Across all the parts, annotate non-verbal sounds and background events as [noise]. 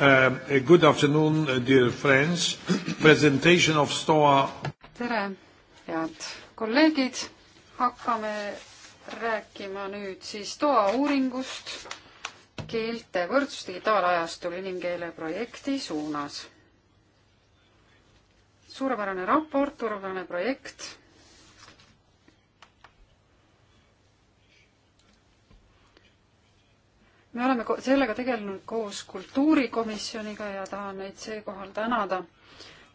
Uh, uh, good afternoon, uh, dear friends. Presentation of STOA. Tere, head kolleegid! Hakkame rääkima nüüd siis STOA uuringust keelte võrdsus digitaalajastul inimkeele projekti suunas. Suurepärane raport, suurepärane projekt me oleme sellega tegelenud koos kultuurikomisjoniga ja tahan neid seekohal tänada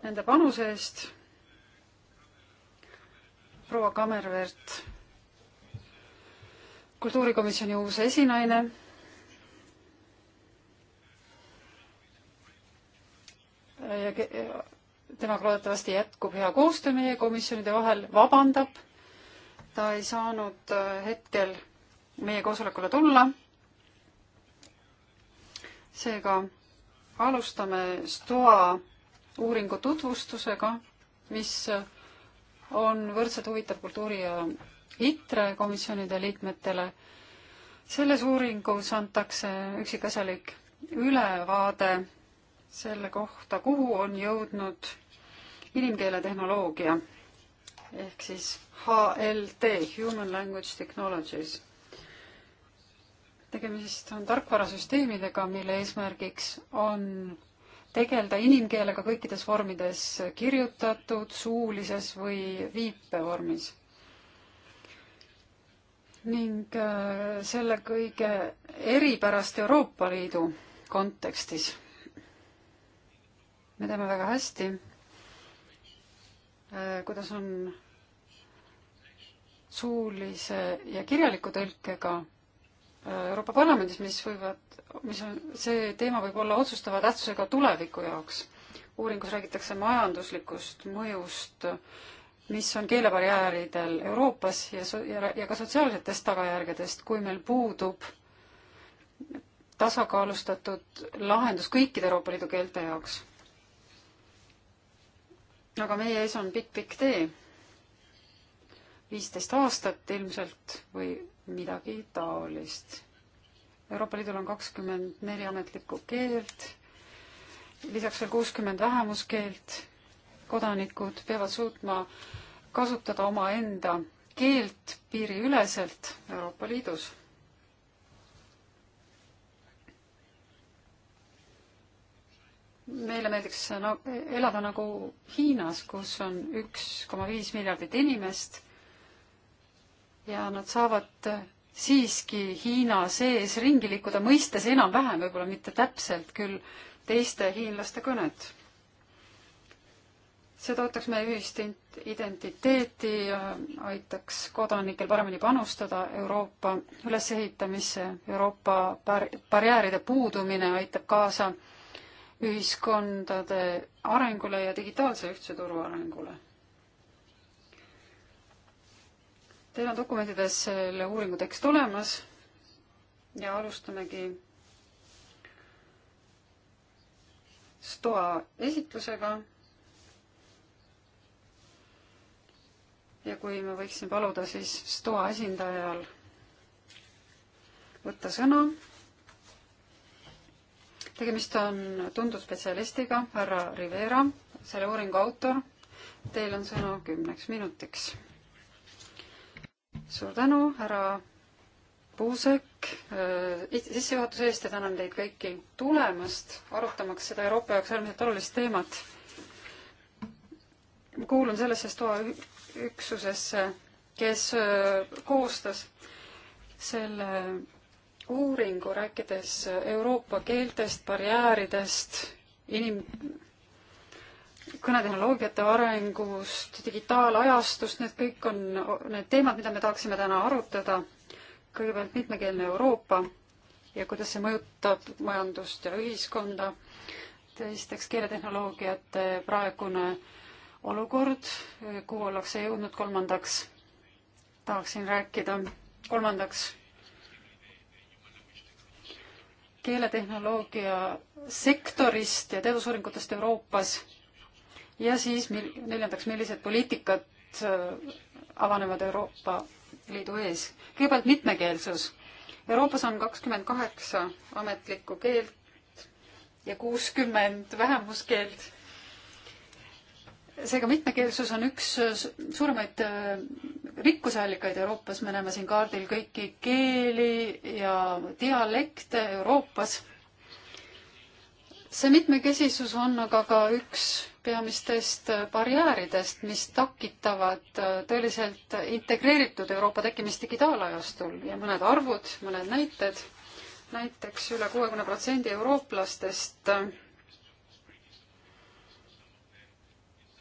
nende panuse eest. proua Kammervert, kultuurikomisjoni uus esinaine. ja temaga loodetavasti jätkub hea koostöö meie komisjonide vahel, vabandab, ta ei saanud äh, hetkel meie koosolekule tulla seega alustame STOA uuringu tutvustusega, mis on võrdselt huvitav kultuuri ja ITRE komisjonide liikmetele. selles uuringus antakse üksikasjalik ülevaade selle kohta, kuhu on jõudnud inimkeele tehnoloogia ehk siis HLT, Human Language Technologies tegemist on tarkvarasüsteemidega, mille eesmärgiks on tegeleda inimkeelega kõikides vormides, kirjutatud, suulises või viipevormis. ning äh, selle kõige eripärast Euroopa Liidu kontekstis. me teame väga hästi, äh, kuidas on suulise ja kirjaliku tõlkega Euroopa Parlamendis, mis võivad, mis on, see teema võib olla otsustava tähtsusega tuleviku jaoks. uuringus räägitakse majanduslikust mõjust, mis on keelebarjääridel Euroopas ja, ja, ja ka sotsiaalsetest tagajärgedest, kui meil puudub tasakaalustatud lahendus kõikide Euroopa Liidu keelte jaoks. aga meie ees on pikk-pikk tee. viisteist aastat ilmselt või midagi taolist. Euroopa Liidul on kakskümmend neli ametlikku keelt, lisaks veel kuuskümmend vähemuskeelt. kodanikud peavad suutma kasutada omaenda keelt piiriüleselt Euroopa Liidus. meile meeldiks elada nagu Hiinas, kus on üks koma viis miljardit inimest ja nad saavad siiski Hiina sees ringi liikuda, mõistes enam-vähem, võib-olla mitte täpselt küll, teiste hiinlaste kõnet. see toetaks meie ühist identiteeti, aitaks kodanikel paremini panustada Euroopa ülesehitamisse, Euroopa bar-, barjääride puudumine aitab kaasa ühiskondade arengule ja digitaalse ühtse turu arengule Teil on dokumentides selle uuringu tekst olemas ja alustamegi STOA esitlusega. ja kui me võiksime paluda siis STOA esindajal võtta sõna. tegemist on tuntud spetsialistiga, härra Rivera, selle uuringu autor. Teil on sõna kümneks minutiks suur tänu, härra Puusek, äh, sissejuhatuse eest ja tänan teid kõiki tulemast, arutamaks seda Euroopa jaoks äärmiselt olulist teemat. ma kuulun sellesse STOA üksusesse, kes äh, koostas selle uuringu, rääkides Euroopa keeltest, barjääridest, inim-, kõnetehnoloogiate arengust, digitaalajastust, need kõik on need teemad, mida me tahaksime täna arutada. kõigepealt mitmekeelne Euroopa ja kuidas see mõjutab majandust ja ühiskonda. teisteks keeletehnoloogiate praegune olukord, kuhu ollakse jõudnud. kolmandaks tahaksin rääkida, kolmandaks keeletehnoloogia sektorist ja teadusuuringutest Euroopas ja siis mil, neljandaks, millised poliitikad äh, avanevad Euroopa Liidu ees. kõigepealt mitmekeelsus. Euroopas on kakskümmend kaheksa ametlikku keelt ja kuuskümmend vähemuskeelt. seega mitmekeelsus on üks äh, suuremaid äh, rikkusallikaid Euroopas, me näeme siin kaardil kõiki keeli ja dialekte Euroopas. see mitmekesisus on aga ka üks peamistest barjääridest, mis takitavad äh, tõeliselt integreeritud Euroopa tekkimist digitaalajastul ja mõned arvud, mõned näited. näiteks üle kuuekümne protsendi eurooplastest äh,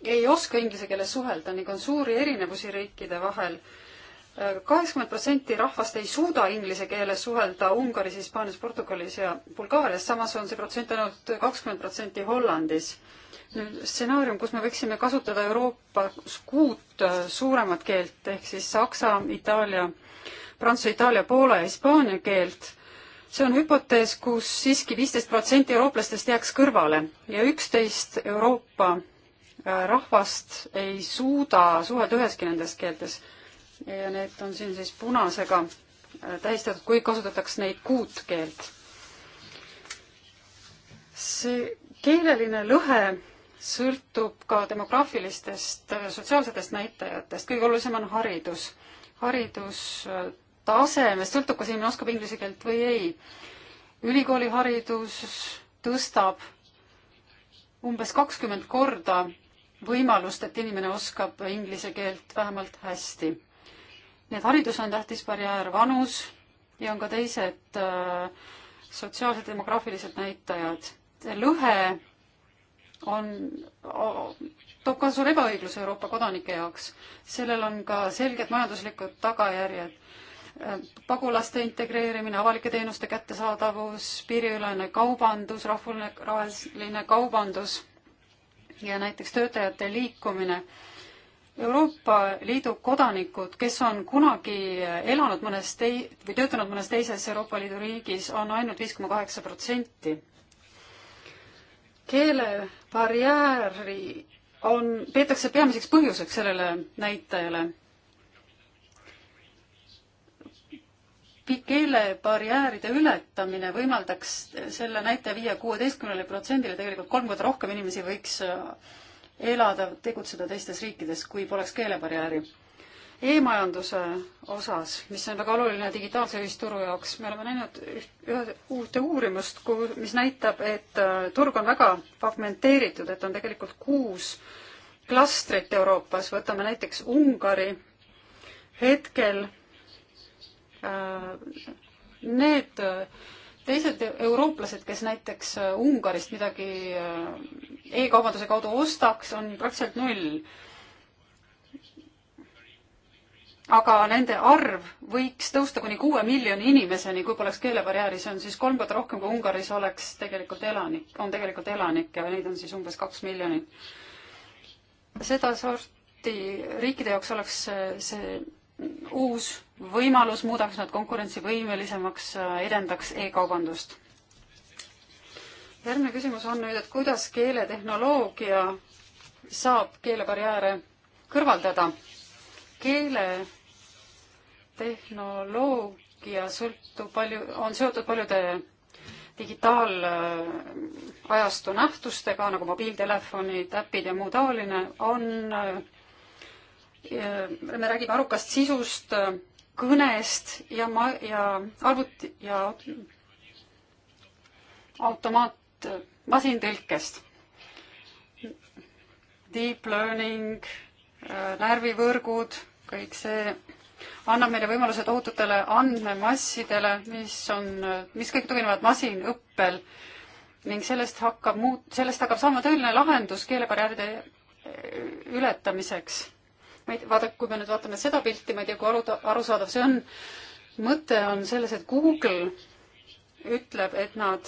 ei oska inglise keeles suhelda ning on suuri erinevusi riikide vahel. Äh, kaheksakümmend protsenti rahvast ei suuda inglise keeles suhelda Ungaris, Hispaanias, Portugalis ja Bulgaarias, samas on see protsent ainult kakskümmend protsenti Hollandis nüüd stsenaarium, kus me võiksime kasutada Euroopas kuut äh, suuremat keelt ehk siis saksa, itaalia, prantsuse, itaalia, poola ja hispaania keelt, see on hüpotees, kus siiski viisteist protsenti eurooplastest jääks kõrvale ja üksteist Euroopa äh, rahvast ei suuda suhelda üheski nendes keeltes. ja need on siin siis punasega äh, tähistatud, kui kasutatakse neid kuut keelt. see keeleline lõhe sõltub ka demograafilistest äh, sotsiaalsetest näitajatest, kõige olulisem on haridus. haridustasemest äh, sõltub, kas inimene oskab inglise keelt või ei. ülikooliharidus tõstab umbes kakskümmend korda võimalust, et inimene oskab inglise keelt vähemalt hästi. nii et haridus on tähtis barjäär, vanus ja on ka teised äh, sotsiaalsed demograafilised näitajad. lõhe on, toob kaasa suure ebaõigluse Euroopa kodanike jaoks. sellel on ka selged majanduslikud tagajärjed. pagulaste integreerimine, avalike teenuste kättesaadavus, piiriülene kaubandus, rahvusvaheline kaubandus ja näiteks töötajate liikumine. Euroopa Liidu kodanikud, kes on kunagi elanud mõnes tei- või töötanud mõnes teises Euroopa Liidu riigis on, on ainult viis koma kaheksa protsenti keelebarjääri on, peetakse peamiseks põhjuseks sellele näitajale. keelebarjääride ületamine võimaldaks selle näitaja viia kuueteistkümnele protsendile, tegelikult kolm korda rohkem inimesi võiks äh, elada, tegutseda teistes riikides, kui poleks keelebarjääri e-majanduse osas, mis on väga oluline digitaalse ühisturu jaoks, me oleme näinud üht, ühe uute uurimust, mis näitab, et äh, turg on väga fragmenteeritud, et on tegelikult kuus klastrit Euroopas, võtame näiteks Ungari, hetkel äh, need äh, teised eurooplased, kes näiteks Ungarist midagi e-kaubanduse kaudu ostaks, on praktiliselt null aga nende arv võiks tõusta kuni kuue miljoni inimeseni, kui poleks keelebarjääri, see on siis kolm korda rohkem, kui Ungaris oleks tegelikult elanik, on tegelikult elanikke ja neid on siis umbes kaks miljonit. sedasorti riikide jaoks oleks see uus võimalus, muudaks nad konkurentsivõimelisemaks, edendaks e-kaubandust. järgmine küsimus on nüüd, et kuidas keeletehnoloogia saab keelebarjääre kõrvaldada keele tehnoloogia sõltub palju, on seotud paljude digitaalajastu nähtustega, nagu mobiiltelefonid, äpid ja muu taoline, on, äh, me räägime arukast sisust, kõnest ja ma-, ja arvuti- ja automaat, masintõlkest. Deep learning närvivõrgud, kõik see annab meile võimaluse tohututele andmemassidele, mis on, mis kõik tuginevad masinõppel ning sellest hakkab muut-, sellest hakkab saama tõeline lahendus keelebarjääride eh, ületamiseks. ma ei tea, vaadake, kui me nüüd vaatame seda pilti, ma ei tea, kui aru, arusaadav see on, mõte on selles, et Google ütleb, et nad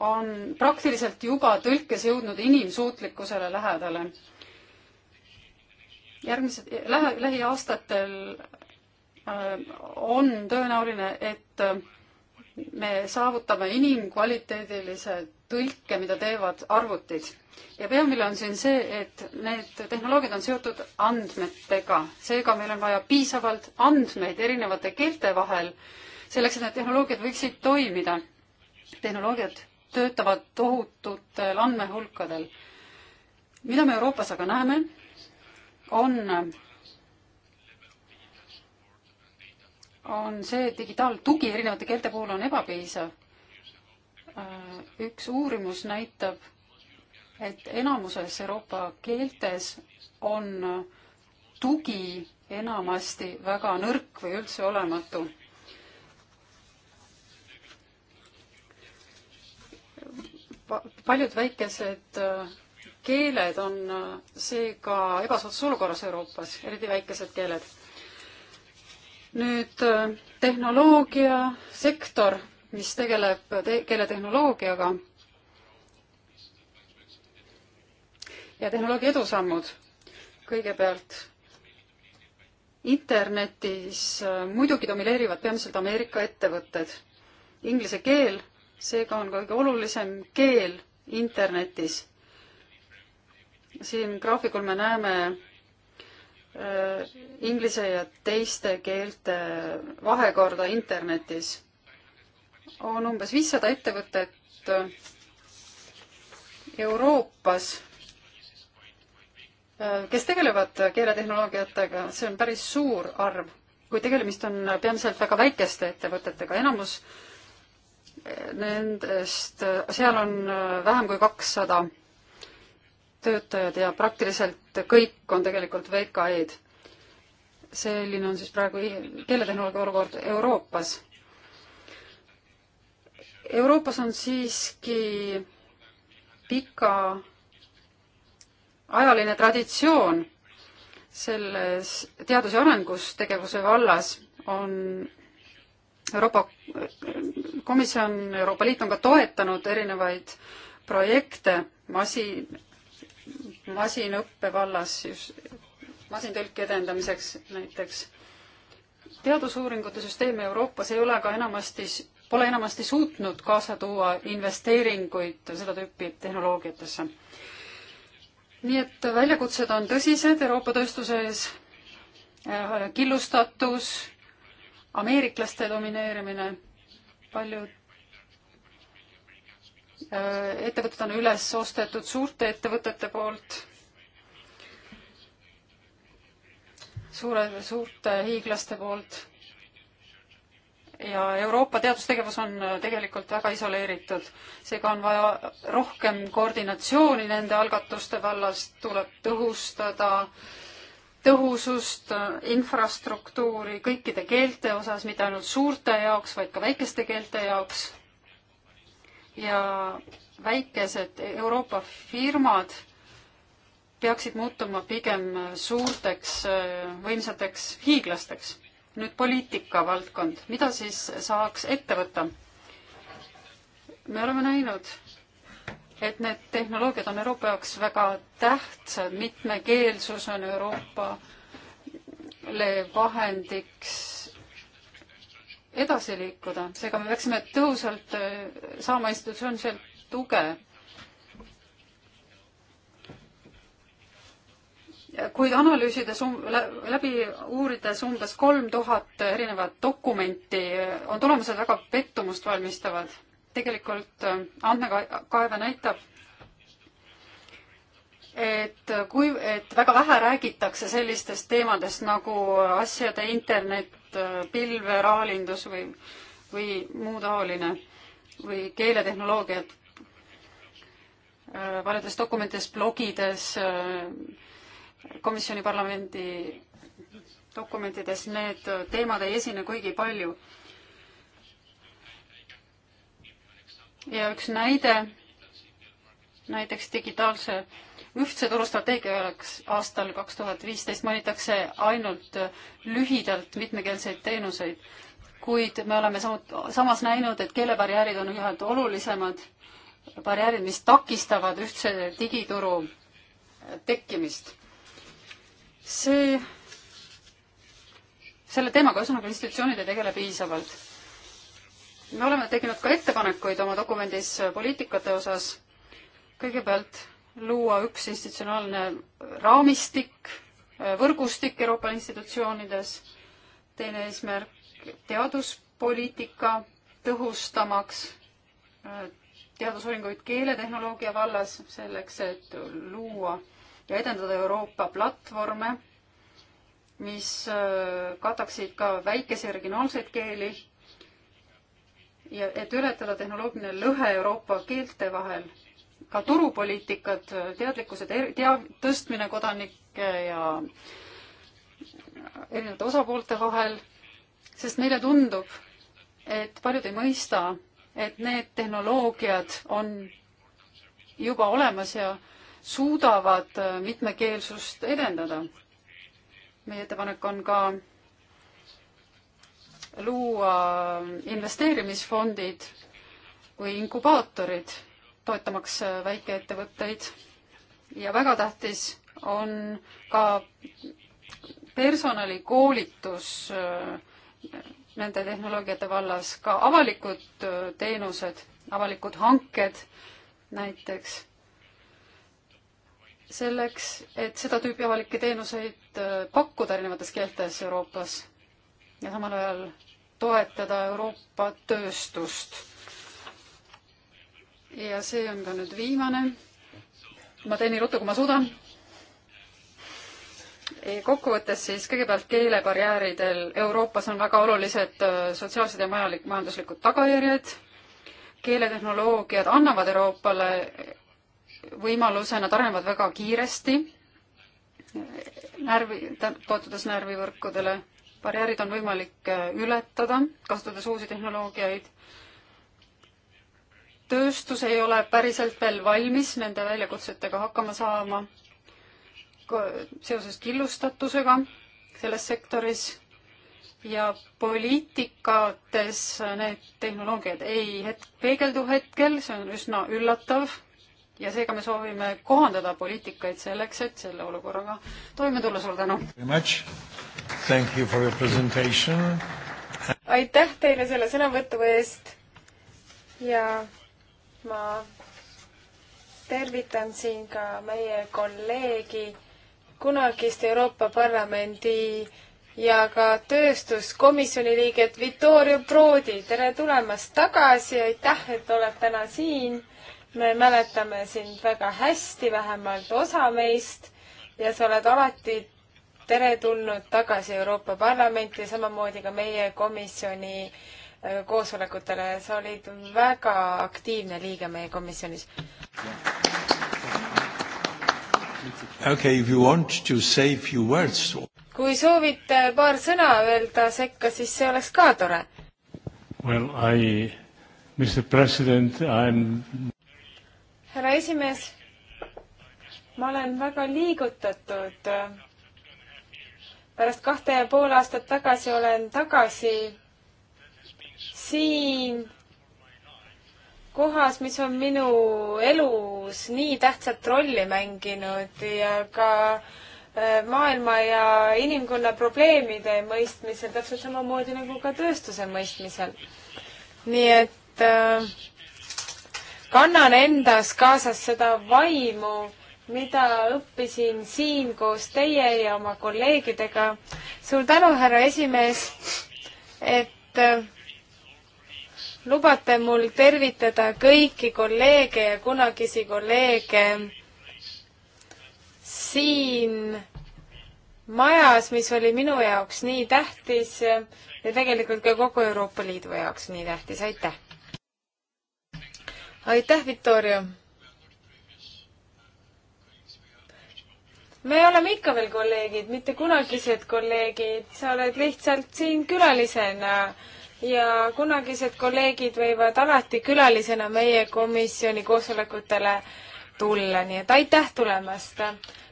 on praktiliselt juba tõlkes jõudnud inimsuutlikkusele lähedale järgmised, lähe, lähiaastatel äh, on tõenäoline, et äh, me saavutame inimkvaliteedilise tõlke, mida teevad arvutid. ja peamine on siin see, et need tehnoloogiad on seotud andmetega, seega meil on vaja piisavalt andmeid erinevate keelte vahel, selleks et need tehnoloogiad võiksid toimida. tehnoloogiad töötavad tohututel andmehulkadel. mida me Euroopas aga näeme on, on see digitaaltugi erinevate keelte puhul on ebapiisav. Äh, üks uurimus näitab, et enamuses Euroopa keeltes on tugi enamasti väga nõrk või üldse olematu paljud väikesed äh, keeled on äh, seega ebasoodsas olukorras Euroopas, eriti väikesed keeled. nüüd äh, tehnoloogiasektor, mis tegeleb te keeletehnoloogiaga ja tehnoloogia edusammud kõigepealt. internetis äh, muidugi domineerivad peamiselt Ameerika ettevõtted. Inglise keel seega on kõige olulisem keel internetis siin graafikul me näeme äh, inglise ja teiste keelte vahekorda internetis. on umbes viissada ettevõtet äh, Euroopas, äh, kes tegelevad keeletehnoloogiatega, see on päris suur arv, kuid tegemist on peamiselt väga väikeste ettevõtetega, enamus nendest, seal on vähem kui kakssada töötajad ja praktiliselt kõik on tegelikult VKE-d. selline on siis praegu keeletehnoloogia olukord Euroopas. Euroopas on siiski pika ajaline traditsioon selles teadus- ja arendustegevuse vallas on Euroopa Komisjon, Euroopa Liit on ka toetanud erinevaid projekte masin, masinõppe vallas, just masintõlke edendamiseks näiteks. teadusuuringute süsteem Euroopas ei ole ka enamasti, pole enamasti suutnud kaasa tuua investeeringuid seda tüüpi tehnoloogiatesse. nii et väljakutsed on tõsised Euroopa tööstuse ees, äh, killustatus, ameeriklaste domineerimine, paljud Äh, ettevõtted on üles ostetud suurte ettevõtete poolt, suure, suurte hiiglaste poolt ja Euroopa teadustegevus on äh, tegelikult väga isoleeritud. seega on vaja rohkem koordinatsiooni nende algatuste vallas, tuleb tõhustada tõhusust, äh, infrastruktuuri kõikide keelte osas, mitte ainult suurte jaoks, vaid ka väikeste keelte jaoks ja väikesed Euroopa firmad peaksid muutuma pigem suurteks äh, võimsateks hiiglasteks. nüüd poliitika valdkond, mida siis saaks ette võtta? me oleme näinud, et need tehnoloogiad on Euroopa jaoks väga tähtsad, mitmekeelsus on Euroopale vahendiks edasi liikuda, seega me peaksime tõhusalt äh, saama institutsiooniliselt tuge. kuid analüüsides, läbi uurides umbes kolm tuhat erinevat dokumenti, äh, on tulemused väga pettumust valmistavad. tegelikult äh, andmekaeve näitab, et kui, et väga vähe räägitakse sellistest teemadest nagu asjade internet, Äh, pilve, raalindus või, või muu taoline või keeletehnoloogiad paljudes äh, dokumentides, blogides, äh, komisjoni parlamendi dokumentides need teemad ei esine kuigi palju. ja üks näide, näiteks digitaalse ühtse turustrateegia oleks aastal kaks tuhat viisteist, mainitakse ainult lühidalt mitmekeelseid teenuseid, kuid me oleme samut-, samas näinud, et keelebarjäärid on ühed olulisemad barjäärid, mis takistavad ühtse digituru tekkimist. see, selle teemaga ühesõnaga institutsioonid ei tegele piisavalt. me oleme teinud ka ettepanekuid oma dokumendis poliitikate osas. kõigepealt luua üks institutsionaalne raamistik, võrgustik Euroopa institutsioonides, teine eesmärk teaduspoliitika tõhustamaks, äh, teadusuuringuid keeletehnoloogia vallas selleks, et luua ja edendada Euroopa platvorme, mis äh, kataksid ka väikese regionaalseid keeli ja et ületada tehnoloogiline lõhe Euroopa keelte vahel ka turupoliitikad, teadlikkuse tea-, tõstmine kodanike ja erinevate osapoolte vahel, sest meile tundub, et paljud ei mõista, et need tehnoloogiad on juba olemas ja suudavad äh, mitmekeelsust edendada. meie ettepanek on ka luua äh, investeerimisfondid kui inkubaatorid toetamaks äh, väikeettevõtteid ja väga tähtis on ka personalikoolitus äh, nende tehnoloogiate vallas, ka avalikud äh, teenused, avalikud hanked näiteks. selleks, et seda tüüpi avalikke teenuseid pakkuda erinevates keeltes Euroopas ja samal ajal toetada Euroopa tööstust ja see on ka nüüd viimane. ma teen nii ruttu, kui ma suudan. kokkuvõttes siis kõigepealt keelebarjääridel Euroopas on väga olulised äh, sotsiaalsed ja majalik, majanduslikud tagajärjed. keeletehnoloogiad annavad Euroopale võimaluse, nad arenevad väga kiiresti, närvi, toetudes närvivõrkudele. barjäärid on võimalik äh, ületada, kasutades uusi tehnoloogiaid tööstus ei ole päriselt veel valmis nende väljakutsetega hakkama saama seoses killustatusega selles sektoris ja poliitikates need tehnoloogiad ei het-, peegeldu hetkel, see on üsna üllatav ja seega me soovime kohandada poliitikaid selleks, et selle olukorraga toime tulla. suur tänu! aitäh teile selle sõnavõtu eest ja ma tervitan siin ka meie kolleegi, kunagist Euroopa Parlamendi ja ka tööstuskomisjoni liiget Vittorio Prodi. tere tulemast tagasi, aitäh, et oled täna siin. me mäletame sind väga hästi, vähemalt osa meist ja sa oled alati teretulnud tagasi Euroopa Parlamenti ja samamoodi ka meie komisjoni äh, koosolekutele, sa olid väga aktiivne liige meie komisjonis. Okay, if you want to say few words. kui soovite paar sõna öelda sekka, siis see oleks ka tore. Well, I, Mr President, I am. härra esimees, ma olen väga liigutatud. pärast kahte ja pool aastat tagasi olen tagasi siin kohas, mis on minu elus nii tähtsat rolli mänginud ja ka äh, maailma ja inimkonna probleemide mõistmisel, täpselt samamoodi nagu ka tööstuse mõistmisel. nii et äh, kannan endas kaasas seda vaimu, mida õppisin siin koos teie ja oma kolleegidega. suur tänu, härra esimees, et äh, lubate mul tervitada kõiki kolleege ja kunagisi kolleege siin majas, mis oli minu jaoks nii tähtis ja tegelikult ka kogu Euroopa Liidu jaoks nii tähtis, aitäh! aitäh, Viktoria! me oleme ikka veel kolleegid, mitte kunagised kolleegid, sa oled lihtsalt siin külalisena äh, ja kunagised kolleegid võivad alati külalisena meie komisjoni koosolekutele tulla, nii et aitäh tulemast!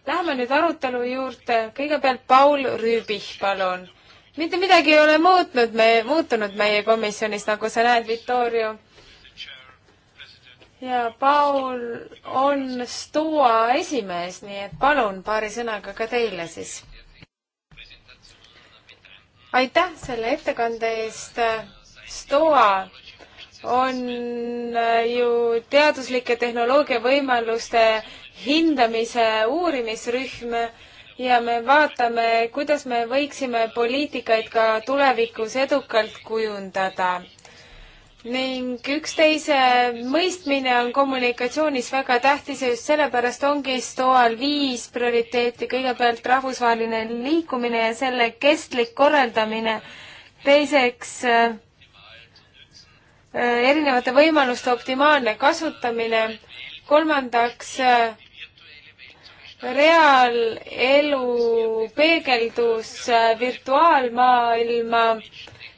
Läheme nüüd arutelu juurde, kõigepealt Paul Rüübih, palun. mitte midagi ei ole muutnud me, muutunud meie komisjonis, nagu sa näed, Vittorio. ja Paul on STOA esimees, nii et palun paari sõnaga ka teile siis aitäh selle ettekande eest. STOA on äh, ju teaduslike tehnoloogiavõimaluste hindamise uurimisrühm ja me vaatame, kuidas me võiksime poliitikaid ka tulevikus edukalt kujundada ning üksteise mõistmine on kommunikatsioonis väga tähtis ja just sellepärast ongi STOA-l viis prioriteeti. kõigepealt rahvusvaheline liikumine ja selle kestlik korraldamine. teiseks äh, erinevate võimaluste optimaalne kasutamine. kolmandaks äh, reaalelu peegeldus äh, virtuaalmaailma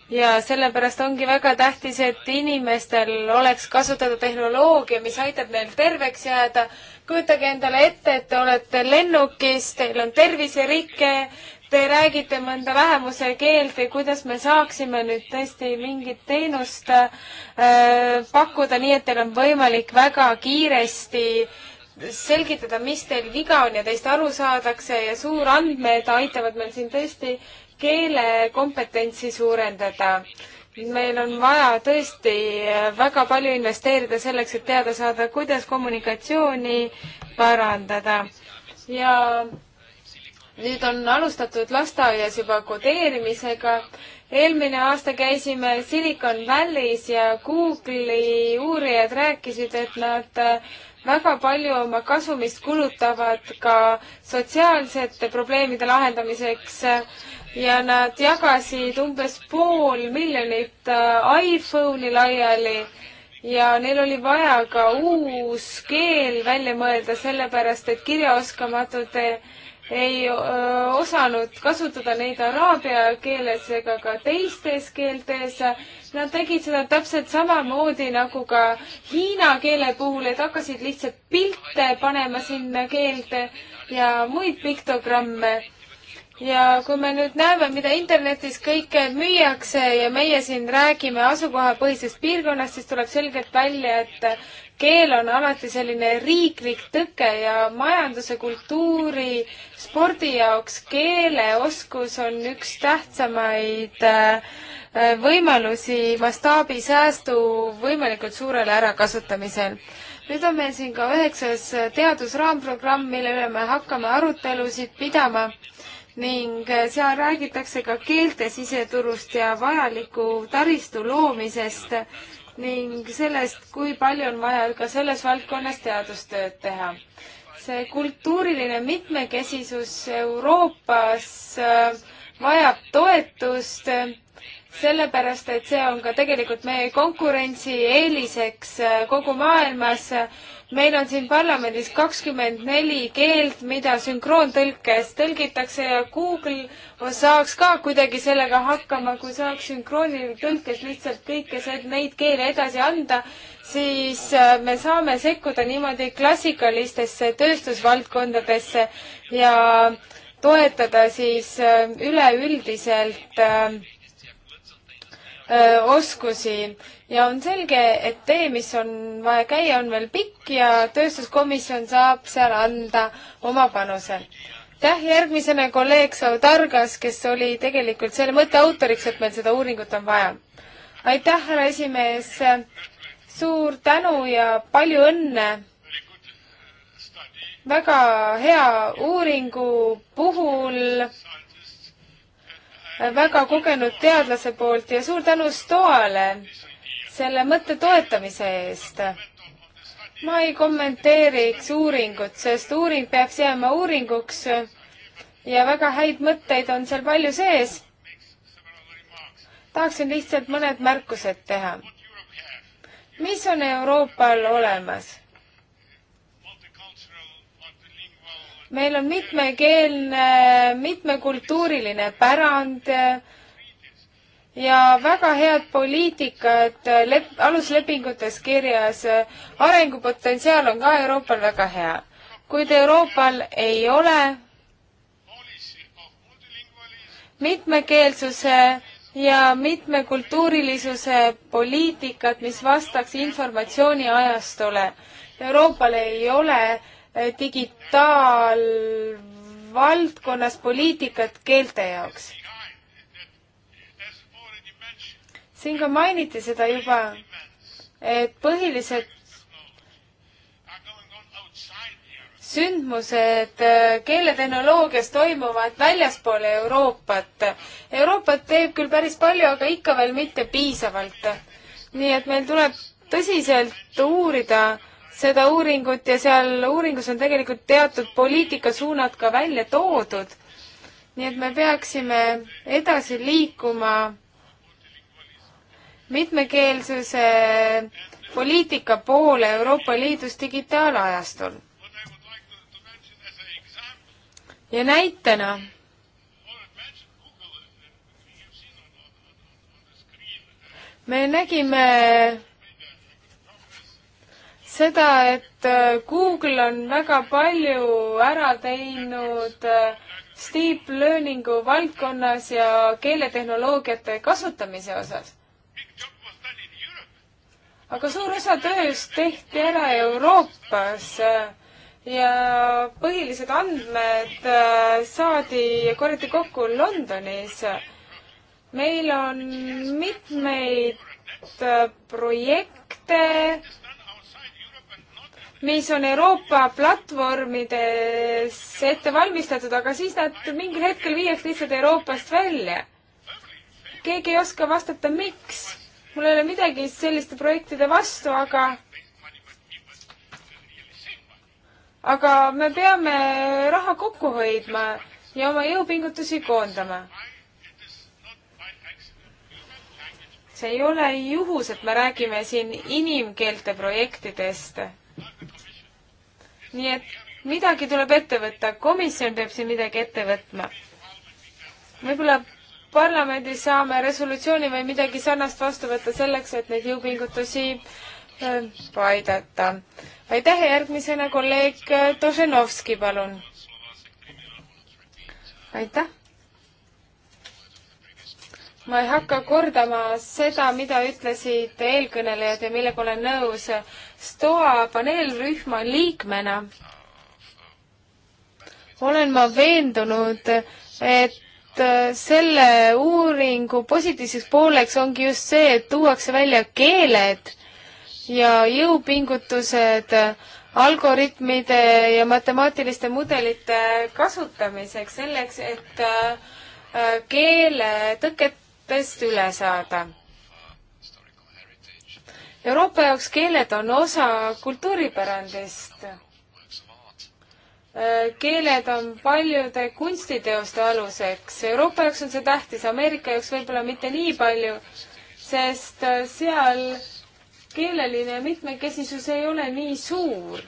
ja sellepärast ongi väga tähtis, et inimestel oleks kasutada tehnoloogia, mis aitab neil terveks jääda. kujutage endale ette, et te olete lennukis, teil on terviserike, te räägite mõnda vähemuse keelt või kuidas me saaksime nüüd tõesti mingit teenust äh, pakkuda, nii et teil on võimalik väga kiiresti selgitada, mis teil viga on ja teist aru saadakse ja suurandmed aitavad meil siin tõesti keelekompetentsi suurendada. meil on vaja tõesti väga palju investeerida selleks, et teada saada, kuidas kommunikatsiooni parandada ja nüüd on alustatud lasteaias juba kodeerimisega. eelmine aasta käisime Silicon Valley's ja Google'i uurijad rääkisid, et nad väga palju oma kasumist kulutavad ka sotsiaalsete probleemide lahendamiseks ja nad jagasid umbes pool miljonit äh, iPhone'i laiali ja neil oli vaja ka uus keel välja mõelda, sellepärast et kirjaoskamatud ei öö, äh, osanud kasutada neid araabia keeles ega ka teistes keeltes. Nad tegid seda täpselt samamoodi nagu ka hiina keele puhul, et hakkasid lihtsalt pilte panema sinna keelde ja muid piktogramme ja kui me nüüd näeme, mida internetis kõike müüakse ja meie siin räägime asukohapõhisest piirkonnast, siis tuleb selgelt välja, et keel on alati selline riiklik tõke ja majanduse, kultuuri, spordi jaoks keeleoskus on üks tähtsamaid äh, võimalusi mastaabisäästu võimalikult suurele ärakasutamisel. nüüd on meil siin ka üheksas teadusraamprogramm, mille üle me hakkame arutelusid pidama ning äh, seal räägitakse ka keelte siseturust ja vajaliku taristu loomisest ning sellest, kui palju on vaja ka selles valdkonnas teadustööd teha. see kultuuriline mitmekesisus Euroopas äh, vajab toetust, sellepärast et see on ka tegelikult meie konkurentsieeliseks äh, kogu maailmas meil on siin parlamendis kakskümmend neli keelt, mida sünkroontõlkes tõlgitakse ja Google saaks ka kuidagi sellega hakkama, kui saaks sünkroonitõlkes lihtsalt kõike neid keele edasi anda, siis äh, me saame sekkuda niimoodi klassikalistesse tööstusvaldkondadesse ja toetada siis äh, üleüldiselt äh, oskusi ja on selge, et tee, mis on vaja käia, on veel pikk ja tööstuskomisjon saab seal anda oma panuse. aitäh, järgmisena kolleeg Saudargas, kes oli tegelikult selle mõtte autoriks, et meil seda uuringut on vaja. aitäh, härra esimees, suur tänu ja palju õnne väga hea uuringu puhul väga kogenud teadlase poolt ja suur tänu Stoale selle mõtte toetamise eest. ma ei kommenteeriks uuringut, sest uuring peaks jääma uuringuks ja väga häid mõtteid on seal palju sees. tahaksin lihtsalt mõned märkused teha. mis on Euroopal olemas? meil on mitmekeelne, mitmekultuuriline pärand äh, ja väga head poliitikad äh, lep-, aluslepingutes kirjas. Äh, arengupotentsiaal on ka Euroopal väga hea, kuid Euroopal ei ole mitmekeelsuse ja mitmekultuurilisuse poliitikat, mis vastaks informatsiooniajastule. Euroopal ei ole digitaalvaldkonnas poliitikat keelte jaoks? siin ka mainiti seda juba, et põhilised sündmused keeletehnoloogias toimuvad väljaspool Euroopat. Euroopat teeb küll päris palju, aga ikka veel mitte piisavalt. nii et meil tuleb tõsiselt uurida, seda uuringut ja seal uuringus on tegelikult teatud poliitikasuunad ka välja toodud. nii et me peaksime edasi liikuma mitmekeelsuse poliitika poole Euroopa Liidus digitaalajastul. ja näitena me nägime seda, et äh, Google on väga palju ära teinud äh, steep learning'u valdkonnas ja keeletehnoloogiate kasutamise osas. aga suur osa tööst tehti ära Euroopas äh, ja põhilised andmed saadi ja korjati kokku Londonis. meil on mitmeid projekte mis on Euroopa platvormides ette valmistatud, aga siis nad mingil hetkel viiakse lihtsalt Euroopast välja. keegi ei oska vastata, miks. mul ei ole midagi selliste projektide vastu, aga aga me peame raha kokku hoidma ja oma jõupingutusi koondama. see ei ole juhus, et me räägime siin inimkeelte projektidest nii et midagi tuleb ette võtta, komisjon peab siin midagi ette võtma. võib-olla parlamendis saame resolutsiooni või midagi sarnast vastu võtta selleks, et neid jõupingutusi äh, aidata. aitäh ja järgmisena kolleeg äh, Tošenovski, palun. aitäh. ma ei hakka kordama seda, mida ütlesid eelkõnelejad ja millega olen nõus STOA paneelrühma liikmena olen ma veendunud, et selle uuringu positiivseks pooleks ongi just see, et tuuakse välja keeled ja jõupingutused algoritmide ja matemaatiliste mudelite kasutamiseks, selleks et äh, keele tõketest üle saada. Euroopa jaoks keeled on osa kultuuripärandist. Äh, keeled on paljude kunstiteoste aluseks. Euroopa jaoks on see tähtis, Ameerika jaoks võib-olla mitte nii palju, sest äh, seal keeleline mitmekesisus ei ole nii suur.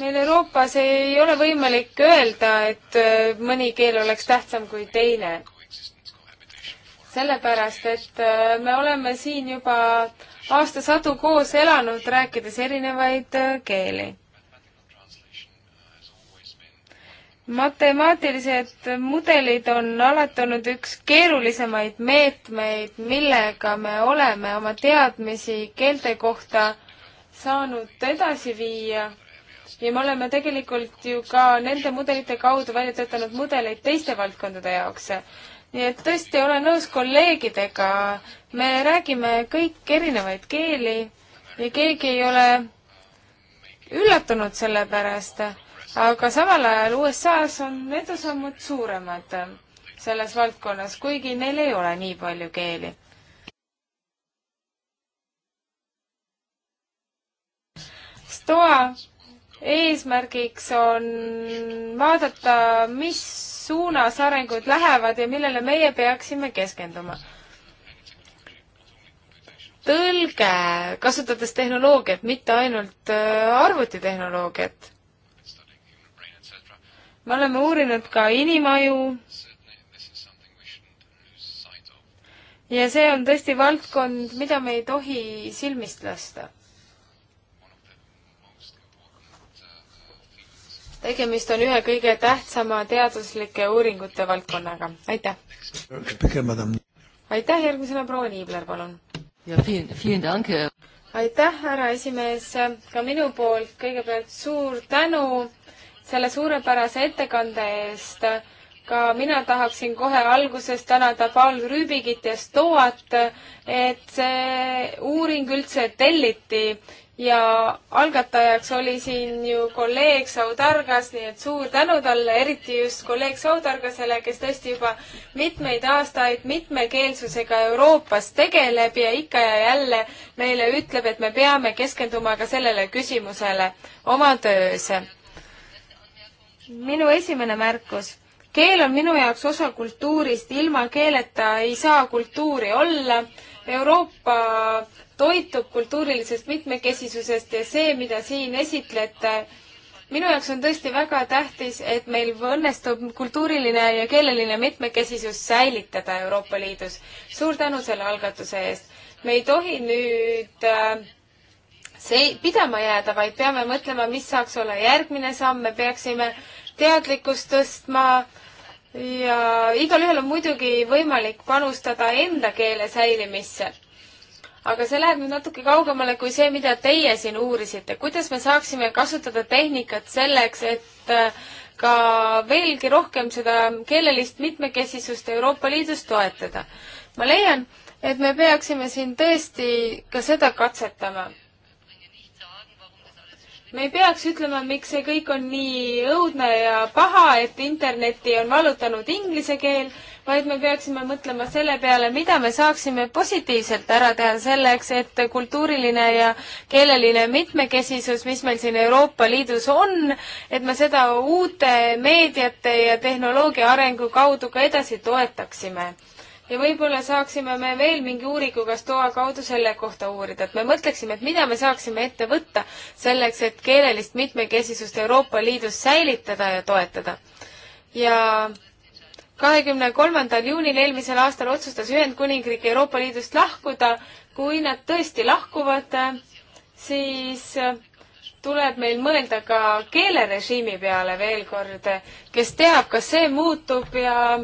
meil Euroopas ei ole võimalik öelda, et äh, mõni keel oleks tähtsam kui teine sellepärast et äh, me oleme siin juba aastasadu koos elanud, rääkides erinevaid äh, keeli. matemaatilised mudelid on alati olnud üks keerulisemaid meetmeid, millega me oleme oma teadmisi keelte kohta saanud edasi viia ja me oleme tegelikult ju ka nende mudelite kaudu välja töötanud mudeleid teiste valdkondade jaoks nii et tõesti olen nõus kolleegidega, me räägime kõik erinevaid keeli ja keegi ei ole üllatunud selle pärast, aga samal ajal USA-s on edusammud suuremad selles valdkonnas, kuigi neil ei ole nii palju keeli. STOA eesmärgiks on vaadata, mis suunas arengud lähevad ja millele meie peaksime keskenduma. tõlge, kasutades tehnoloogiat, mitte ainult äh, arvutitehnoloogiat. me oleme uurinud ka inimaju. ja see on tõesti valdkond, mida me ei tohi silmist lasta tegemist on ühe kõige tähtsama teaduslike uuringute valdkonnaga, aitäh! aitäh, järgmisena proua Niibler, palun! Äh. aitäh, härra esimees, ka minu poolt kõigepealt suur tänu selle suurepärase ettekande eest. ka mina tahaksin kohe alguses tänada Paul Rüübigit ja Stoat, et see uuring üldse telliti ja algatajaks oli siin ju kolleeg Saudargas, nii et suur tänu talle, eriti just kolleeg Saudargasele, kes tõesti juba mitmeid aastaid mitmekeelsusega Euroopas tegeleb ja ikka ja jälle meile ütleb, et me peame keskenduma ka sellele küsimusele oma töös. minu esimene märkus. keel on minu jaoks osa kultuurist, ilma keeleta ei saa kultuuri olla Euroopa toitub kultuurilisest mitmekesisusest ja see, mida siin esitlete, minu jaoks on tõesti väga tähtis, et meil õnnestub kultuuriline ja keeleline mitmekesisus säilitada Euroopa Liidus. suur tänu selle algatuse eest. me ei tohi nüüd äh, see pidama jääda, vaid peame mõtlema, mis saaks olla järgmine samm, me peaksime teadlikkust tõstma ja igalühel on muidugi võimalik panustada enda keele säilimisse aga see läheb nüüd natuke kaugemale kui see, mida teie siin uurisite. kuidas me saaksime kasutada tehnikat selleks, et äh, ka veelgi rohkem seda keelelist mitmekesisust Euroopa Liidus toetada? ma leian, et me peaksime siin tõesti ka seda katsetama. me ei peaks ütlema, miks see kõik on nii õudne ja paha, et internetti on vallutanud inglise keel vaid me peaksime mõtlema selle peale, mida me saaksime positiivselt ära teha selleks, et kultuuriline ja keeleline mitmekesisus, mis meil siin Euroopa Liidus on, et me seda uute meediate ja tehnoloogia arengu kaudu ka edasi toetaksime ja võib-olla saaksime me veel mingi uuringu kas toa kaudu selle kohta uurida, et me mõtleksime, et mida me saaksime ette võtta selleks, et keelelist mitmekesisust Euroopa Liidus säilitada ja toetada. ja kahekümne kolmandal juunil eelmisel aastal otsustas Ühendkuningriik Euroopa Liidust lahkuda. kui nad tõesti lahkuvad, siis tuleb meil mõelda ka keelerežiimi peale veel kord, kes teab, kas see muutub ja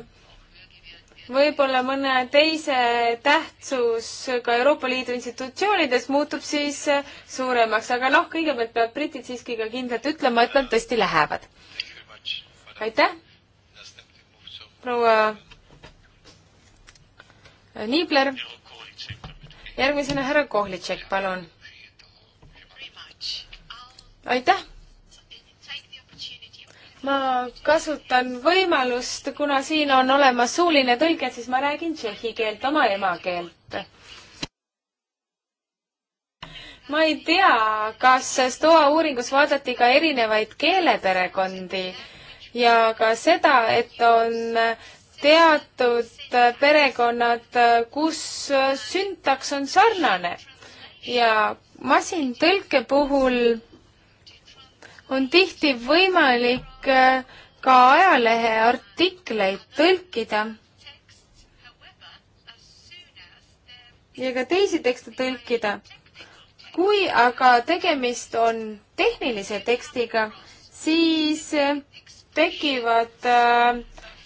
võib-olla mõne teise tähtsus ka Euroopa Liidu institutsioonides muutub siis suuremaks, aga noh, kõigepealt peavad britid siiski ka kindlalt ütlema, et nad tõesti lähevad. aitäh! proua Niibler. järgmisena härra Kohlitšek, palun. aitäh ma kasutan võimalust, kuna siin on olemas suuline tõlge, siis ma räägin tšehhi keelt, oma emakeelt. ma ei tea, kas STOA uuringus vaadati ka erinevaid keeleperekondi ja ka seda, et on teatud perekonnad, kus süntaks on sarnane ja masintõlke puhul on tihti võimalik ka ajalehe artikleid tõlkida ja ka teisi tekste tõlkida. kui aga tegemist on tehnilise tekstiga, siis tekivad äh,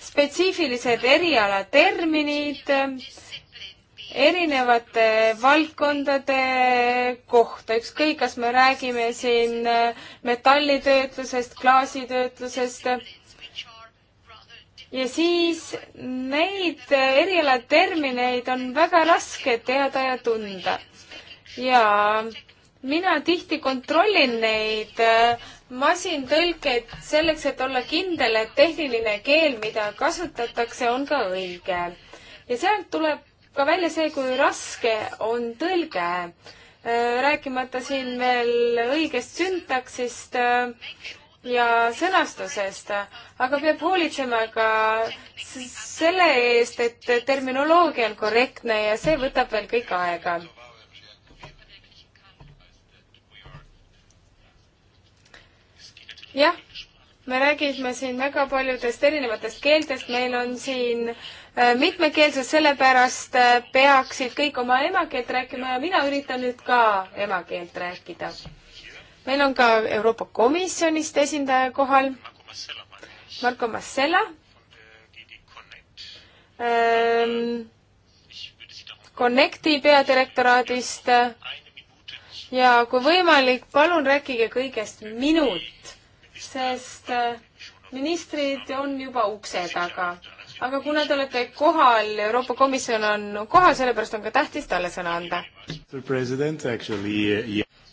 spetsiifilised erialaterminid äh, erinevate valdkondade kohta, ükskõik, kas me räägime siin äh, metallitöötlusest, klaasitöötlusest ja siis neid erialatermineid on väga raske teada ja tunda. ja mina tihti kontrollin neid äh, masintõlkeid selleks, et olla kindel, et tehniline keel, mida kasutatakse, on ka õige. ja sealt tuleb ka välja see, kui raske on tõlge. Äh, rääkimata siin veel õigest süntaksist äh, ja sõnastusest, aga peab hoolitsema ka selle eest, et terminoloogia on korrektne ja see võtab veel kõik aega jah, me räägime siin väga paljudest erinevatest keeltest, meil on siin äh, mitmekeelsus, sellepärast äh, peaksid kõik oma emakeelt rääkima ja mina üritan nüüd ka emakeelt rääkida. meil on ka Euroopa Komisjonist esindaja kohal, Marko Massela ähm,. Connecti peadirektoraadist ja kui võimalik, palun rääkige kõigest minut sest äh, ministrid on juba ukse taga. aga kuna te olete kohal, Euroopa Komisjon on kohal, sellepärast on ka tähtis talle sõna anda.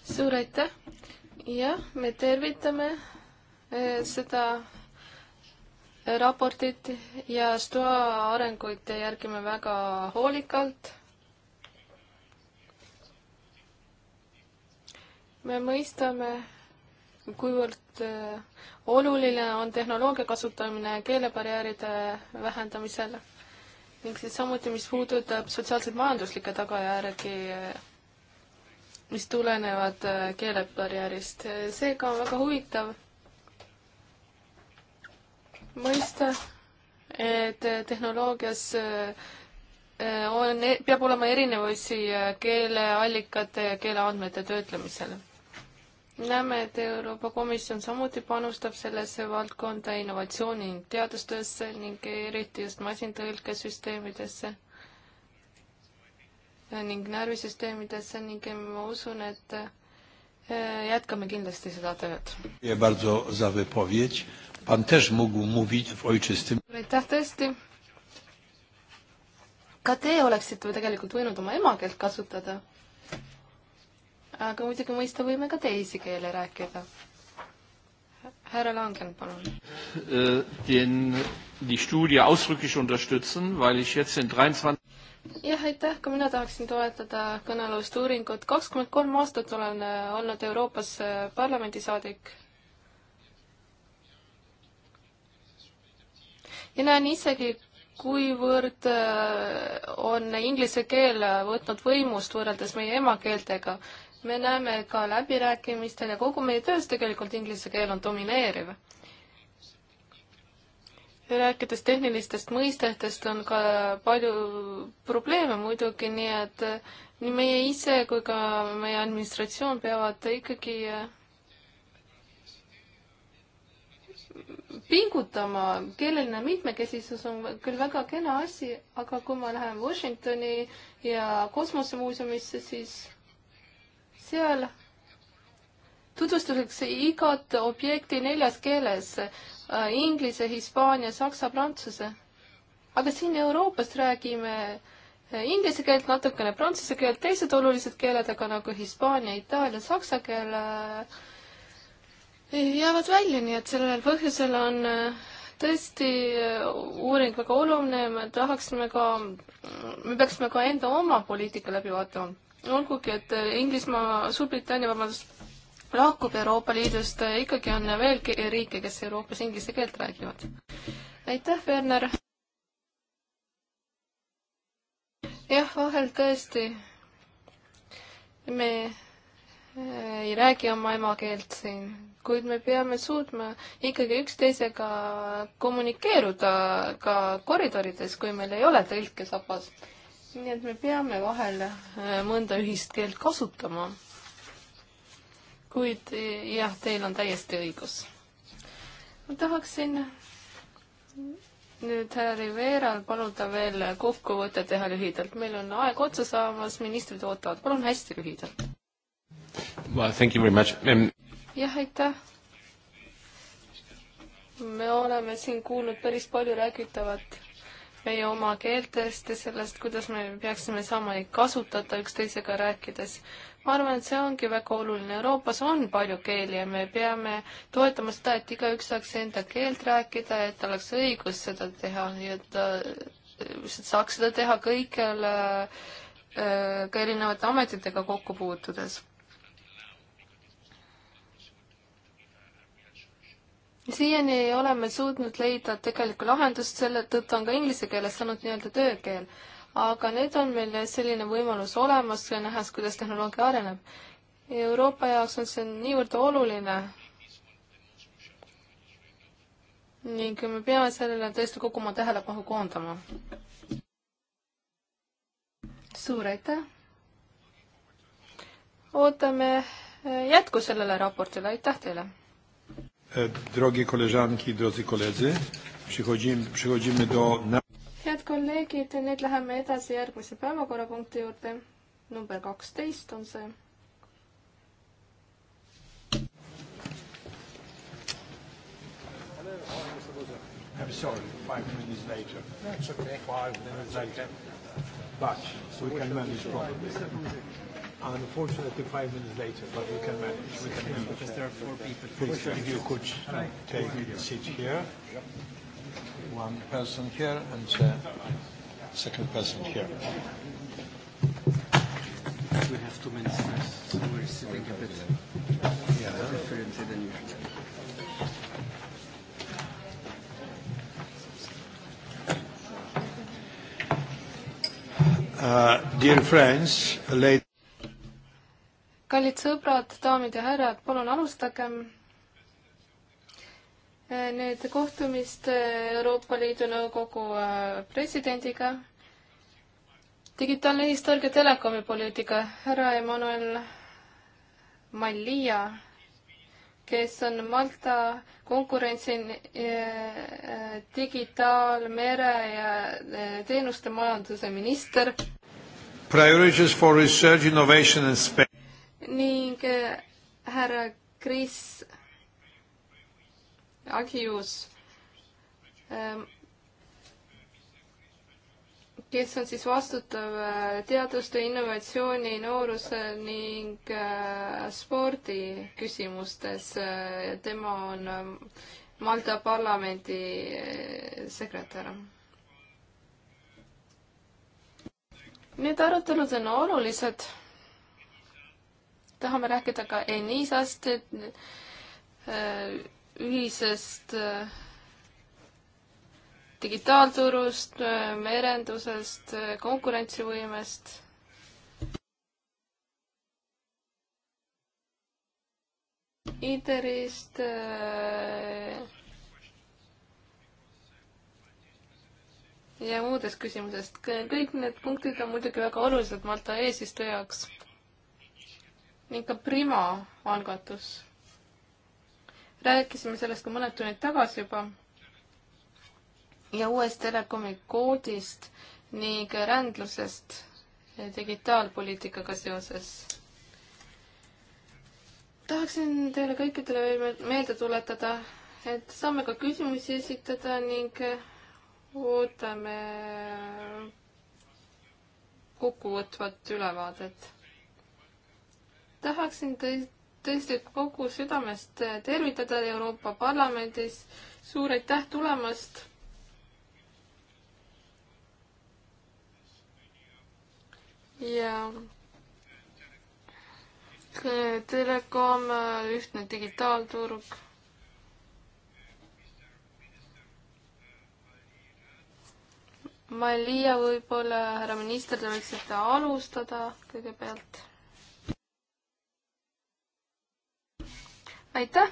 suur aitäh! jah, me tervitame äh, seda raportit ja STOA arenguid järgime väga hoolikalt. me mõistame kuivõrd äh, oluline on tehnoloogia kasutamine keelebarjääride vähendamisel ning siis samuti, mis puudutab sotsiaalseid majanduslikke tagajärgi, äh, mis tulenevad äh, keelebarjäärist. seega on väga huvitav mõista, et tehnoloogias on, e-, peab olema erinevusi keeleallikate ja keeleandmete töötlemisel näeme, et Euroopa Komisjon samuti panustab sellesse valdkonda innovatsiooni ning teadustöösse ning eriti just masintõlkesüsteemidesse ning närvisüsteemidesse ning ma usun, et eh, jätkame kindlasti seda tööd. aitäh tõesti. ka te oleksite tegelikult võinud oma emakeelt kasutada aga muidugi mõista võime ka teisi keele rääkida. härra Langen, palun. Äh, den, die Studie ausdrücklich unterstützen, weil ich jetzt in 23 jah, aitäh, ka mina tahaksin toetada kõnealust uuringut. kakskümmend kolm aastat olen äh, olnud Euroopas äh, parlamendisaadik. ja näen isegi, kuivõrd on inglise keel võtnud võimust võrreldes meie emakeeltega me näeme ka läbirääkimistel ja kogu meie töös tegelikult inglise keel on domineeriv. rääkides tehnilistest mõistetest, on ka palju probleeme muidugi, nii et eh, nii meie ise kui ka meie administratsioon peavad ikkagi eh, pingutama, keeleline mitmekesisus on küll väga kena asi, aga kui ma lähen Washingtoni ja kosmosemuuseumisse, siis seal tutvustuseks igat objekti neljas keeles, äh, inglise, hispaania, saksa, prantsuse. aga siin Euroopast räägime äh, inglise keelt natukene, prantsuse keelt, teised olulised keeled, aga nagu hispaania, itaalia, saksa keel äh, jäävad välja, nii et sellel põhjusel on tõesti uuring väga oluline, me tahaksime ka, mm, me peaksime ka enda oma poliitika läbi vaatama olgugi, et Inglismaa, Suurbritannia, vabandust, lahkub Euroopa Liidust, ikkagi on veel riike, kes Euroopas inglise keelt räägivad. aitäh, Werner! jah, vahel tõesti me eh, ei räägi oma emakeelt siin, kuid me peame suutma ikkagi üksteisega kommunikeeruda ka koridorides, kui meil ei ole tõlke sabas nii et me peame vahel äh, mõnda ühist keelt kasutama. kuid äh, jah, teil on täiesti õigus. ma tahaksin nüüd härra Riveral paluda veel kokkuvõte teha lühidalt. meil on aeg otsa saamas, ministrid ootavad. palun hästi lühidalt well,. Thank you very much um.... jah, aitäh me oleme siin kuulnud päris palju räägitavat meie oma keeltest ja sellest, kuidas me peaksime saama neid kasutada üksteisega rääkides. ma arvan, et see ongi väga oluline. Euroopas on palju keeli ja me peame toetama seda, et igaüks saaks enda keelt rääkida, et tal oleks õigus seda teha ja ta äh, saaks seda teha kõikjal äh, äh, ka erinevate ametitega kokku puutudes siiani ei ole me suutnud leida tegelikku lahendust, selle tõttu on ka inglise keeles saanud nii-öelda töökeel. aga nüüd on meil selline võimalus olemas, nähes, kuidas tehnoloogia areneb. Euroopa jaoks on see niivõrd oluline ning me peame sellele tõesti kogu oma tähelepanu koondama. suur aitäh! ootame jätku sellele raportile, aitäh teile! E, drogie koleżanki, drodzy koledzy, przychodzimy, przychodzimy do... Head kolleegid, nüüd läheme edasi järgmise päevakorrapunkti juurde. Number 12 on see. I'm sorry, five minutes later. That's okay. Five minutes later. But we can manage problems. Unfortunately, five minutes later, but we can manage. We can manage. Because there are four people. Please, if you could take a seat here. One person here and uh, second person here. We have two minutes first, so we're sitting a bit yeah. differently than usual. Uh, dear friends, ladies kallid sõbrad, daamid ja härrad, palun alustagem äh, nüüd kohtumist äh, Euroopa Liidu Nõukogu äh, presidendiga. digitaalne ühistarge telekomi poliitika, härra Emmanuel Mallia, kes on Malta konkurentsi digitaal-, mere- ja teenuste majanduse minister. Priorities for research, innovation and space ning eh, härra Kris Agius, ehm, kes on siis vastutav eh, teaduste, innovatsiooni, nooruse ning eh, spordi küsimustes. tema on Malta parlamendi sekretär Need arutelud on olulised tahame rääkida ka ENISA-st, äh, ühisest äh, digitaalturust, äh, merendusest, konkurentsivõimest. ITER-ist. ja muudest küsimusest. kõik need punktid on muidugi väga olulised Malta eesistuja jaoks ning ka Prima algatus. rääkisime sellest ka mõned tunnid tagasi juba ja uuest telekomi koodist ning rändlusest digitaalpoliitikaga seoses. tahaksin teile kõikidele veel meelde tuletada, et saame ka küsimusi esitada ning ootame kokkuvõtvat ülevaadet tahaksin tõesti kogu südamest äh, tervitada Euroopa Parlamendis. suur aitäh tulemast. ja telekom, äh, ühtne digitaalturg. Malia võib-olla, härra minister, te võiksite alustada kõigepealt aitäh!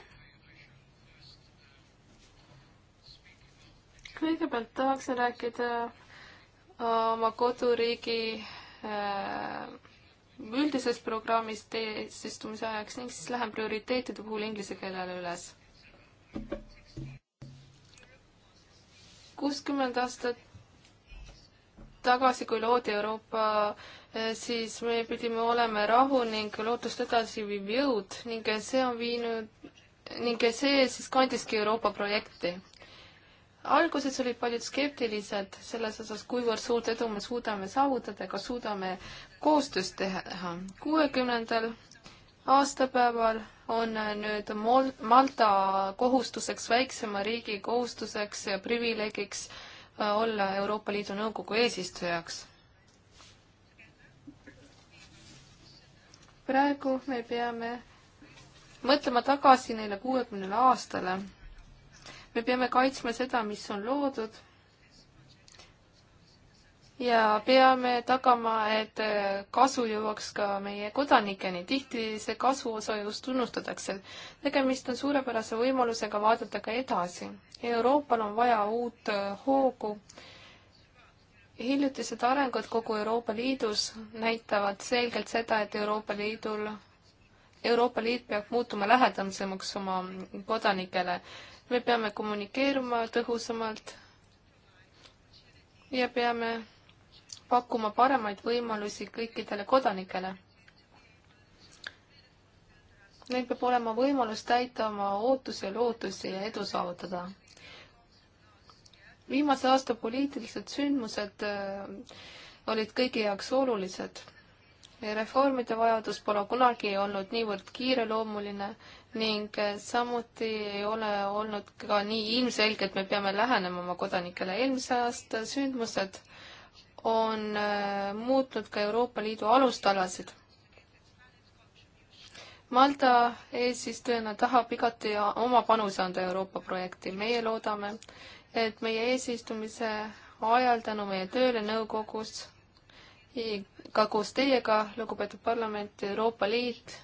kõigepealt tahaks rääkida äh, oma koduriigi äh, üldisest programmist eesistumise ajaks ning siis lähen prioriteetide puhul inglise keelele üles. kuuskümmend aastat tagasi, kui loodi Euroopa Äh, siis me pidime olema rahu ning lootust edasi viiv jõud ning see on viinud ning see siis kandiski Euroopa projekti. alguses olid paljud skeptilised selles osas, kuivõrd suurt edu me suudame saavutada, kas suudame koostöös teha. kuuekümnendal aastapäeval on nüüd Mol-, Malta kohustuseks, väiksema riigi kohustuseks ja privileegiks äh, olla Euroopa Liidu Nõukogu eesistujaks. praegu me peame mõtlema tagasi neile kuuekümnele aastale. me peame kaitsma seda, mis on loodud. ja peame tagama, et kasu jõuaks ka meie kodanikeni. tihti see kasuosa just tunnustatakse. tegemist on suurepärase võimalusega vaadata ka edasi. Euroopal on vaja uut hoogu hiljutised arengud kogu Euroopa Liidus näitavad selgelt seda, et Euroopa Liidul, Euroopa Liit peab muutuma lähedasemaks oma kodanikele. me peame kommunikeeruma tõhusamalt ja peame pakkuma paremaid võimalusi kõikidele kodanikele. Neil peab olema võimalus täita oma ootusi ja lootusi ja edu saavutada viimase aasta poliitilised sündmused äh, olid kõigi jaoks olulised. reformide vajadus pole kunagi olnud niivõrd kiireloomuline ning äh, samuti ei ole olnud ka nii ilmselge, et me peame lähenema oma kodanikele. eelmise aasta sündmused on äh, muutnud ka Euroopa Liidu alustalasid. Malta eesistujana tahab igati oma panuse anda Euroopa projekti. meie loodame, et meie eesistumise ajal tänu meie tööle nõukogus ka koos teiega, lugupeetud parlament, Euroopa Liit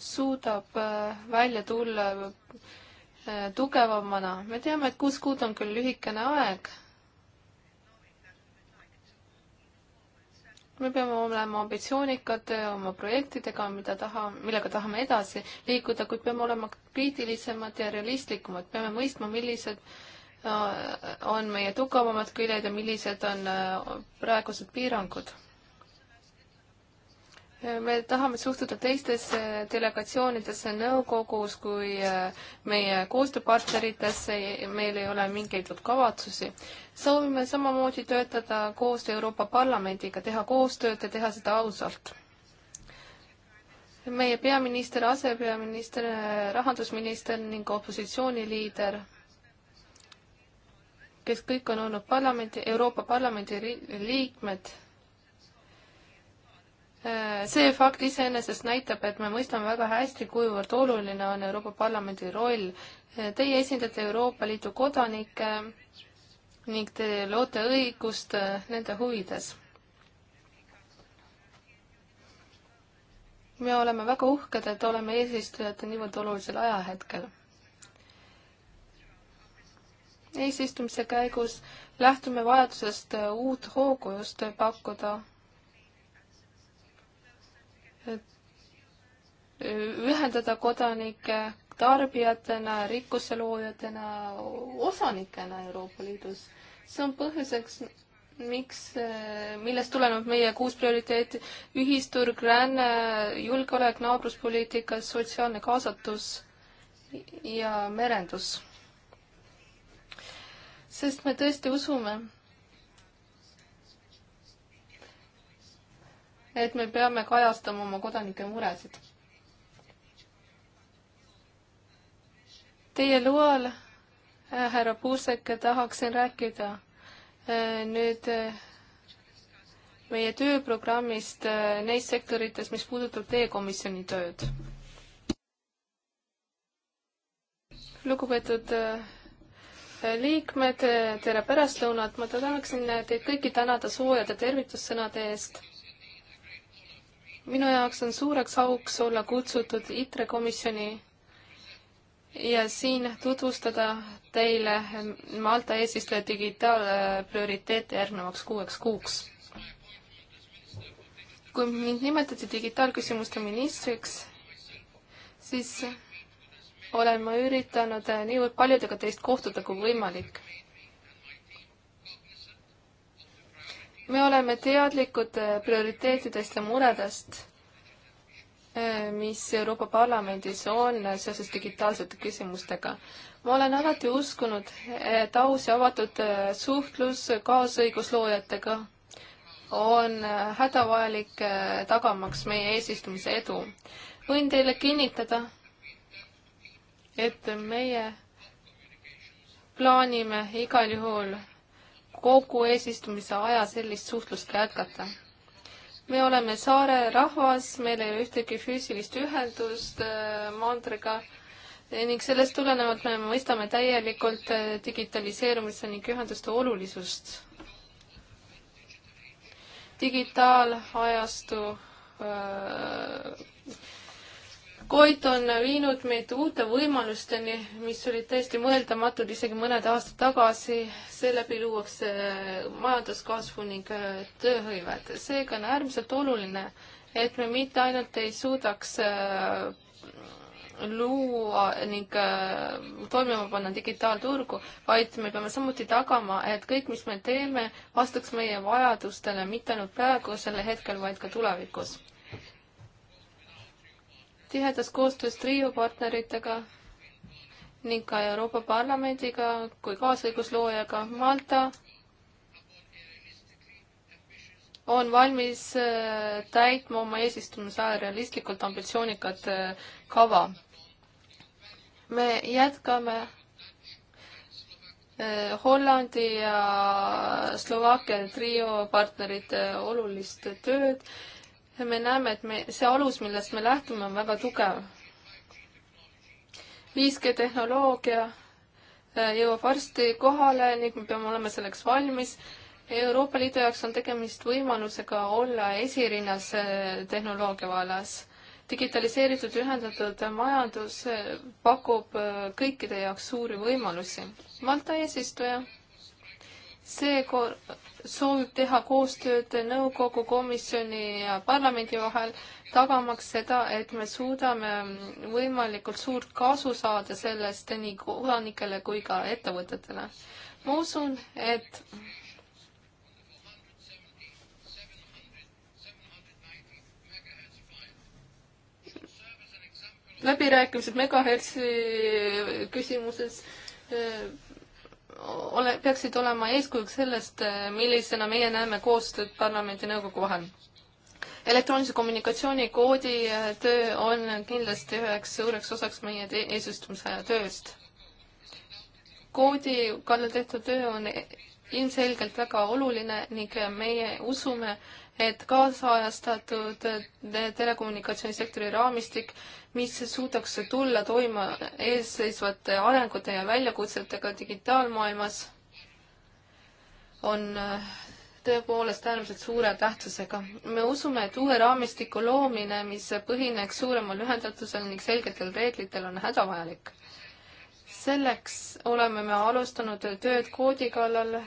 suudab äh, välja tulla äh, tugevamana. me teame, et kuus kuud on küll lühikene aeg. me peame olema ambitsioonikad äh, oma projektidega, mida taha, millega tahame edasi liikuda, kuid peame olema kriitilisemad ja realistlikumad, peame mõistma, millised äh, on meie tugevamad küljed ja millised on äh, praegused piirangud. me tahame suhtuda teistesse delegatsioonidesse nõukogus kui äh, meie koostööpartneritesse, meil ei ole mingeid kavatsusi. soovime samamoodi töötada koostöö Euroopa Parlamendiga, teha koostööd ja teha seda ausalt meie peaminister, asepeaminister, rahandusminister ning opositsiooniliider kes kõik on olnud parlamendi, Euroopa Parlamendi liikmed. Äh, see fakt iseenesest näitab, et me mõistame väga hästi, kuivõrd oluline on Euroopa Parlamendi roll. Äh, teie esindate Euroopa Liidu kodanikke ning te loote õigust äh, nende huvides. me oleme väga uhked, et oleme eesistujad niivõrd olulisel ajahetkel eesistumise käigus lähtume vajadusest uut hoogu just pakkuda ühendada kodanikke tarbijatena, rikkuse loojatena, osanikena Euroopa Liidus. see on põhjuseks, miks, millest tuleneb meie kuus prioriteeti, ühisturg, ränne, julgeolek, naabruspoliitika, sotsiaalne kaasatus ja merendus sest me tõesti usume, et me peame kajastama oma kodanike muresid. Teie loal, äh, härra Puusek, tahaksin rääkida äh, nüüd äh, meie tööprogrammist neis sektorites, mis puudutab teie komisjoni tööd. lugupeetud liikmed, tere pärastlõunat, ma tahaksin teid kõiki tänada soojade tervitussõnade eest. minu jaoks on suureks auks olla kutsutud ITRE komisjoni ja siin tutvustada teile Malta eesistuja digitaalprioriteete järgnevaks kuueks kuuks. kui mind nimetati digitaalküsimuste ministriks, siis olen ma üritanud äh, niivõrd paljudega teist kohtuda kui võimalik. me oleme teadlikud äh, prioriteetidest ja muredest, äh, mis Euroopa Parlamendis on seoses digitaalsete küsimustega. ma olen alati uskunud, et aus ja avatud suhtlus kaasõigusloojatega on hädavajalik tagamaks meie eesistumise edu. võin teile kinnitada, et meie plaanime igal juhul kogu eesistumise aja sellist suhtlust ka jätkata. me oleme saare rahvas, meil ei ole ühtegi füüsilist ühendust äh, maantriga eh, ning sellest tulenevalt me mõistame täielikult äh, digitaliseerumise ning ühenduste olulisust. digitaalajastu öö, äh, kuid on viinud meid uute võimalusteni, mis olid täiesti mõeldamatud isegi mõned aastad tagasi. seeläbi luuakse äh, majanduskasvu ning äh, tööhõivet. seega on äärmiselt oluline, et me mitte ainult ei suudaks äh, luua ning toimima panna digitaalturgu, vaid me peame samuti tagama, et kõik, mis me teeme, vastaks meie vajadustele mitte ainult praegusel hetkel, vaid ka tulevikus tihedas koostöös Triiu partneritega ning ka Euroopa Parlamendiga kui kaasõigusloojaga Malta on valmis äh, täitma oma eesistumise ajal realistlikult ambitsioonikat äh, kava. me jätkame äh, Hollandi ja Slovakkia trio partnerite olulist tööd me näeme, et me, see alus, millest me lähtume, on väga tugev. 5G tehnoloogia äh, jõuab varsti kohale ning me peame olema selleks valmis. Euroopa Liidu jaoks on tegemist võimalusega olla esirinnas äh, tehnoloogia vallas. digitaliseeritud ühendatud majandus äh, pakub kõikide jaoks suuri võimalusi. Malta eesistuja seekord soovib teha koostööd nõukogu, komisjoni ja parlamendi vahel, tagamaks seda, et me suudame võimalikult suurt kasu saada sellest nii kodanikele kui ka ettevõtetele. ma usun, et läbirääkimised megahertsi küsimuses ole, peaksid olema eeskujuks sellest, millisena meie näeme koostööd parlamendi ja nõukogu vahel. elektroonilise kommunikatsiooni koodi äh, töö on kindlasti üheks suureks osaks meie eesistumise tööst. koodi kallal tehtud töö on e-, ilmselgelt väga oluline ning meie usume, et kaasajastatud telekommunikatsioonisektori raamistik, mis suudaks tulla toima eesseisvate arengute ja väljakutsetega digitaalmaailmas, on äh, tõepoolest äärmiselt suure tähtsusega. me usume, et uue raamistiku loomine, mis põhineks suuremal ühendatusel ning selgetel reeglitel, on hädavajalik. selleks oleme me alustanud tööd koodi kallal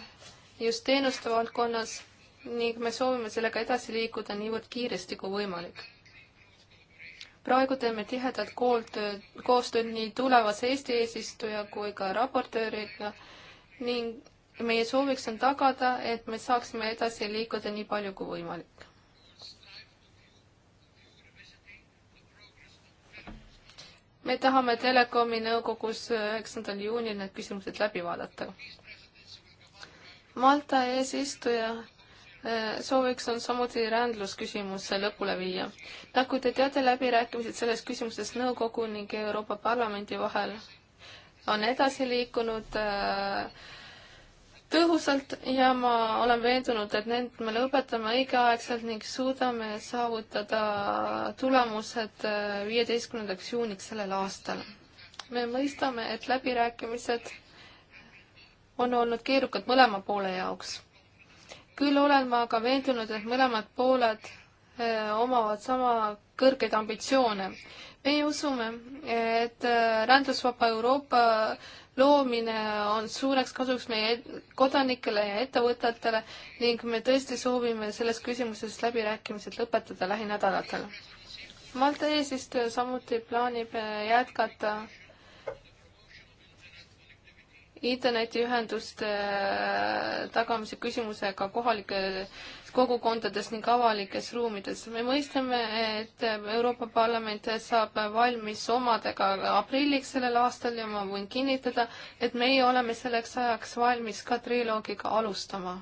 just teenuste valdkonnas ning me soovime sellega edasi liikuda niivõrd kiiresti kui võimalik. praegu teeme tihedat kooltööd, koostööd nii tulevase Eesti eesistuja kui ka raportööriga ning meie sooviks on tagada, et me saaksime edasi liikuda nii palju kui võimalik. me tahame Telekomi nõukogus üheksandal juunil need küsimused läbi vaadata Malta eesistuja sooviks on samuti rändlusküsimus lõpule viia. nagu te teate, läbirääkimised selles küsimuses Nõukogu ning Euroopa Parlamendi vahel on edasi liikunud äh, tõhusalt ja ma olen veendunud, et need me lõpetame õigeaegselt ning suudame saavutada tulemused äh, viieteistkümnendaks juuniks sellel aastal. me mõistame, et läbirääkimised on olnud keerukad mõlema poole jaoks küll olen ma aga veendunud, et mõlemad pooled eh, omavad sama kõrgeid ambitsioone. meie usume, et eh, rändusvaba Euroopa loomine on suureks kasuks meie kodanikele ja ettevõtetele ning me tõesti soovime selles küsimuses läbirääkimised lõpetada lähinädalatel. Malta eesistuja samuti plaanib eh, jätkata internetiühenduste äh, tagamise küsimusega kohalikes kogukondades ning avalikes ruumides. me mõistame, et Euroopa Parlament saab valmis omadega aprilliks sellel aastal ja ma võin kinnitada, et meie oleme selleks ajaks valmis ka triloogiga alustama.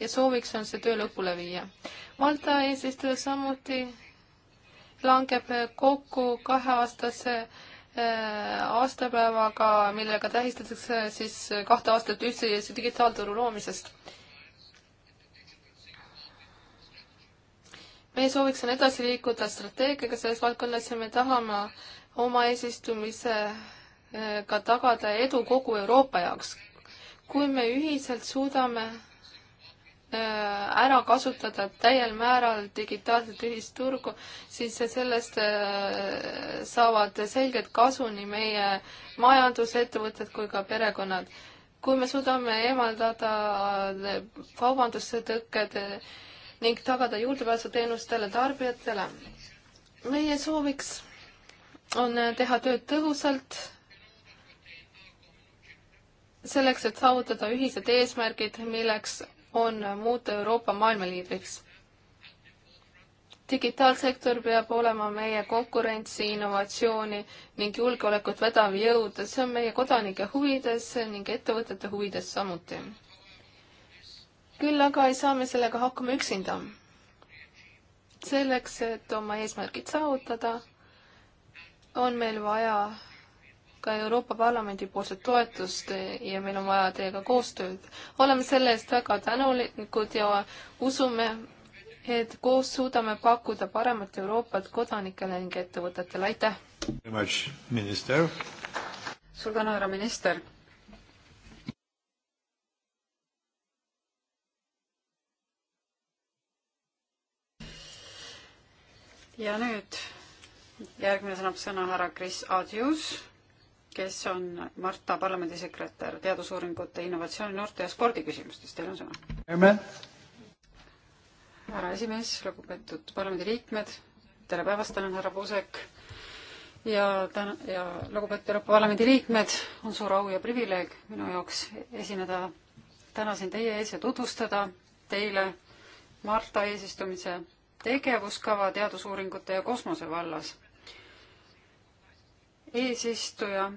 ja sooviks on see töö lõpule viia. Malta eesistuja samuti langeb kokku kaheaastase äh, Äh, aastapäevaga, millega tähistatakse siis kahte aastat ühtse digitaalturu loomisest. meie sooviks on edasi liikuda strateegiaga selles valdkonnas ja me tahame oma eesistumisega äh, tagada edu kogu Euroopa jaoks. kui me ühiselt suudame Äh, ära kasutada täiel määral digitaalset ühisturgu, siis sellest äh, saavad selgelt kasu nii meie majandusettevõtted kui ka perekonnad. kui me suudame eemaldada äh, kaubandusse tõkked ning tagada juurdepääsu teenustele tarbijatele, meie sooviks on teha tööd tõhusalt, selleks, et saavutada ühised eesmärgid, milleks on muuta Euroopa maailmaliidriks. digitaalsektor peab olema meie konkurentsi, innovatsiooni ning julgeolekut vedav jõud, see on meie kodanike huvides ning ettevõtete huvides samuti. küll aga ei saa me sellega hakkama üksinda. selleks, et oma eesmärgid saavutada, on meil vaja ka Euroopa Parlamendi poolset toetust ja meil on vaja teiega koostööd. oleme selle eest väga tänulikud ja usume, et koos suudame pakkuda paremat Euroopat kodanikele ning ettevõtetele, aitäh! suur tänu, härra minister! ja nüüd järgmine sõnab sõna härra Kris Adjus kes on Marta parlamendi sekretär teadusuuringute, innovatsiooni, noorte ja spordiküsimustes. Teil on sõna. härra esimees, lugupeetud parlamendiliikmed, tere päevast, tänan härra Puusek ja täna ja lugupeetud Euroopa Parlamendi liikmed, on suur au ja privileeg minu jaoks esineda täna siin teie ees ja tutvustada teile Marta eesistumise tegevuskava teadusuuringute ja kosmose vallas eesistuja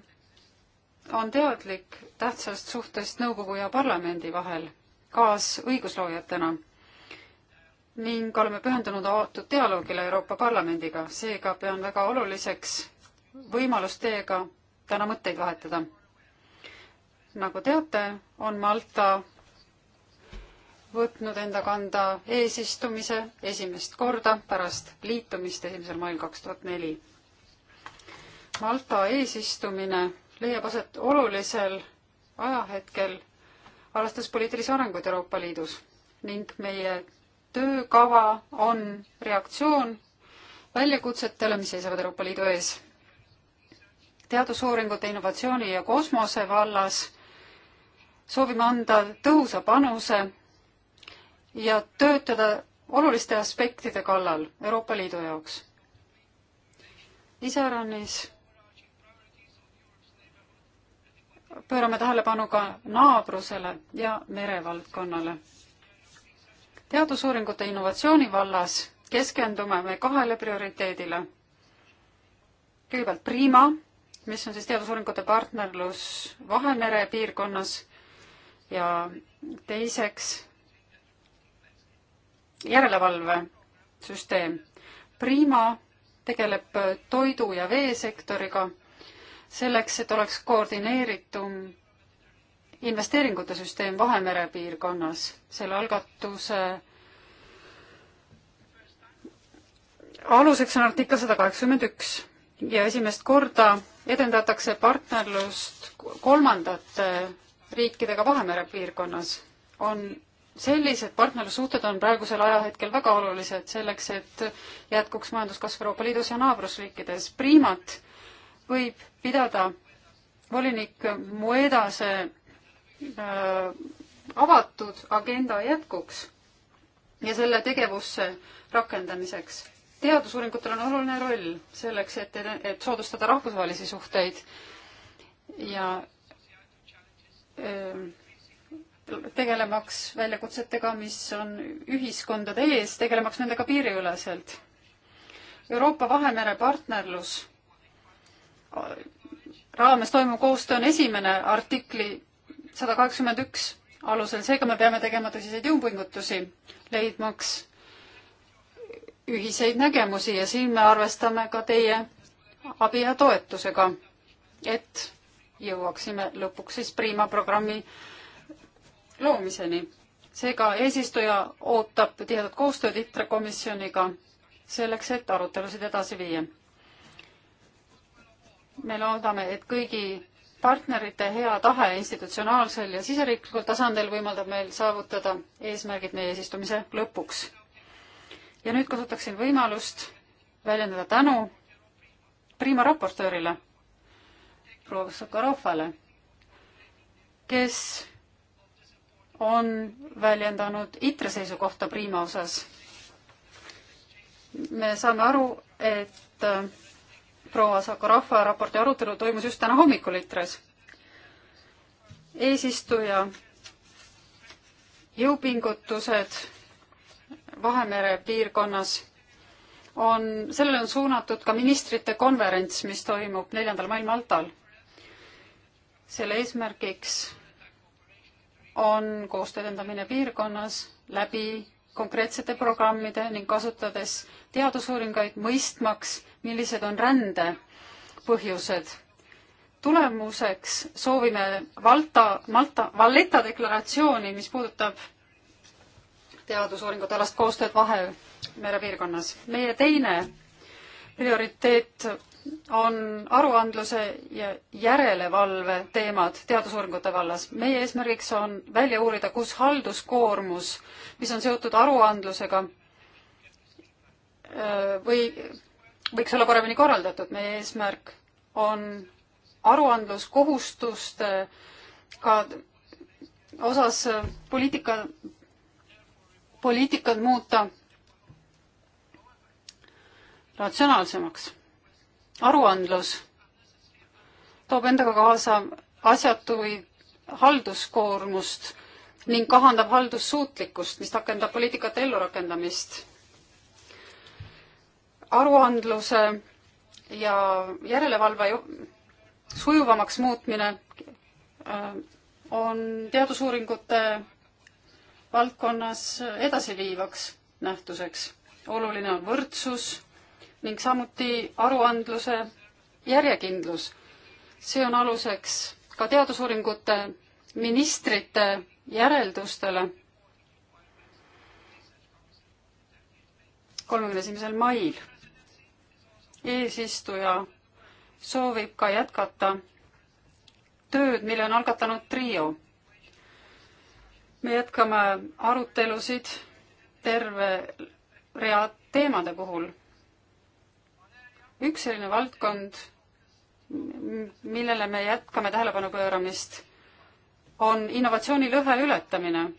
on teadlik tähtsast suhtest nõukogu ja parlamendi vahel kaasõigusloojatena ning oleme pühendunud avatud dialoogile Euroopa Parlamendiga, seega pean väga oluliseks võimalust teiega täna mõtteid vahetada. nagu teate, on Malta võtnud enda kanda eesistumise esimest korda pärast liitumist esimesel mail kaks tuhat neli Malta eesistumine leiab aset olulisel ajahetkel, arvestades poliitilisi arenguid Euroopa Liidus ning meie töökava on reaktsioon väljakutsetele, mis seisavad Euroopa Liidu ees. teadusuuringute, innovatsiooni ja kosmose vallas soovime anda tõhusa panuse ja töötada oluliste aspektide kallal Euroopa Liidu jaoks. iseäranis pöörame tähelepanu ka naabrusele ja merevaldkonnale. teadusuuringute innovatsiooni vallas keskendume me kahele prioriteedile. kõigepealt Prima, mis on siis teadusuuringute partnerlus Vahemere piirkonnas ja teiseks järelevalvesüsteem. Prima tegeleb toidu ja veesektoriga selleks, et oleks koordineeritum investeeringute süsteem Vahemere piirkonnas. selle algatuse aluseks on artikkel sada kaheksakümmend üks ja esimest korda edendatakse partnerlust kolmandate riikidega Vahemere piirkonnas. on sellised partnerlussuhted on praegusel ajahetkel väga olulised selleks, et jätkuks majanduskasv Euroopa Liidus ja naabrusriikides. Priimat võib pidada volinik Muedase äh, avatud agenda jätkuks ja selle tegevusse rakendamiseks. teadusuuringutel on oluline roll selleks, et, et soodustada rahvusvahelisi suhteid ja öö, ähm, tegelemaks väljakutsetega, mis on ühiskondade ees, tegelemaks nendega piiriüleselt. Euroopa Vahemere partnerlus raames toimuv koostöö on esimene artikli sada kaheksakümmend üks alusel, seega me peame tegema tõsiseid jõupingutusi, leidmaks ühiseid nägemusi ja siin me arvestame ka teie abi ja toetusega, et jõuaksime lõpuks siis Prima programmi loomiseni. seega eesistuja ootab tihedat koostööd ITRE komisjoniga selleks, et arutelusid edasi viia me loodame, et kõigi partnerite hea tahe institutsionaalsel ja siseriiklikul tasandil võimaldab meil saavutada eesmärgid meie eesistumise lõpuks. ja nüüd kasutaksin võimalust väljendada tänu Prima raportöörile, proua Sokorovale, kes on väljendanud ITRE seisukohta Prima osas. me saame aru, et proua Sakorafa raporti arutelu toimus just täna hommikul ITRES. eesistuja jõupingutused Vahemere piirkonnas on, sellele on suunatud ka ministrite konverents, mis toimub neljandal mail Maltal. selle eesmärgiks on koostöö edendamine piirkonnas läbi konkreetsete programmide ning kasutades teadusuuringuid mõistmaks, millised on rände põhjused. tulemuseks soovime Valta, Malta, Valletta deklaratsiooni, mis puudutab teadusuuringute alast koostööd Vahemere piirkonnas. meie teine prioriteet on aruandluse ja järelevalve teemad teadusuuringute vallas. meie eesmärgiks on välja uurida, kus halduskoormus, mis on seotud aruandlusega või võiks olla paremini korraldatud. meie eesmärk on aruandluskohustustega osas poliitika, poliitikat muuta ratsionaalsemaks. aruandlus toob endaga kaasa asjatuid halduskoormust ning kahandab haldussuutlikkust, mis takendab poliitikate ellurakendamist aruandluse ja järelevalve sujuvamaks muutmine äh, on teadusuuringute valdkonnas edasiviivaks nähtuseks. oluline on võrdsus ning samuti aruandluse järjekindlus. see on aluseks ka teadusuuringute ministrite järeldustele kolmekümne esimesel mail eesistuja soovib ka jätkata tööd, mille on algatanud trio. me jätkame arutelusid terve rea teemade puhul. üks selline valdkond, millele me jätkame tähelepanu pööramist, on innovatsioonilõhe ületamine,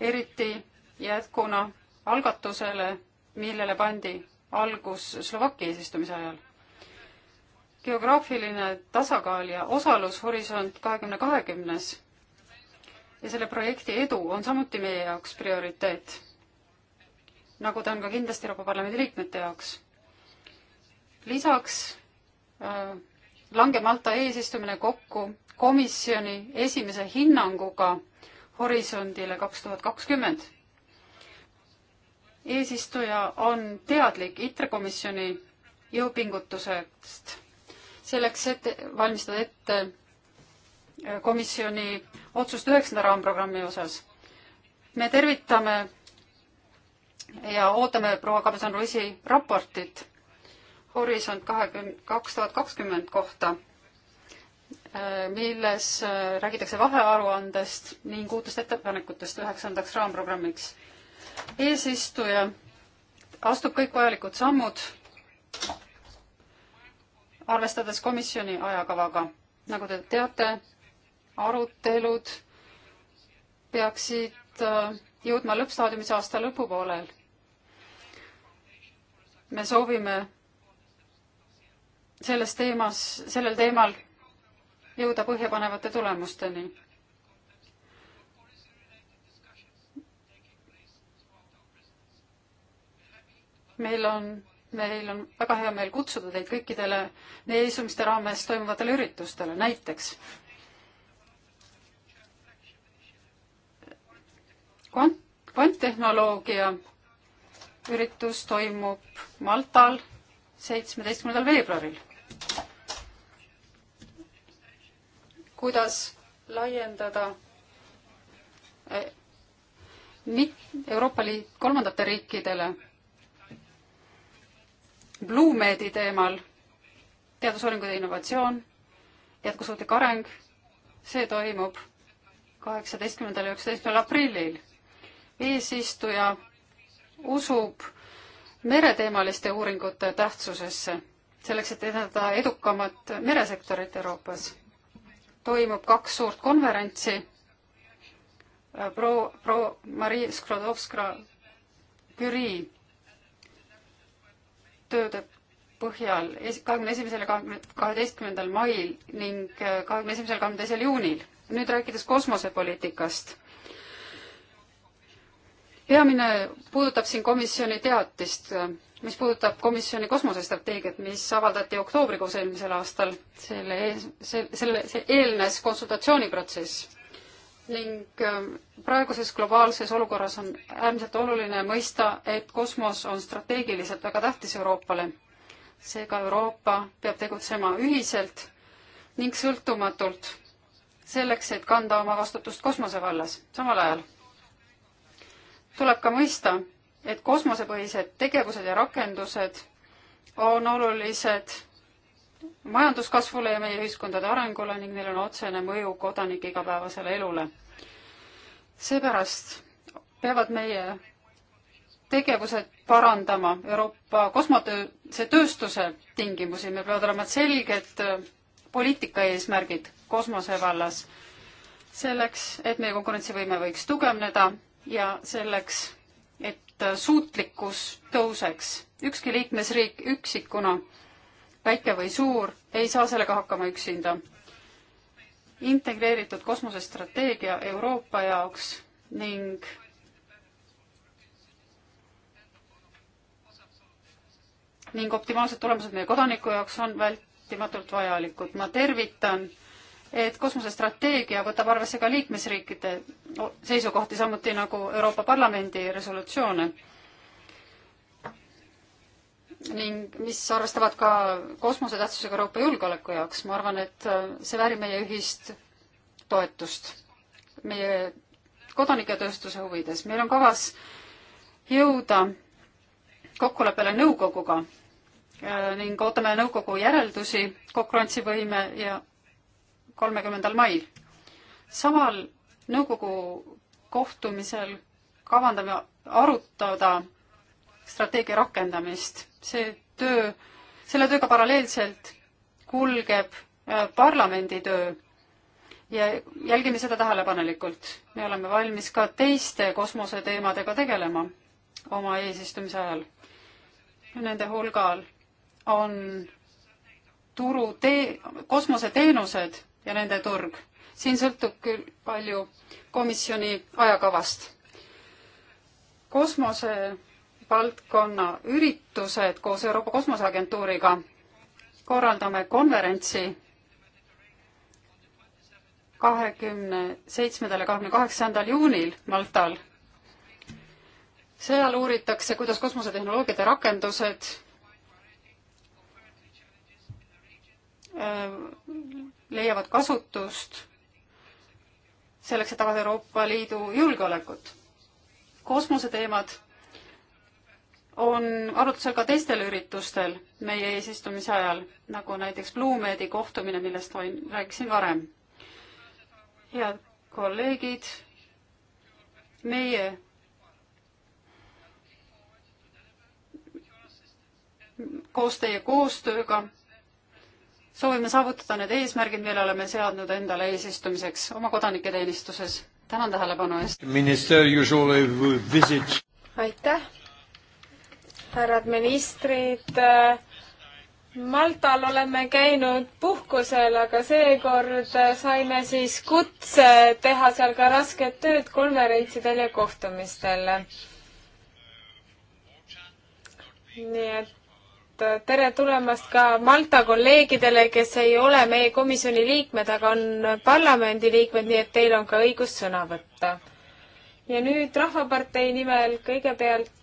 eriti jätkuna algatusele, millele pandi algus Slovakkia eesistumise ajal. geograafiline tasakaal ja osalus Horisont kahekümne kahekümnes ja selle projekti edu on samuti meie jaoks prioriteet, nagu ta on ka kindlasti Euroopa Parlamendi liikmete jaoks. lisaks äh, langeb Malta eesistumine kokku komisjoni esimese hinnanguga Horisondile kaks tuhat kakskümmend eesistuja on teadlik ITRE komisjoni jõupingutusest selleks, et valmistada ette äh, komisjoni otsust üheksanda raamprogrammi osas. me tervitame ja ootame proua Kabesan-Ruisi raportit Horisont kahekümne, kaks tuhat kakskümmend kohta, äh, milles äh, räägitakse vahearuandest ning uutest ettepanekutest üheksandaks raamprogrammiks eesistuja astub kõik vajalikud sammud, arvestades komisjoni ajakavaga. nagu te teate, arutelud peaksid äh, jõudma lõppstaadiumis aasta lõpupoolel. me soovime selles teemas, sellel teemal jõuda põhjapanevate tulemusteni meil on, meil on väga hea meel kutsuda teid kõikidele meie istumiste raames toimuvatele üritustele, näiteks kvant, kvanttehnoloogia üritus toimub Maltal seitsmeteistkümnendal veebruaril. kuidas laiendada eh, Euroopa Liit kolmandatele riikidele Bluemedi teemal, teadusuuringud ja innovatsioon, jätkusuutlik areng, see toimub kaheksateistkümnendal ja üheksateistkümnendal aprillil. eesistuja usub mereteemaliste uuringute tähtsusesse, selleks et edendada edukamat meresektorit Euroopas. toimub kaks suurt konverentsi pro, pro Marie Skrodovska Curie tööde põhjal kahekümne esimesel ja kaheteistkümnendal mail ning äh, kahekümne esimesel, kahekümne teisel juunil. nüüd rääkides kosmosepoliitikast. peamine puudutab siin komisjoni teatist, äh, mis puudutab komisjoni kosmosestrateegiat, mis avaldati oktoobrikuus eelmisel aastal. selle ees, selle, selle, see eelnes konsultatsiooniprotsess ning ähm, praeguses globaalses olukorras on äärmiselt oluline mõista, et kosmos on strateegiliselt väga tähtis Euroopale. seega Euroopa peab tegutsema ühiselt ning sõltumatult selleks, et kanda oma vastutust kosmose vallas. samal ajal tuleb ka mõista, et kosmosepõhised tegevused ja rakendused on olulised majanduskasvule ja meie ühiskondade arengule ning neil on otsene mõju kodanike igapäevasele elule. seepärast peavad meie tegevused parandama Euroopa kosmotee tööstuse tingimusi, meil peavad olema selged äh, poliitika eesmärgid kosmose vallas, selleks, et meie konkurentsivõime võiks tugevneda ja selleks, et äh, suutlikkus tõuseks. ükski liikmesriik üksikuna väike või suur, ei saa sellega hakkama üksinda. integreeritud kosmosestrateegia Euroopa jaoks ning ning optimaalsed tulemused meie kodaniku jaoks on vältimatult vajalikud. ma tervitan, et kosmosestrateegia võtab arvesse ka liikmesriikide seisukohti, samuti nagu Euroopa Parlamendi resolutsioone ning mis arvestavad ka kosmosetähtsusega Euroopa julgeoleku jaoks. ma arvan, et äh, see väärib meie ühist toetust meie kodanike tööstuse huvides. meil on kavas jõuda kokkuleppele nõukoguga äh, ning ootame nõukogu järeldusi konkurentsivõime ja kolmekümnendal mail. samal nõukogu kohtumisel kavandame arutada strateegia rakendamist. see töö, selle tööga paralleelselt kulgeb äh, parlamendi töö ja jälgime seda tähelepanelikult. me oleme valmis ka teiste kosmoseteemadega tegelema oma eesistumise ajal. Nende hulgal on turu tee-, kosmoseteenused ja nende turg. siin sõltub küll palju komisjoni ajakavast. kosmose valdkonna üritused koos Euroopa Kosmoseagentuuriga. korraldame konverentsi kahekümne seitsmendal ja kahekümne kaheksandal juunil Maltal. seal uuritakse, kuidas kosmosetehnoloogiate rakendused äh, leiavad kasutust selleks, et tagada Euroopa Liidu julgeolekut. kosmoseteemad on arutusel ka teistel üritustel meie eesistumise ajal, nagu näiteks Bluemedi kohtumine, millest ma rääkisin varem. head kolleegid, meie koos teie koostööga soovime saavutada need eesmärgid, mille oleme seadnud endale eesistumiseks oma kodanike teenistuses. tänan tähelepanu eest. aitäh härrad ministrid. Maltal oleme käinud puhkusel, aga seekord saime siis kutse teha seal ka rasket tööd konverentsidel ja kohtumistel. nii et tere tulemast ka Malta kolleegidele, kes ei ole meie komisjoni liikmed, aga on parlamendi liikmed, nii et teil on ka õigus sõna võtta. ja nüüd Rahvapartei nimel kõigepealt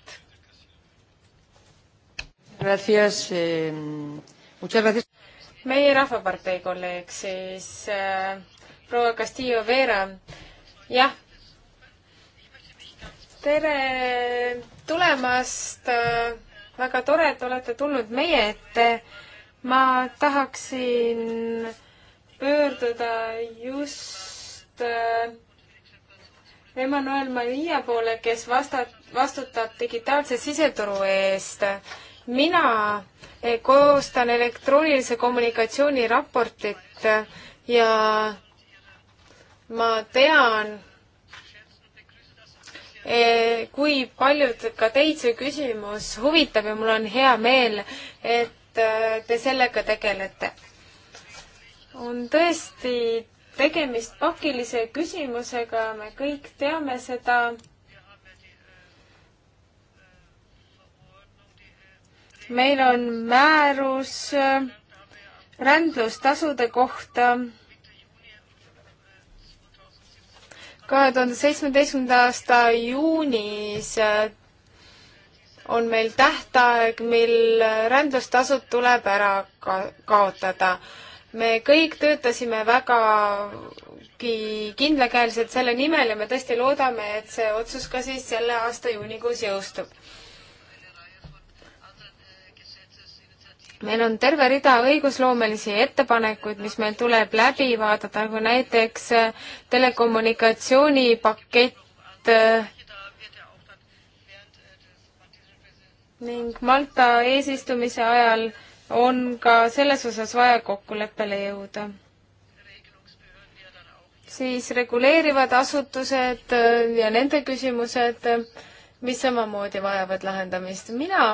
Eh, meie Rahvapartei kolleeg siis äh, proua Castillo Vera, jah. tere tulemast äh,, väga tore, et olete tulnud meie ette. ma tahaksin pöörduda just äh, Emmanuel Maria poole, kes vastab, vastutab digitaalse siseturu eest mina eh, koostan elektroonilise kommunikatsiooni raportit eh, ja ma tean, eh, kui paljud ka teid see küsimus huvitab ja mul on hea meel, et te sellega tegelete. on tõesti tegemist pakilise küsimusega, me kõik teame seda meil on määrus äh, rändlustasude kohta kahe tuhande seitsmeteistkümnenda aasta juunis äh, on meil tähtaeg, mil äh, rändlustasud tuleb ära ka-, kaotada. me kõik töötasime vägagi kindlakäeliselt selle nimel ja me tõesti loodame, et see otsus ka siis selle aasta juunikuus jõustub meil on terve rida õigusloomelisi ettepanekuid, mis meil tuleb läbi vaadata, nagu näiteks äh, telekommunikatsioonipakett äh, ning Malta eesistumise ajal on ka selles osas vaja kokkuleppele jõuda. siis reguleerivad asutused äh, ja nende küsimused, mis samamoodi vajavad lahendamist. mina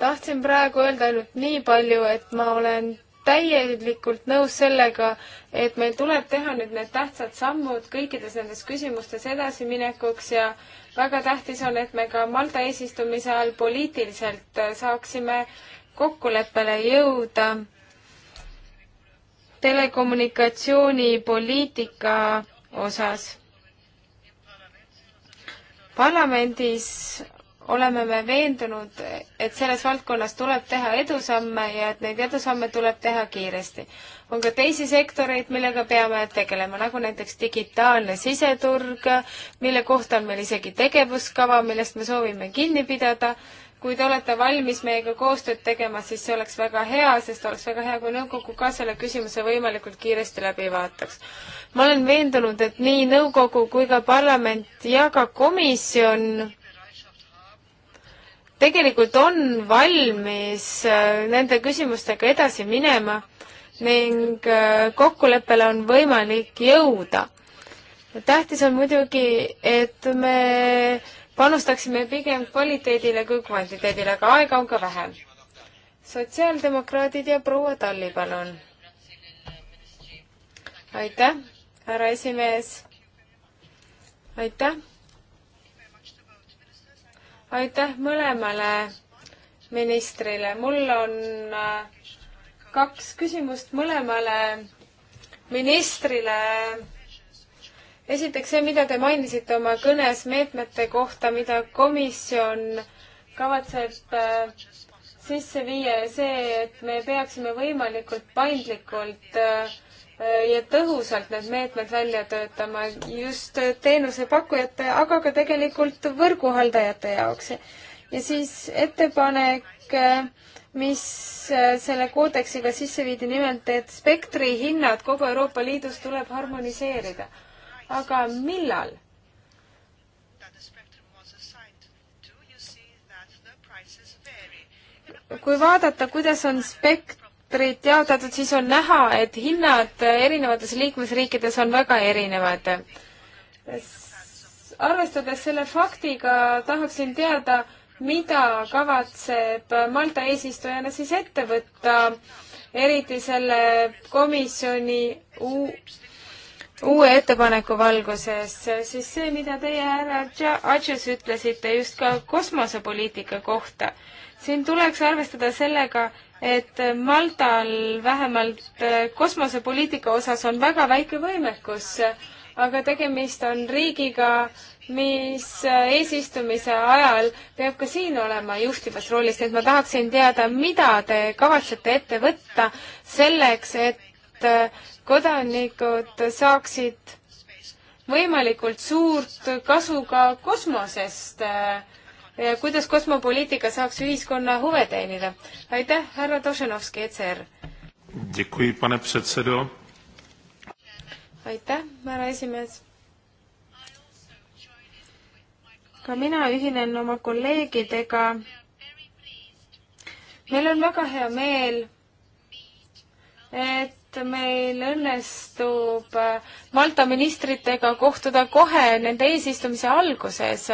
tahtsin praegu öelda ainult nii palju, et ma olen täielikult nõus sellega, et meil tuleb teha nüüd need tähtsad sammud kõikides nendes küsimustes edasiminekuks ja väga tähtis on, et me ka Malta eesistumise ajal poliitiliselt äh, saaksime kokkuleppele jõuda telekommunikatsioonipoliitika osas. parlamendis oleme me veendunud, et selles valdkonnas tuleb teha edusamme ja et neid edusamme tuleb teha kiiresti. on ka teisi sektoreid, millega peame tegelema, nagu näiteks digitaalne siseturg, mille kohta on meil isegi tegevuskava, millest me soovime kinni pidada. kui te olete valmis meiega koostööd tegema, siis see oleks väga hea, sest oleks väga hea, kui nõukogu ka selle küsimuse võimalikult kiiresti läbi vaataks. ma olen veendunud, et nii nõukogu kui ka parlament ja ka komisjon tegelikult on valmis äh, nende küsimustega edasi minema ning äh, kokkuleppele on võimalik jõuda. tähtis on muidugi, et me panustaksime pigem kvaliteedile kui kvantiteedile, aga aega on ka vähem. sotsiaaldemokraadid ja proua Talli, palun. aitäh, härra esimees. aitäh aitäh mõlemale ministrile, mul on äh, kaks küsimust mõlemale ministrile. esiteks see, mida te mainisite oma kõnes meetmete kohta, mida komisjon kavatseb äh, sisse viia ja see, et me peaksime võimalikult paindlikult äh, ja tõhusalt need meetmed välja töötama just teenusepakkujate, aga ka tegelikult võrguhaldajate jaoks. ja siis ettepanek, mis selle koodeksiga sisse viidi, nimelt, et spektri hinnad kogu Euroopa Liidus tuleb harmoniseerida. aga millal? kui vaadata, kuidas on spekt-, sektorid jaotatud, siis on näha, et hinnad erinevates liikmesriikides on väga erinevad. arvestades selle faktiga, tahaksin teada, mida kavatseb Malta eesistujana siis ette võtta, eriti selle komisjoni uue ettepaneku valguses, siis see, mida teie, härra Adžes, ütlesite just ka kosmosepoliitika kohta. siin tuleks arvestada sellega, et Maltal vähemalt äh, kosmosepoliitika osas on väga väike võimekus, aga tegemist on riigiga, mis äh, eesistumise ajal peab ka siin olema juhtivas rollis, nii et ma tahaksin teada, mida te kavatsete ette võtta selleks, et äh, kodanikud saaksid võimalikult suurt kasu ka kosmosest äh, Eh, kuidas kosmopoliitika saaks ühiskonna huve teenida. aitäh, härra Tošenovski, ECR. aitäh, härra esimees. ka mina ühinen oma kolleegidega. meil on väga hea meel, et meil õnnestub Malta ministritega kohtuda kohe nende eesistumise alguses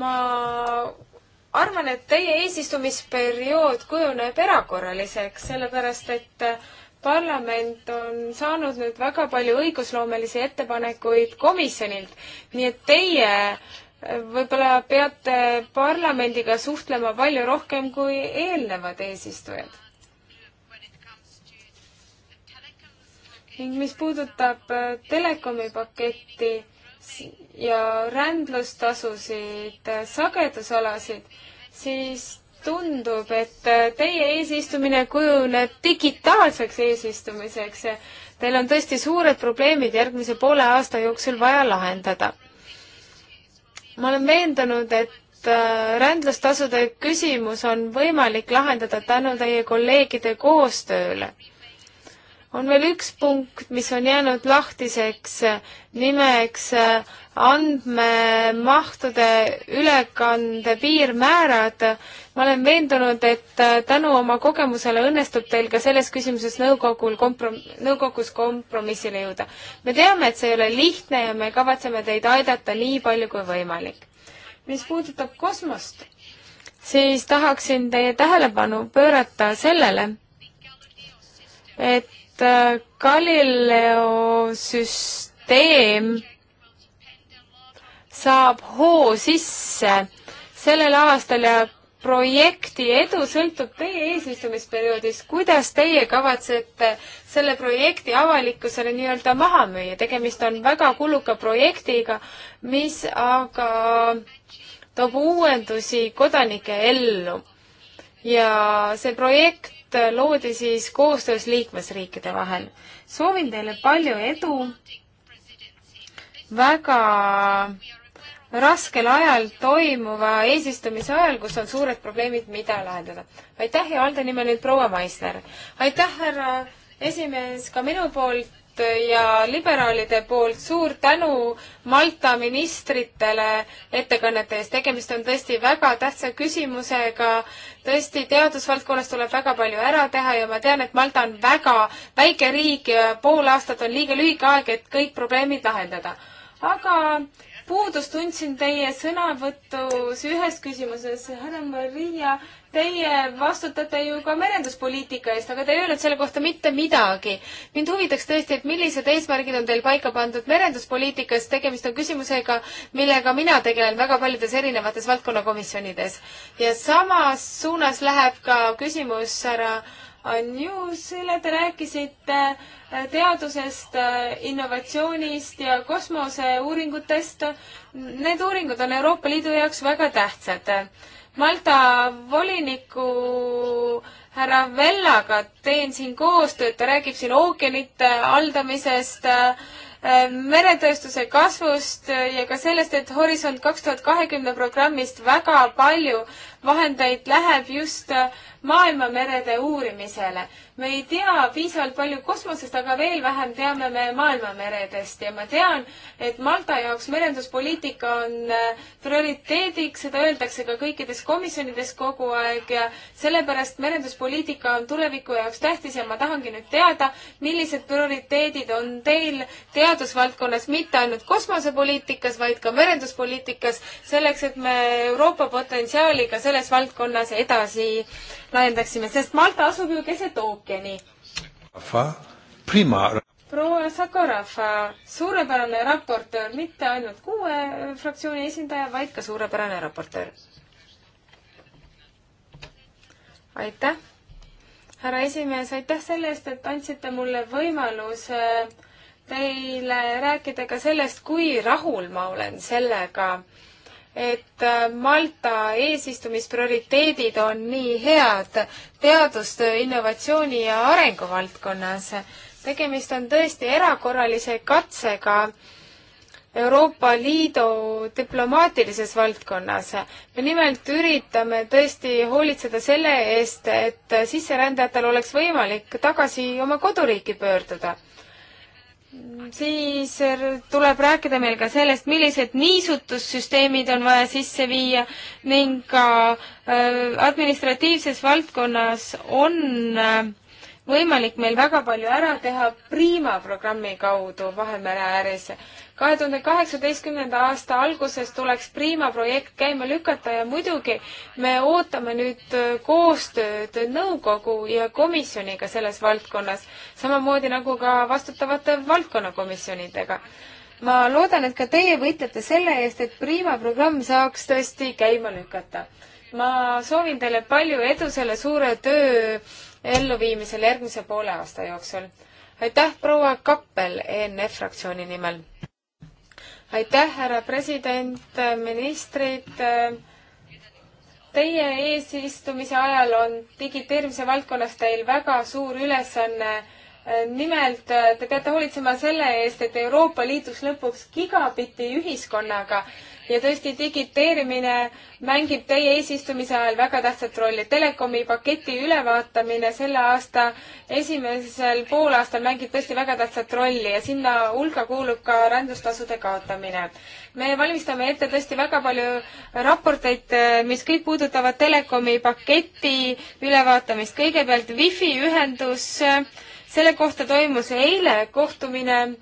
ma arvan, et teie eesistumisperiood kujuneb erakorraliseks, sellepärast et parlament on saanud nüüd väga palju õigusloomelisi ettepanekuid komisjonilt, nii et teie eh, võib-olla peate parlamendiga suhtlema palju rohkem kui eelnevad eesistujad. ning mis puudutab eh, telekomi paketti, ja rändlustasusid, sagedusalasid, siis tundub, et teie eesistumine kujuneb digitaalseks eesistumiseks. Teil on tõesti suured probleemid järgmise poole aasta jooksul vaja lahendada. ma olen veendunud, et äh, rändlustasude küsimus on võimalik lahendada tänu teie kolleegide koostööle on veel üks punkt, mis on jäänud lahtiseks nimeks äh, andmemahtude ülekande piirmäärad. ma olen veendunud, et äh, tänu oma kogemusele õnnestub teil ka selles küsimuses nõukogul komprom-, nõukogus kompromissile jõuda. me teame, et see ei ole lihtne ja me kavatseme teid aidata nii palju kui võimalik. mis puudutab kosmost, siis tahaksin teie tähelepanu pöörata sellele, et Äh, Galileo süsteem saab hoo sisse sellel aastal ja projekti edu sõltub teie eesistumisperioodist. kuidas teie kavatsete selle projekti avalikkusele nii-öelda maha müüa? tegemist on väga kuluka projektiga, mis aga toob uuendusi kodanike ellu. ja see projekt fond loodi siis koostöös liikmesriikide vahel. soovin teile palju edu, väga raskel ajal toimuva eesistumise ajal, kus on suured probleemid, mida lahendada. aitäh ja Alde nimel nüüd proua Maisler. aitäh, härra esimees, ka minu poolt ja liberaalide poolt suur tänu Malta ministritele ettekannete eest. tegemist on tõesti väga tähtsa küsimusega. tõesti, teadusvaldkonnas tuleb väga palju ära teha ja ma tean, et Malta on väga väike riik ja pool aastat on liiga lühike aeg, et kõik probleemid lahendada. aga puudust tundsin teie sõnavõtus ühes küsimuses. härra Maria Teie vastutate ju ka merenduspoliitika eest, aga te ei öelnud selle kohta mitte midagi. mind huvitaks tõesti, et millised eesmärgid on teil paika pandud merenduspoliitikas, tegemist on küsimusega, millega mina tegelen väga paljudes erinevates valdkonnakomisjonides. ja samas suunas läheb ka küsimus härra Anjusile, te rääkisite äh, teadusest, äh, innovatsioonist ja kosmoseuuringutest. Need uuringud on Euroopa Liidu jaoks väga tähtsad Malta voliniku härra Vellaga teen siin koostööd, ta räägib siin ookeanite haldamisest äh,, meretööstuse kasvust ja ka sellest, et Horisont kaks tuhat kahekümne programmist väga palju vahendeid läheb just äh, maailmamerede uurimisele. me ei tea piisavalt palju kosmosest, aga veel vähem teame me maailmameredest ja ma tean, et Malta jaoks merenduspoliitika on äh, prioriteediks, seda öeldakse ka kõikides komisjonides kogu aeg ja sellepärast merenduspoliitika on tuleviku jaoks tähtis ja ma tahangi nüüd teada, millised prioriteedid on teil teadusvaldkonnas, mitte ainult kosmosepoliitikas, vaid ka merenduspoliitikas, selleks et me Euroopa potentsiaaliga selle selles valdkonnas edasi laiendaksime, sest Malta asub ju keset ookeani. proua Sakorafa, suurepärane raportöör, mitte ainult kuue fraktsiooni esindaja, vaid ka suurepärane raportöör. aitäh, härra esimees, aitäh selle eest, et andsite mulle võimaluse teile rääkida ka sellest, kui rahul ma olen sellega, et äh, Malta eesistumisprioriteedid on nii head teadustöö, innovatsiooni ja arengu valdkonnas. tegemist on tõesti erakorralise katsega Euroopa Liidu diplomaatilises valdkonnas. me nimelt üritame tõesti hoolitseda selle eest, et sisserändajatel oleks võimalik tagasi oma koduriiki pöörduda siis er, tuleb rääkida meil ka sellest, millised niisutussüsteemid on vaja sisse viia ning ka äh, administratiivses valdkonnas on äh, võimalik meil väga palju ära teha Prima programmi kaudu Vahemere ääres kahe tuhande kaheksateistkümnenda aasta alguses tuleks Prima projekt käima lükata ja muidugi me ootame nüüd äh, koostööd nõukogu ja komisjoniga selles valdkonnas, samamoodi nagu ka vastutavate valdkonnakomisjonidega ma loodan, et ka teie võitlete selle eest, et Prima programm saaks tõesti käima lükata. ma soovin teile palju edu selle suure töö elluviimisel järgmise poole aasta jooksul. aitäh, proua Kappel ENF fraktsiooni nimel! aitäh, härra president, ministrid. Teie eesistumise ajal on digiteerimise valdkonnas teil väga suur ülesanne. nimelt te peate hoolitsema selle eest, et Euroopa Liidus lõpuks gigabitti ühiskonnaga ja tõesti, digiteerimine mängib teie eesistumise ajal väga tähtsat rolli. telekomi paketi ülevaatamine selle aasta esimesel poolaastal mängib tõesti väga tähtsat rolli ja sinna hulka kuulub ka rändustasude kaotamine. me valmistame ette tõesti väga palju raporteid, mis kõik puudutavad telekomi paketi ülevaatamist. kõigepealt wifi ühendus, selle kohta toimus eile kohtumine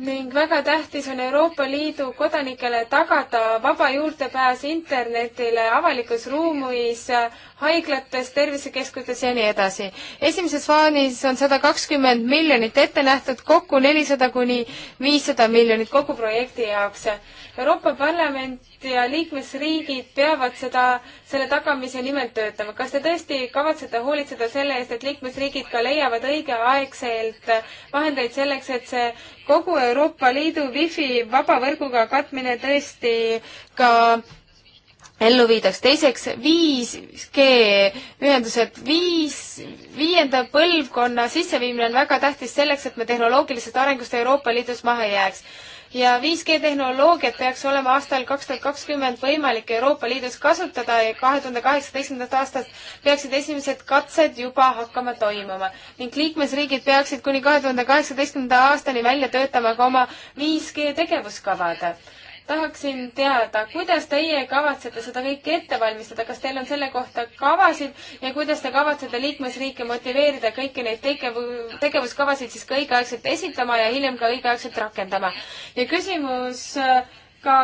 ning väga tähtis on Euroopa Liidu kodanikele tagada vaba juurdepääs internetile avalikus ruumis, haiglates, tervisekeskustes ja nii edasi. esimeses faanis on sada kakskümmend miljonit ette nähtud, kokku nelisada kuni viissada miljonit kogu projekti jaoks. Euroopa Parlament ja liikmesriigid peavad seda, selle tagamise nimel töötama. kas te tõesti kavatsete hoolitseda selle eest, et liikmesriigid ka leiavad õigeaegselt vahendeid selleks, et see kogu Euroopa Liidu wifi vaba võrguga katmine tõesti ka ellu viidaks. teiseks 5G ühendused, viis, viienda põlvkonna sisseviimine on väga tähtis selleks, et me tehnoloogilisest arengust Euroopa Liidus maha ei jääks ja 5G tehnoloogiat peaks olema aastal kaks tuhat kakskümmend võimalik Euroopa Liidus kasutada ja kahe tuhande kaheksateistkümnendast aastast peaksid esimesed katsed juba hakkama toimuma. ning liikmesriigid peaksid kuni kahe tuhande kaheksateistkümnenda aastani välja töötama ka oma 5G tegevuskavad tahaksin teada, kuidas teie kavatsete seda kõike ette valmistada, kas teil on selle kohta kavasid ja kuidas te kavatsete liikmesriike motiveerida kõiki neid tegev-, tegevuskavasid siis ka õigeaegselt esitama ja hiljem ka õigeaegselt rakendama? ja küsimus äh, ka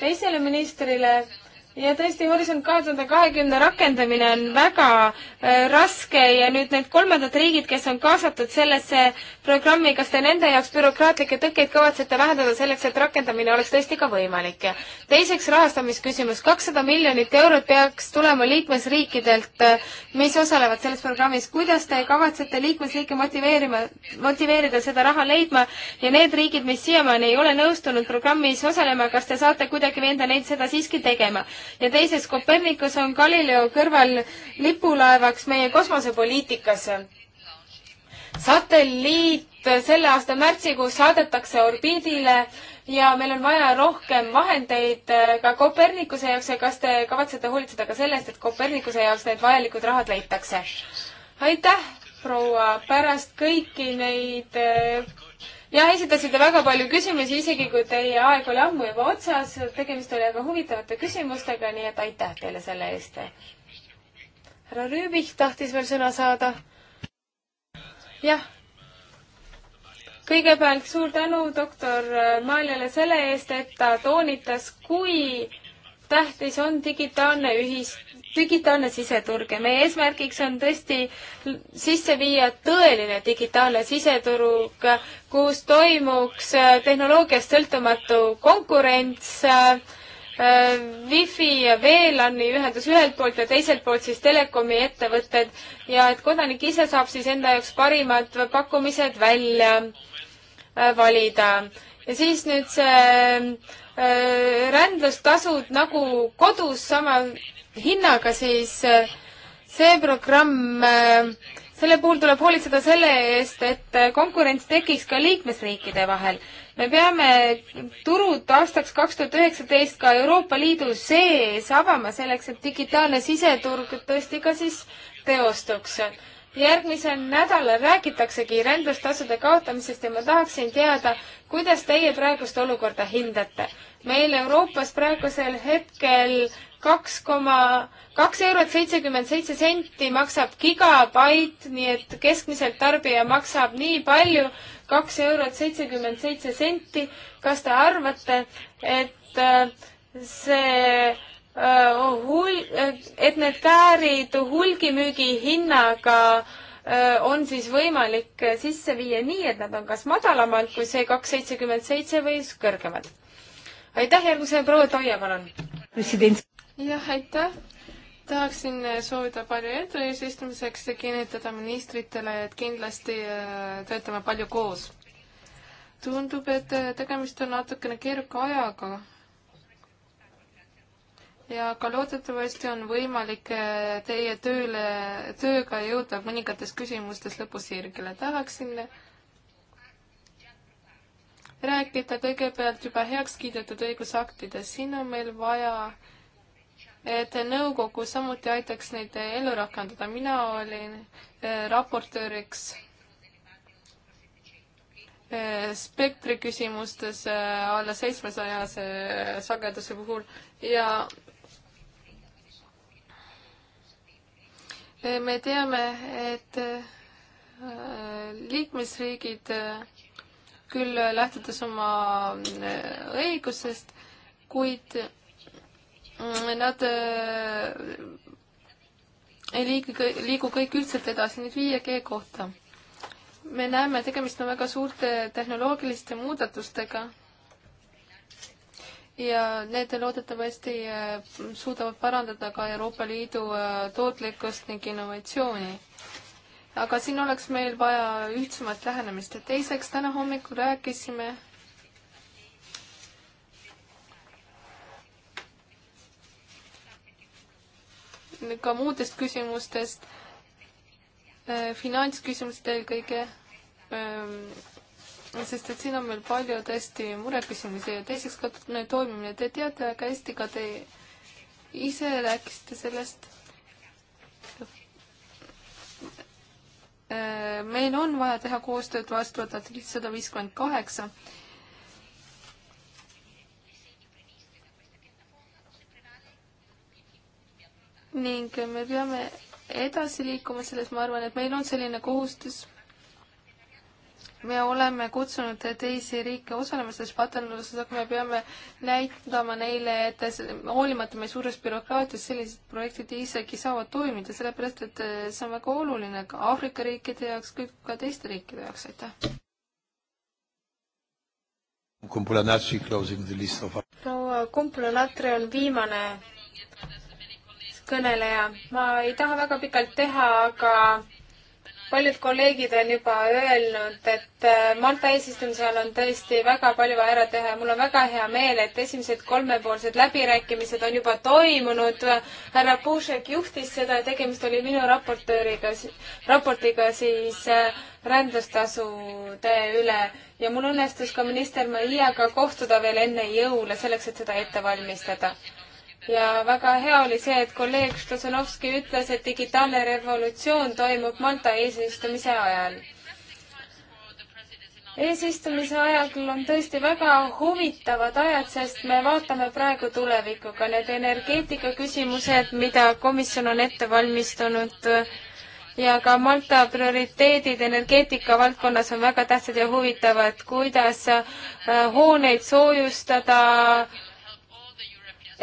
teisele ministrile ja tõesti, Horisont kahe tuhande kahekümne rakendamine on väga äh, raske ja nüüd need kolmandad riigid, kes on kaasatud sellesse programmi, kas te nende jaoks bürokraatlikke tõkkeid kavatsete vähendada selleks, et rakendamine oleks tõesti ka võimalik? teiseks rahastamisküsimus, kakssada miljonit eurot peaks tulema liikmesriikidelt, äh, mis osalevad selles programmis. kuidas te kavatsete liikmesriike motiveerima, motiveerida seda raha leidma ja need riigid, mis siiamaani ei ole nõustunud programmis osalema, kas te saate kuidagi veenda neid seda siiski tegema? ja teiseks Copernicus on Galileo kõrval lipulaevaks meie kosmosepoliitikas. satelliit selle aasta märtsikuus saadetakse orbiidile ja meil on vaja rohkem vahendeid eh, ka Copernicuse jaoks ja kas te kavatsete hoolitseda ka selle eest, et Copernicuse jaoks need vajalikud rahad leitakse? aitäh, proua, pärast kõiki neid eh, ja esitasite väga palju küsimusi, isegi kui teie aeg oli ammu juba otsas. tegemist oli väga huvitavate küsimustega, nii et aitäh teile selle eest. härra Rüübich tahtis veel sõna saada. jah. kõigepealt suur tänu doktor Maljale selle eest, et ta toonitas, kui tähtis on digitaalne ühis-, digitaalne siseturg ja meie eesmärgiks on tõesti sisse viia tõeline digitaalne siseturg, kus toimuks äh, tehnoloogiast sõltumatu konkurents äh,, Wi-Fi ja VLAN-i ühendus ühelt poolt ja teiselt poolt siis telekomi ettevõtted ja et kodanik ise saab siis enda jaoks parimad pakkumised välja äh, valida. ja siis nüüd see äh, rändlustasud nagu kodus sama hinnaga, siis äh, see programm, äh, selle puhul tuleb hoolitseda selle eest, et äh, konkurents tekiks ka liikmesriikide vahel. me peame turud aastaks kaks tuhat üheksateist ka Euroopa Liidu sees avama selleks, et digitaalne siseturg tõesti ka siis teostuks järgmisel nädalal räägitaksegi rändlustasude kaotamisest ja ma tahaksin teada, kuidas teie praegust olukorda hindate? meil Euroopas praegusel hetkel kaks koma, kaks eurot seitsekümmend seitse senti maksab gigabait, nii et keskmiselt tarbija maksab nii palju, kaks eurot seitsekümmend seitse senti. kas te arvate, et äh, see äh, hul-, et need käärid hulgimüügi hinnaga äh, on siis võimalik sisse viia nii, et nad on kas madalamalt kui see kaks seitsekümmend seitse või kõrgemad. aitäh, järgmisena proua Toia, palun. president jah, aitäh! tahaksin soovida palju edu eesistumiseks ja kinnitada ministritele, et kindlasti äh, töötame palju koos. tundub, et äh, tegemist on natukene keeruka ajaga. ja ka loodetavasti on võimalik äh, teie tööle, tööga jõuda mõningates küsimustes lõpusirgele. tahaksin rääkida kõigepealt juba heaks kiidetud õigusaktidest. siin on meil vaja äh, et nõukogu samuti aitaks neid ellu rakendada. mina olin äh, raportööriks äh, spektri küsimustes äh, alla seitsmesajase sageduse puhul ja me teame, et liikmesriigid küll lähtudes oma õigusest, kuid Mm, nad äh, ei liigu, liigu kõik üldselt edasi, nüüd 5G kohta. me näeme, tegemist on väga suurte tehnoloogiliste muudatustega ja need loodetavasti äh, suudavad parandada ka Euroopa Liidu äh, tootlikkust ning innovatsiooni. aga siin oleks meil vaja ühtsemat lähenemist. teiseks, täna hommikul rääkisime ka muudest küsimustest, äh, finantsküsimust eelkõige, ähm, sest et siin on meil palju tõesti mureküsimusi ja teiseks ka toimimine, te teate väga hästi, ka te ise rääkisite sellest. Äh, meil on vaja teha koostööd vastavalt artiklit sada viiskümmend kaheksa ning me peame edasi liikuma selles, ma arvan, et meil on selline kohustus. me oleme kutsunud teisi riike osalema selles pataljonis, aga me peame näitama neile, et hoolimata meie suurest bürokraatiast sellised projektid isegi saavad toimida, sellepärast et see on väga oluline ka Aafrika riikide jaoks, kui ka teiste riikide jaoks, aitäh. proua Kumpula-Natri on viimane kõneleja. ma ei taha väga pikalt teha, aga paljud kolleegid on juba öelnud, et äh, Malta eesistumise ajal on tõesti väga palju vaja ära teha ja mul on väga hea meel, et esimesed kolmepoolsed läbirääkimised on juba toimunud. härra Pušek juhtis seda ja tegemist oli minu raportööriga, raportiga siis äh, rändlustasude üle ja mul õnnestus ka minister Maiaga kohtuda veel enne jõule selleks, et seda ette valmistada ja väga hea oli see, et kolleeg Štosanovski ütles, et digitaalne revolutsioon toimub Malta eesistumise ajal. eesistumise ajal on tõesti väga huvitavad ajad, sest me vaatame praegu tulevikuga need energeetikaküsimused, mida komisjon on ette valmistanud ja ka Malta prioriteedid energeetika valdkonnas on väga tähtsad ja huvitavad, kuidas äh, hooneid soojustada,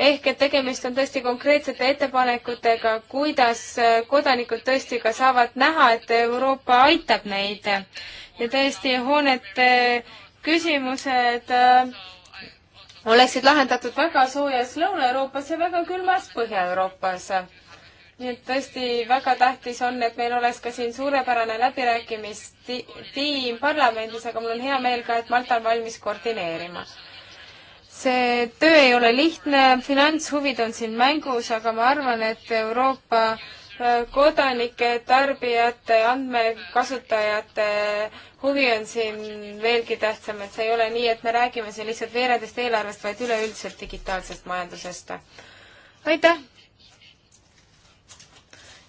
ehk et tegemist on tõesti konkreetsete ettepanekutega, kuidas äh, kodanikud tõesti ka saavad näha, et Euroopa aitab neid. ja tõesti hoonete äh, küsimused äh, oleksid lahendatud väga soojas Lõuna-Euroopas ja väga külmas Põhja-Euroopas. nii et tõesti väga tähtis on, et meil oleks ka siin suurepärane läbirääkimistiim parlamendis, aga mul on hea meel ka, et Malta on valmis koordineerima see töö ei ole lihtne, finantshuvid on siin mängus, aga ma arvan, et Euroopa äh, kodanike, tarbijate, andmekasutajate huvi on siin veelgi tähtsam, et see ei ole nii, et me räägime siin lihtsalt veerandist eelarvest, vaid üleüldiselt digitaalsest majandusest. aitäh!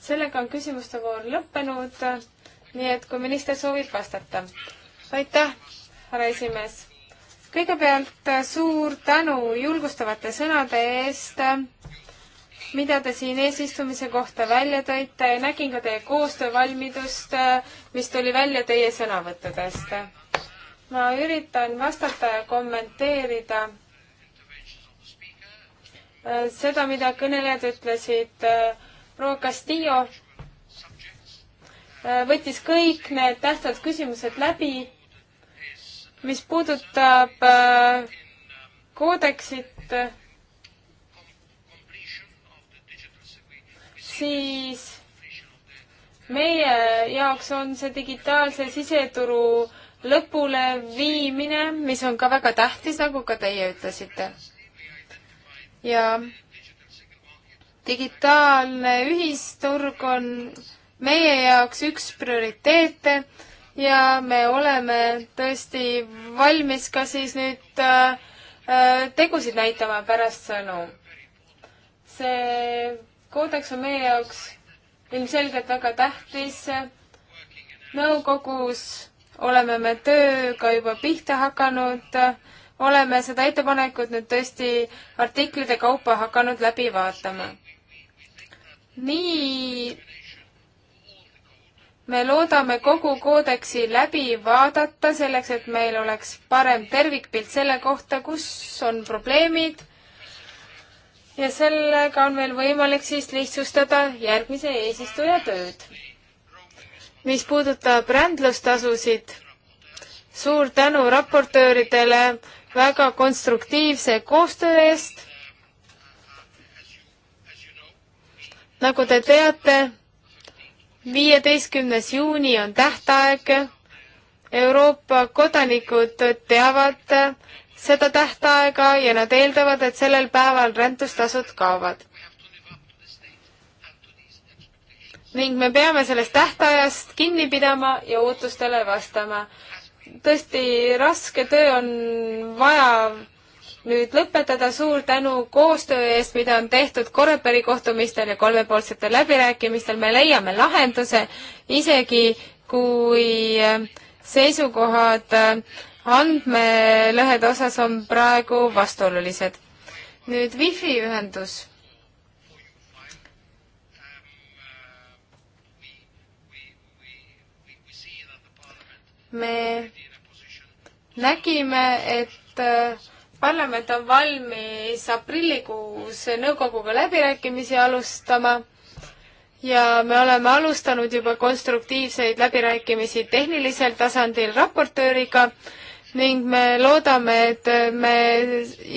sellega on küsimuste voor lõppenud, nii et kui minister soovib vastata. aitäh, härra esimees! kõigepealt äh, suur tänu julgustavate sõnade eest, äh, mida te siin eesistumise kohta välja tõite ja nägin ka teie koostöövalmidust, äh, mis tuli välja teie sõnavõttudest. ma üritan vastata ja kommenteerida seda, mida kõnelejad ütlesid. proua Castillo võttis kõik need tähtsad küsimused läbi mis puudutab äh, koodeksit, siis meie jaoks on see digitaalse siseturu lõpule viimine, mis on ka väga tähtis, nagu ka teie ütlesite. ja digitaalne ühisturg on meie jaoks üks prioriteete ja me oleme tõesti valmis ka siis nüüd äh, äh, tegusid näitama pärast sõnu. see koodeks on meie jaoks ilmselgelt väga tähtis. nõukogus oleme me tööga juba pihta hakanud, oleme seda ettepanekut nüüd tõesti artiklite kaupa hakanud läbi vaatama. nii me loodame kogu koodeksi läbi vaadata selleks, et meil oleks parem tervikpilt selle kohta, kus on probleemid. ja sellega on meil võimalik siis lihtsustada järgmise eesistuja tööd. mis puudutab rändlustasusid, suur tänu raportööridele väga konstruktiivse koostöö eest. nagu te teate viieteistkümnes juuni on tähtaeg. Euroopa kodanikud teavad seda tähtaega ja nad eeldavad, et sellel päeval räntustasud kaovad. ning me peame sellest tähtajast kinni pidama ja ootustele vastama. tõesti, raske töö on vaja nüüd lõpetada. suur tänu koostöö eest, mida on tehtud Koreperi kohtumistel ja kolmepoolsetel läbirääkimistel. me leiame lahenduse, isegi kui äh, seisukohad äh, andmelõhede osas on praegu vastuolulised. nüüd wifi ühendus. me nägime, et äh, parlament on valmis aprillikuus nõukoguga läbirääkimisi alustama ja me oleme alustanud juba konstruktiivseid läbirääkimisi tehnilisel tasandil raportööriga ning me loodame, et me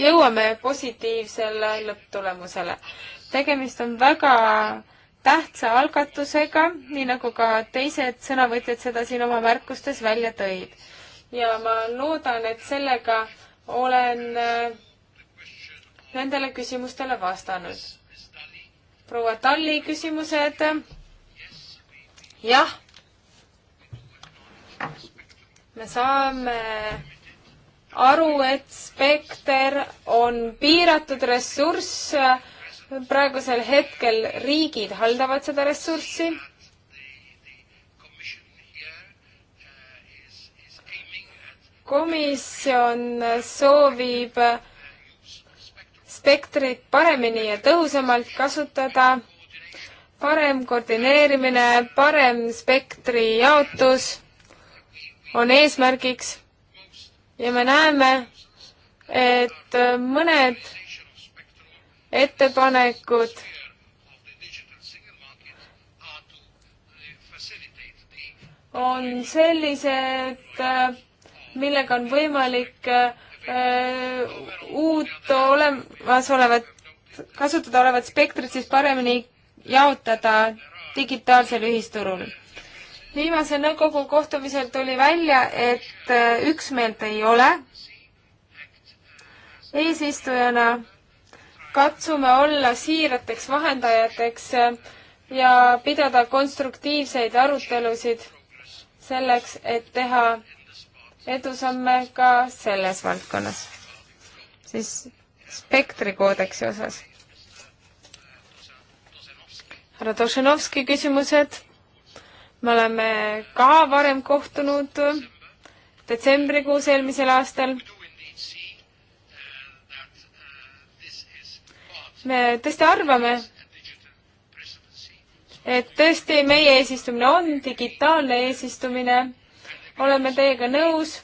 jõuame positiivsele lõpptulemusele. tegemist on väga tähtsa algatusega, nii nagu ka teised sõnavõtjad seda siin oma märkustes välja tõid. ja ma loodan, et sellega olen äh, nendele küsimustele vastanud. proua Talli küsimused. jah. me saame aru, et spekter on piiratud ressurss. praegusel hetkel riigid haldavad seda ressurssi komisjon soovib spektrit paremini ja tõhusamalt kasutada, parem koordineerimine, parem spektri jaotus on eesmärgiks ja me näeme, et mõned ettepanekud on sellised millega on võimalik äh, uut olemasolevat, kasutada olevat spektrit siis paremini jaotada digitaalsel ühisturul. viimasel nõukogu kohtumisel tuli välja, et äh, üksmeelt ei ole. eesistujana katsume olla siirateks vahendajateks äh, ja pidada konstruktiivseid arutelusid selleks, et teha edusamme ka selles valdkonnas, siis spektrikoodeksi osas. härra Tošenovski küsimused. me oleme ka varem kohtunud detsembrikuus eelmisel aastal. me tõesti arvame, et tõesti meie eesistumine on digitaalne eesistumine oleme teiega nõus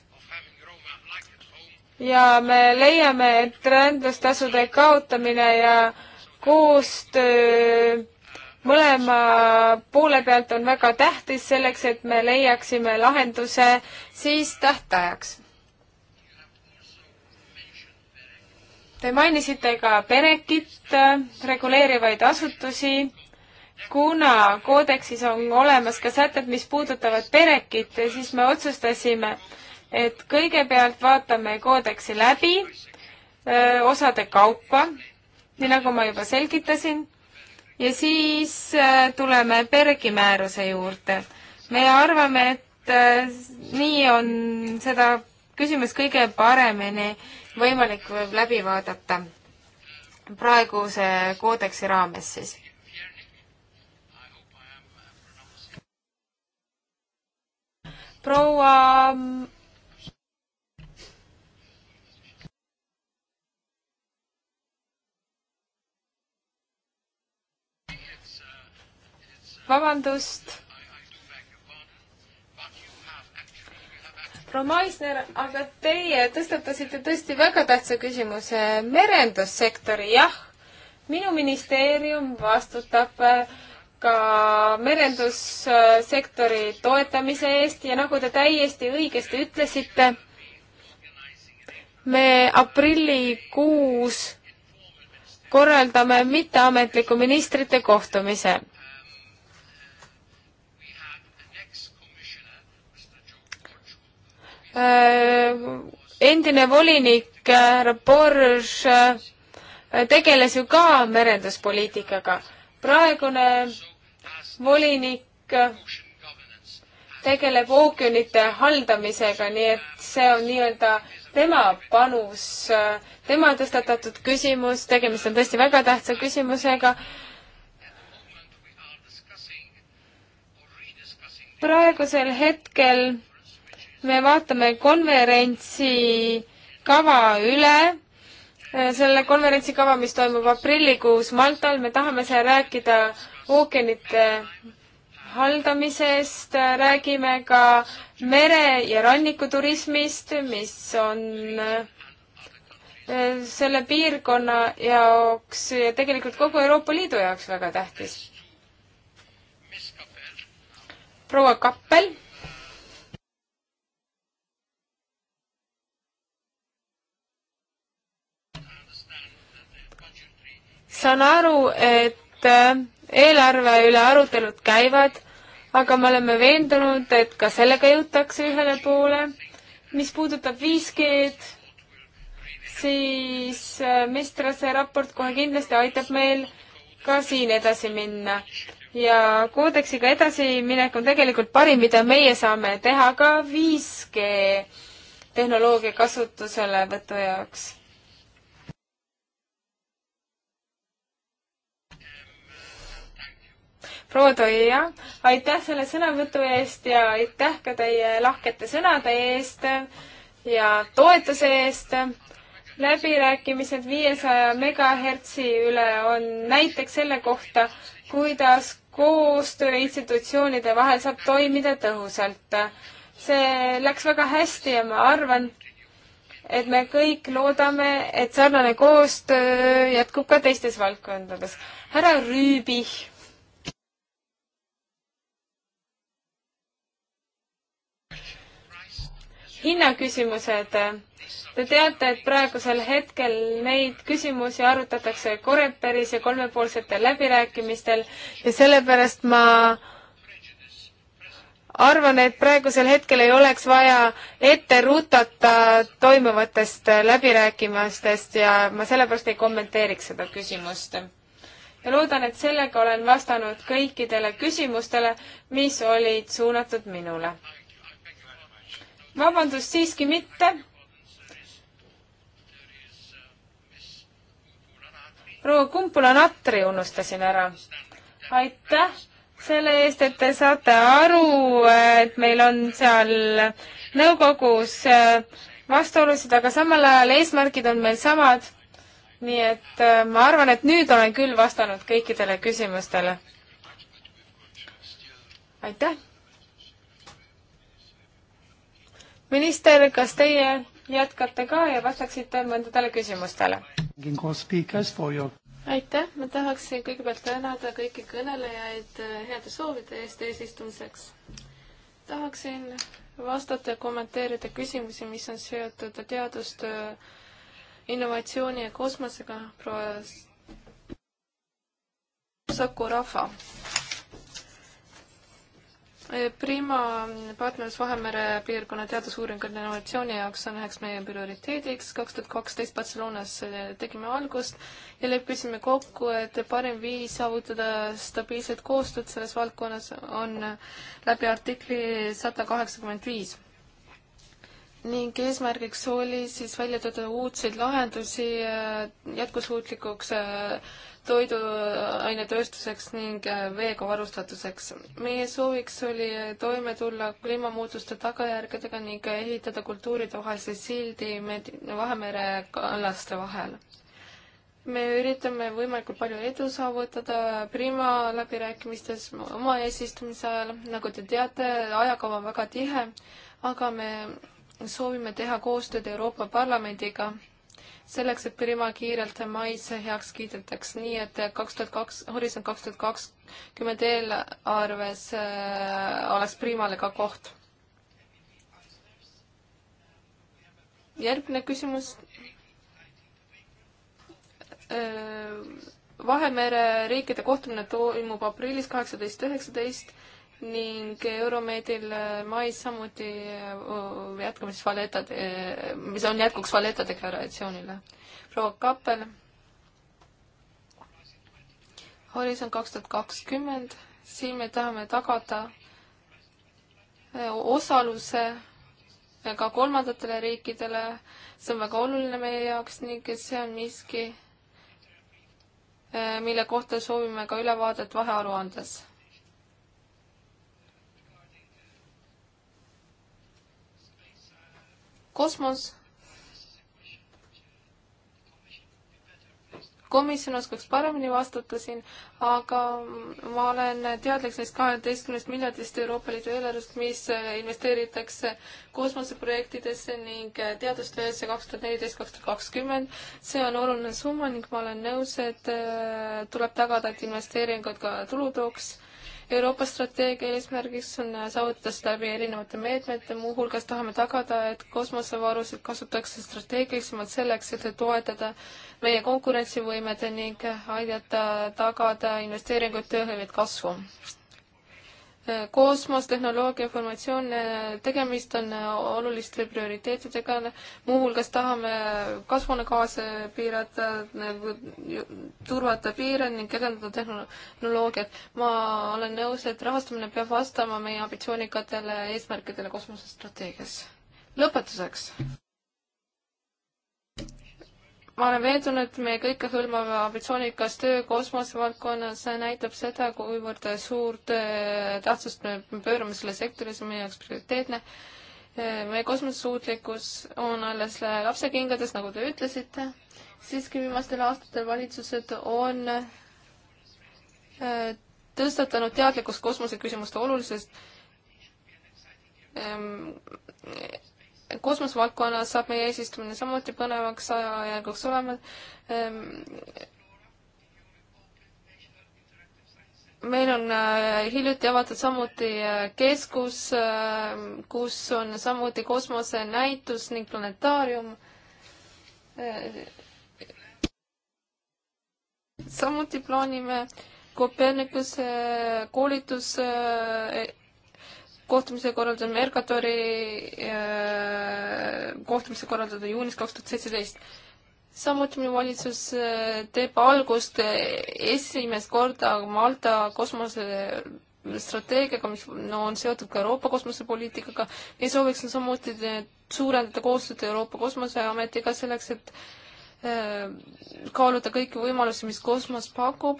ja me leiame, et rändlustasude kaotamine ja koostöö mõlema poole pealt on väga tähtis selleks, et me leiaksime lahenduse siis tähtajaks. Te mainisite ka Berekit, äh, reguleerivaid asutusi kuna koodeksis on olemas ka sätted, mis puudutavad perekit, siis me otsustasime, et kõigepealt vaatame koodeksi läbi öö, osade kaupa, nii nagu ma juba selgitasin, ja siis öö, tuleme pereki määruse juurde. me arvame, et öö, nii on seda küsimust kõige paremini võimalik läbi vaadata praeguse koodeksi raames siis proua vabandust. proua Maisner, aga teie tõstatasite tõesti väga tähtsa küsimuse, merendussektori, jah. minu ministeerium vastutab äh, ka merendussektori toetamise eest ja nagu te täiesti õigesti ütlesite, me aprillikuus korraldame mitteametliku ministrite kohtumise. Äh, endine volinik härra Borž äh, tegeles ju ka merenduspoliitikaga praegune volinik tegeleb ookeanite haldamisega, nii et see on nii-öelda tema panus, tema tõstatatud küsimus, tegemist on tõesti väga tähtsa küsimusega. praegusel hetkel me vaatame konverentsi kava üle Äh, selle konverentsi kava, mis toimub aprillikuus Maltal, me tahame seal rääkida ookeanite haldamisest, räägime ka mere- ja rannikuturismist, mis on äh, selle piirkonna jaoks ja tegelikult kogu Euroopa Liidu jaoks väga tähtis. proua Kappel saan aru, et äh, eelarve üle arutelud käivad, aga me oleme veendunud, et ka sellega jõutakse ühele poole. mis puudutab 5G-d, siis äh, Mistrase raport kohe kindlasti aitab meil ka siin edasi minna ja koodeksiga edasiminek on tegelikult parim, mida meie saame teha ka 5G tehnoloogia kasutuselevõtu jaoks. proua Toija, aitäh selle sõnavõtu eest ja aitäh ka teie lahkete sõnade eest ja toetuse eest. läbirääkimised viiesaja megahertsi üle on näiteks selle kohta, kuidas koostöö institutsioonide vahel saab toimida tõhusalt. see läks väga hästi ja ma arvan, et me kõik loodame, et sarnane koostöö jätkub ka teistes valdkondades. härra Rüübih hinnaküsimused. Te teate, et praegusel hetkel neid küsimusi arutatakse Koreperis ja kolmepoolsetel läbirääkimistel ja sellepärast ma arvan, et praegusel hetkel ei oleks vaja ette rutata toimuvatest läbirääkimistest ja ma sellepärast ei kommenteeriks seda küsimust ja loodan, et sellega olen vastanud kõikidele küsimustele, mis olid suunatud minule vabandust, siiski mitte. proua Kumpula-Natri unustasin ära. aitäh selle eest, et te saate aru, et meil on seal nõukogus äh, vastuolusid, aga samal ajal eesmärgid on meil samad. nii et äh, ma arvan, et nüüd olen küll vastanud kõikidele küsimustele. aitäh! minister, kas teie jätkate ka ja vastaksite mõndadele küsimustele? aitäh, ma tahaksin kõigepealt tänada kõiki kõnelejaid äh, heade soovide eest eesistumiseks. tahaksin vastata ja kommenteerida küsimusi, mis on seotud teadustöö, äh, innovatsiooni ja kosmosega, proua Saku Rahva Prima partnerlus Vahemere piirkonna teadusuuringu ja innovatsiooni jaoks on üheks meie prioriteediks. kaks tuhat kaksteist Barcelonas tegime algust ja leppisime kokku, et parim viis saavutada stabiilset koostööd selles valdkonnas on läbi artikli sada kaheksakümmend viis. ning eesmärgiks oli siis välja töötada uudseid lahendusi äh, jätkusuutlikuks äh, toiduainetööstuseks ning äh, veega varustatuseks. meie sooviks oli äh, toime tulla kliimamuutuste tagajärgedega ning ehitada kultuuride vahelise sildi Vahemere kallaste vahel me üritame võimalikult palju edu saavutada Prima läbirääkimistes oma eesistumise ajal. nagu te teate, ajakava on väga tihe, aga me soovime teha koostööd Euroopa Parlamendiga selleks, et Prima kiirelt mais heaks kiidetaks, nii et kaks tuhat kaks, Horisont kaks tuhat kakskümmend eelarves äh, oleks Primale ka koht. järgmine küsimus äh, Vahemere riikide kohtumine toimub aprillis kaheksateist, üheksateist ning Euromeedil mais samuti äh, jätkame siis Valetad, äh, mis on jätkuks Valeta deklaratsioonile. proua Kappel. Horisont kaks tuhat kakskümmend, siin me tahame tagada äh, osaluse ka kolmandatele riikidele, see on väga oluline meie jaoks ning see on miski, mille kohta soovime ka ülevaadet vahearuandes kosmos. komisjon oskaks paremini vastata siin, aga ma olen teadlik neist kaheteistkümnest miljardist Euroopa Liidu eelarvest, mis investeeritakse kosmoseprojektidesse ning teadustöösse kaks tuhat neliteist, kaks tuhat kakskümmend. see on oluline summa ning ma olen nõus, et äh, tuleb tagada, et investeeringud ka tulu tooks Euroopa strateegia eesmärgiks on äh, saavutada seda läbi erinevate meetmete, muuhulgas tahame tagada, et kosmosevarusid kasutatakse strateegilisemalt selleks, et toetada meie konkurentsivõimet ning aidata tagada investeeringuid tööhõivet kasvu kosmos, tehnoloogia, informatsioon, tegemist on oluliste prioriteetidega, muuhulgas tahame kasvuhoonegaase piirata, turvata piire ning edendada tehnoloogiat. ma olen nõus, et rahastamine peab vastama meie ambitsioonikatele eesmärkidele kosmosestrateegias. lõpetuseks ma olen veendunud, meie kõikehõlmav ambitsioonikas töö kosmosevaldkonnas näitab seda, kuivõrd suurt äh, tähtsust me pöörame selle sektori, see on meie jaoks prioriteetne. Äh, meie kosmosesuutlikkus on alles äh, lapsekingades, nagu te ütlesite. siiski viimastel aastatel valitsused on tõstatanud teadlikkust kosmoseküsimuste olulisest ehm, kosmosevaldkonnas saab meie eesistumine samuti põnevaks ajajärguks olema. Ehm, meil on äh, hiljuti avatud samuti äh, keskus, ehm, kus on samuti kosmosenäitus ning planetaarium. samuti plaanime Kopernikuse äh, koolitus kohtumise korraldamine, Mercatori äh, kohtumise korraldada juunis kaks tuhat seitseteist. samuti minu valitsus äh, teeb algust äh, esimest korda Malta kosmosestrateegiaga, mis no, on seotud ka Euroopa kosmosepoliitikaga. me sooviksime samuti suurendada koostööd Euroopa Kosmoseametiga selleks, et kaaluda kõiki võimalusi, mis kosmos pakub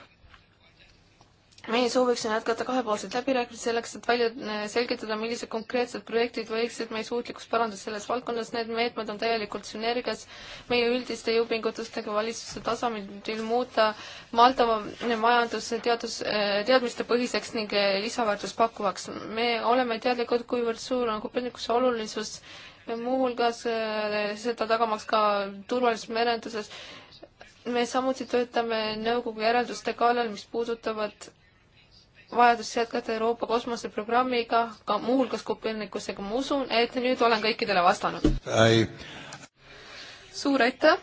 meie sooviks on jätkata kahepoolseid läbirääkimisi selleks, et välja äh, selgitada, millised konkreetsed projektid võiksid meie suutlikkust parandada selles valdkonnas. Need meetmed on täielikult sünergias meie üldiste jõupingutustega valitsuse tasandil muuta Moldova majandus teadus, äh, teadmistepõhiseks ning äh, lisaväärtust pakkuvaks. me oleme teadlikud, kuivõrd suur on Kopernikuse olulisus muuhulgas seda tagamaks ka turvalises merenduses. me samuti töötame nõukogu järelduste kallal, mis puudutavad vajadust jätkata Euroopa kosmoseprogrammiga, ka muuhulgas Kopernikusega, ma usun, et nüüd olen kõikidele vastanud. suur aitäh,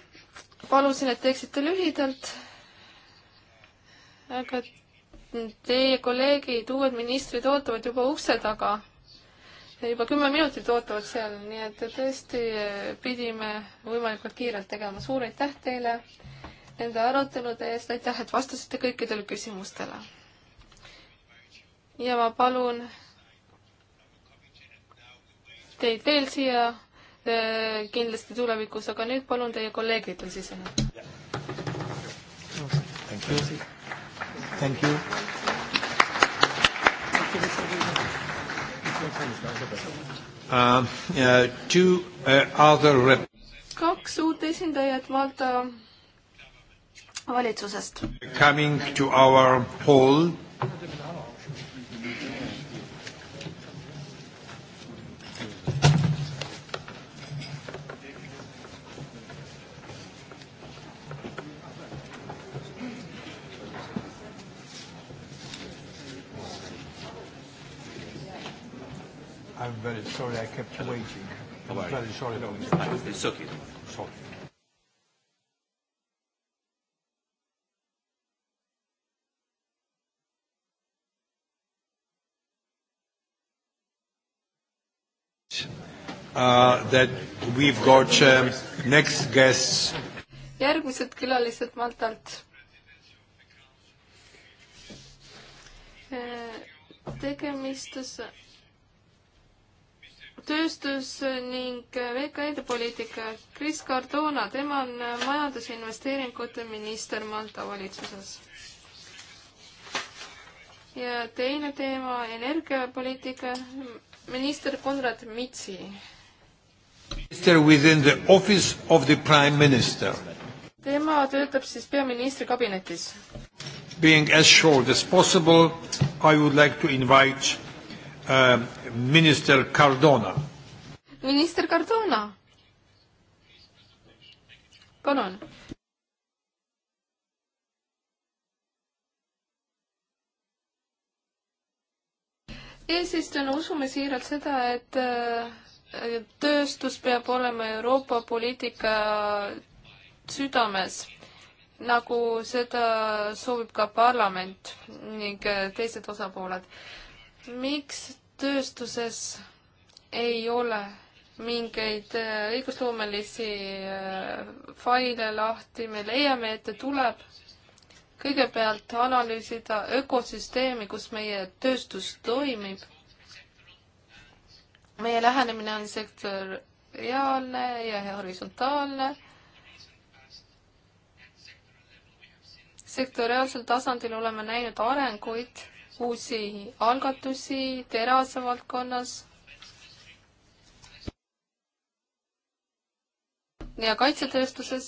palusin, et teeksite lühidalt, aga teie kolleegid, uued ministrid ootavad juba ukse taga, juba kümme minutit ootavad seal, nii et tõesti pidime võimalikult kiirelt tegema, suur aitäh teile nende arutelude eest, aitäh, et vastasite kõikidele küsimustele ja ma palun teid veel siia äh, kindlasti tulevikus, aga nüüd palun teie kolleegidel siis sõna. Thank you. Thank you. Uh, uh, two uh, other rep- kaks uut esindajat Malta valitsusest. Coming to our hall sorry I kept you waiting. I'm very sorry about this. It's okay. Sorry. Uh, that we've got uh, next guests. järgmised külalised Maltalt. Äh, tegemist tööstus ning VKE-de poliitika. Kris Cardona, tema on majandusinvesteeringute minister Malta valitsuses. ja teine teema, energiapoliitika, minister Konrad Mitsi. Minister within the office of the prime minister. tema töötab siis peaministri kabinetis. Being as short as possible, I would like to invite uh, minister Cardona. minister Cardona. palun. eesistujana usume siiralt seda, et äh, tööstus peab olema Euroopa poliitika südames, nagu seda soovib ka parlament ning äh, teised osapooled. miks tööstuses ei ole mingeid äh, õigusloomelisi äh, faile lahti, me leiame, et tuleb kõigepealt analüüsida ökosüsteemi, kus meie tööstus toimib. meie lähenemine on sektoriaalne ja horisontaalne. sektoriaalsel tasandil oleme näinud arenguid uusi algatusi terase valdkonnas. ja kaitsetööstuses,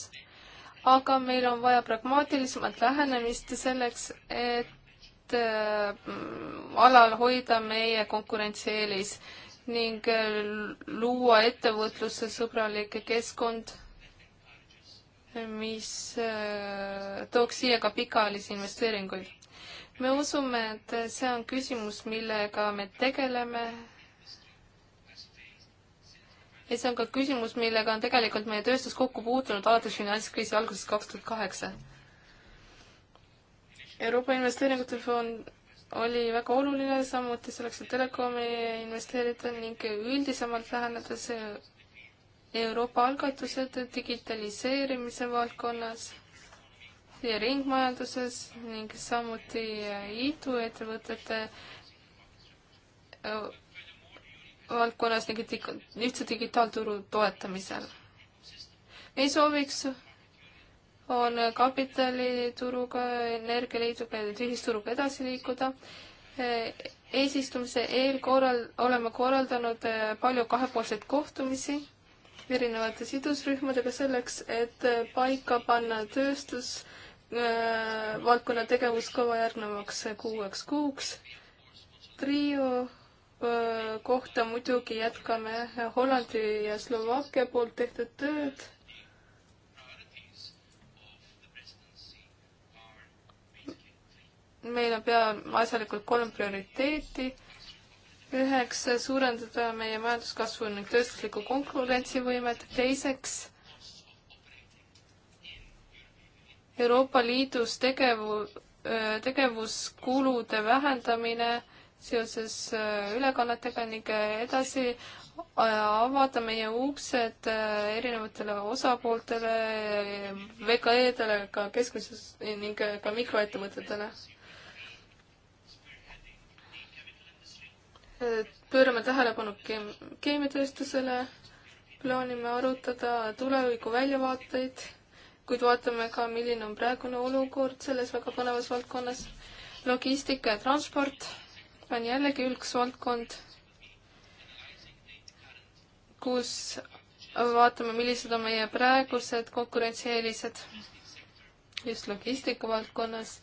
aga meil on vaja pragmaatilisemat lähenemist selleks, et äh, alal hoida meie konkurentsieelis ning äh, luua ettevõtluse sõbralik keskkond mis äh, tooks siia ka pikaajalisi investeeringuid me usume, et see on küsimus, millega me tegeleme. ja see on ka küsimus, millega on tegelikult meie tööstus kokku puutunud alates finantskriisi algusest kaks tuhat kaheksa. Euroopa Investeeringute Fond oli väga oluline, samuti selleks, et telekomi investeerida ning üldisemalt lähenedes Euroopa algatused digitaliseerimise valdkonnas ja ringmajanduses ning samuti äh, iduettevõtete äh, valdkonnas ning ühtse digitaalturu toetamisel. ei sooviks on kapitalituruga, energialiiduga ja ühisturuga edasi liikuda. Äh, eesistumise eel korral, oleme korraldanud palju kahepoolseid kohtumisi erinevate sidusrühmadega selleks, et paika panna tööstus- valdkonna tegevuskava järgnevaks kuueks kuuks. trio öö, kohta muidugi jätkame Hollandi ja Slovakkia poolt tehtud tööd. meil on peaasjalikult kolm prioriteeti. üheks, suurendada meie majanduskasvu ning tööstuslikku konkurentsivõimet. teiseks Euroopa Liidus tegevu-, äh, tegevuskulude vähendamine seoses äh, ülekannetega ning äh, edasi avada meie uksed erinevatele osapooltele, VKE-dele, ka keskmises ning ka mikroettevõtetele pöörame tähelepanu keemiatööstusele, plaanime arutada tuleviku väljavaateid kuid vaatame ka, milline on praegune olukord selles väga põnevas valdkonnas. logistika ja transport on jällegi üks valdkond, kus vaatame, millised on meie praegused konkurentsieelised just logistika valdkonnas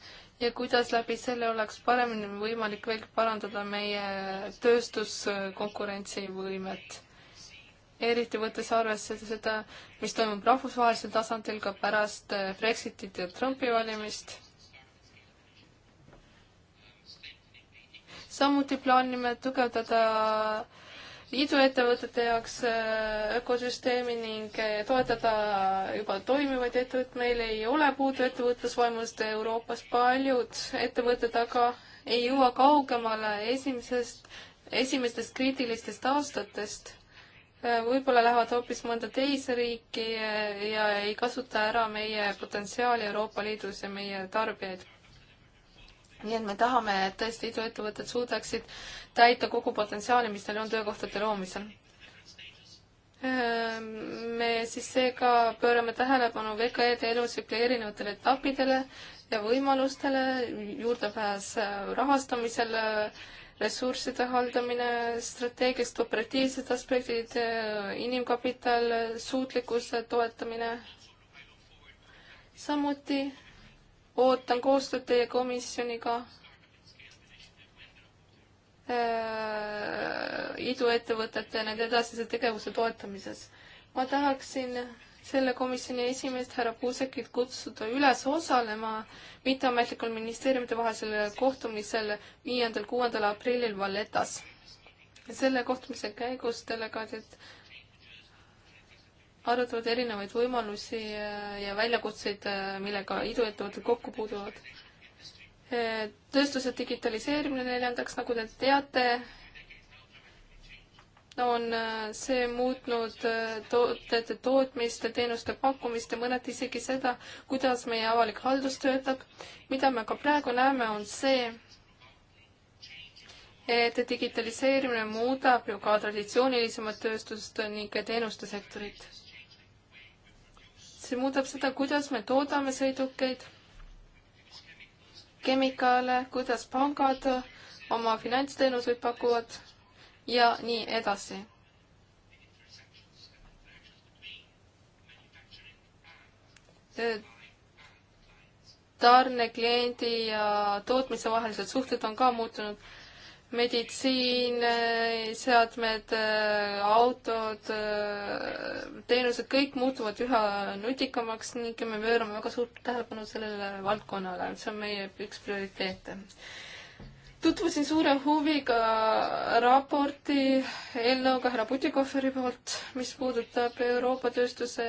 ja kuidas läbi selle oleks paremini võimalik veel parandada meie tööstuskonkurentsivõimet eriti võttes arvesse seda, mis toimub rahvusvahelisel tasandil ka pärast äh, Brexitit ja Trumpi valimist. samuti plaanime tugevdada iduettevõtete jaoks äh, ökosüsteemi ning äh, toetada juba toimivaid ettevõtteid. meil ei ole puudu ettevõtlusvaimust Euroopas, paljud ettevõtted aga ei jõua kaugemale esimesest, esimestest kriitilistest aastatest Äh, võib-olla lähevad hoopis mõnda teise riiki äh, ja ei kasuta ära meie potentsiaali Euroopa Liidus ja meie tarbijaid. nii et me tahame, et tõesti iduettevõtted suudaksid täita kogu potentsiaali, mis neil on töökohtade loomisel. Äh, me siis seega pöörame tähelepanu VKE-de elusükli erinevatele etappidele ja võimalustele, juurdepääs rahastamisele ressursside haldamine, strateegilised operatiivsed aspektid, inimkapital, suutlikkuse toetamine. samuti ootan koostööd teie komisjoniga äh, iduettevõtete ja nende edasise tegevuse toetamises. ma tahaksin selle komisjoni esimeest härra Puusekit kutsuda üles osalema mitteametlikul ministeeriumide vahelisel kohtumisel viiendal, kuuendal aprillil Valletas. selle kohtumise käigus delegaadid arutavad erinevaid võimalusi äh, ja väljakutseid, äh, millega iduettevõtted kokku puutuvad. Äh, tööstuse digitaliseerimine neljandaks, nagu te teate, on äh, see muutnud äh, tootete tootmist, teenuste pakkumist ja mõneti isegi seda, kuidas meie avalik haldus töötab. mida me ka praegu näeme, on see, et digitaliseerimine muudab ju ka traditsioonilisemat tööstust ning teenuste sektorit. see muudab seda, kuidas me toodame sõidukeid, kemikaale, kuidas pangad oma finantsteenuseid pakuvad ja nii edasi. tarne, kliendi ja tootmise vahelised suhted on ka muutunud. meditsiin, seadmed, autod, teenused, kõik muutuvad üha nutikamaks ning me pöörame väga suurt tähelepanu sellele valdkonnale, see on meie üks prioriteete tutvusin suure huviga raporti eelnõuga härra Putikoferi poolt, mis puudutab Euroopa tööstuse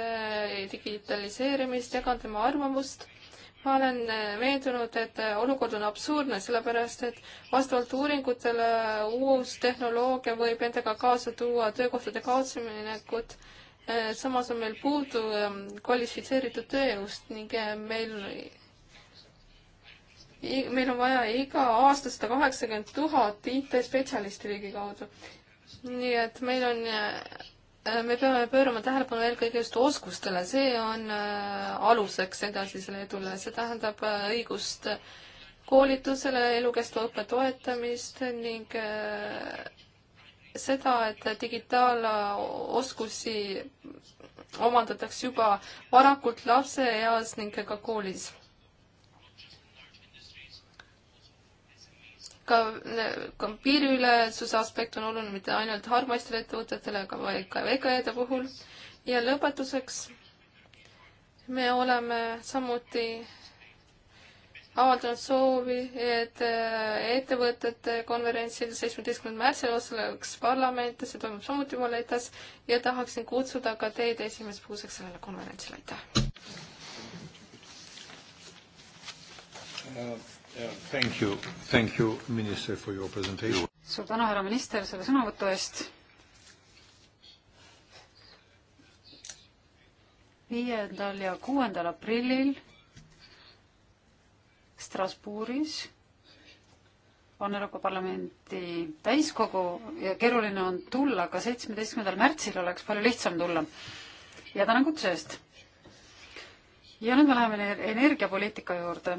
digitaliseerimist, jagan tema arvamust. ma olen veendunud, et olukord on absurdne, sellepärast et vastavalt uuringutele uus tehnoloogia võib endaga kaasa tuua töökohtade kaotaminekut samas on meil puudu ähm, kvalifitseeritud tööjõust ning äh, meil meil on vaja iga aasta sada kaheksakümmend tuhat IT-spetsialisti ligikaudu. nii et meil on, äh, me peame pöörama tähelepanu eelkõige just oskustele, see on äh, aluseks edasisele edule, see tähendab äh, õigust koolitusele, elukestva õppe toetamist ning seda, et digitaaloskusi omandatakse juba varakult lapseeas ning ka koolis ka, ka piiriülesuse aspekt on oluline mitte ainult hargmaistele ettevõtetele, aga vaid ka VKE-de puhul. ja lõpetuseks me oleme samuti avaldanud soovi, et äh, ettevõtete konverentsil seitsmeteistkümnendal märtsil osaleks parlament ja see toimub samuti Valetas ja tahaksin kutsuda ka teid esimeseks puhuseks sellele konverentsile, aitäh! Äh, Thank you, thank you, minister, for your presentation. suur tänu, härra minister, selle sõnavõtu eest. viiendal ja kuuendal aprillil Strasbourgis on Euroopa Parlamenti täiskogu ja keeruline on tulla, aga seitsmeteistkümnendal märtsil oleks palju lihtsam tulla. ja tänan kutse eest. ja nüüd me läheme energiapoliitika juurde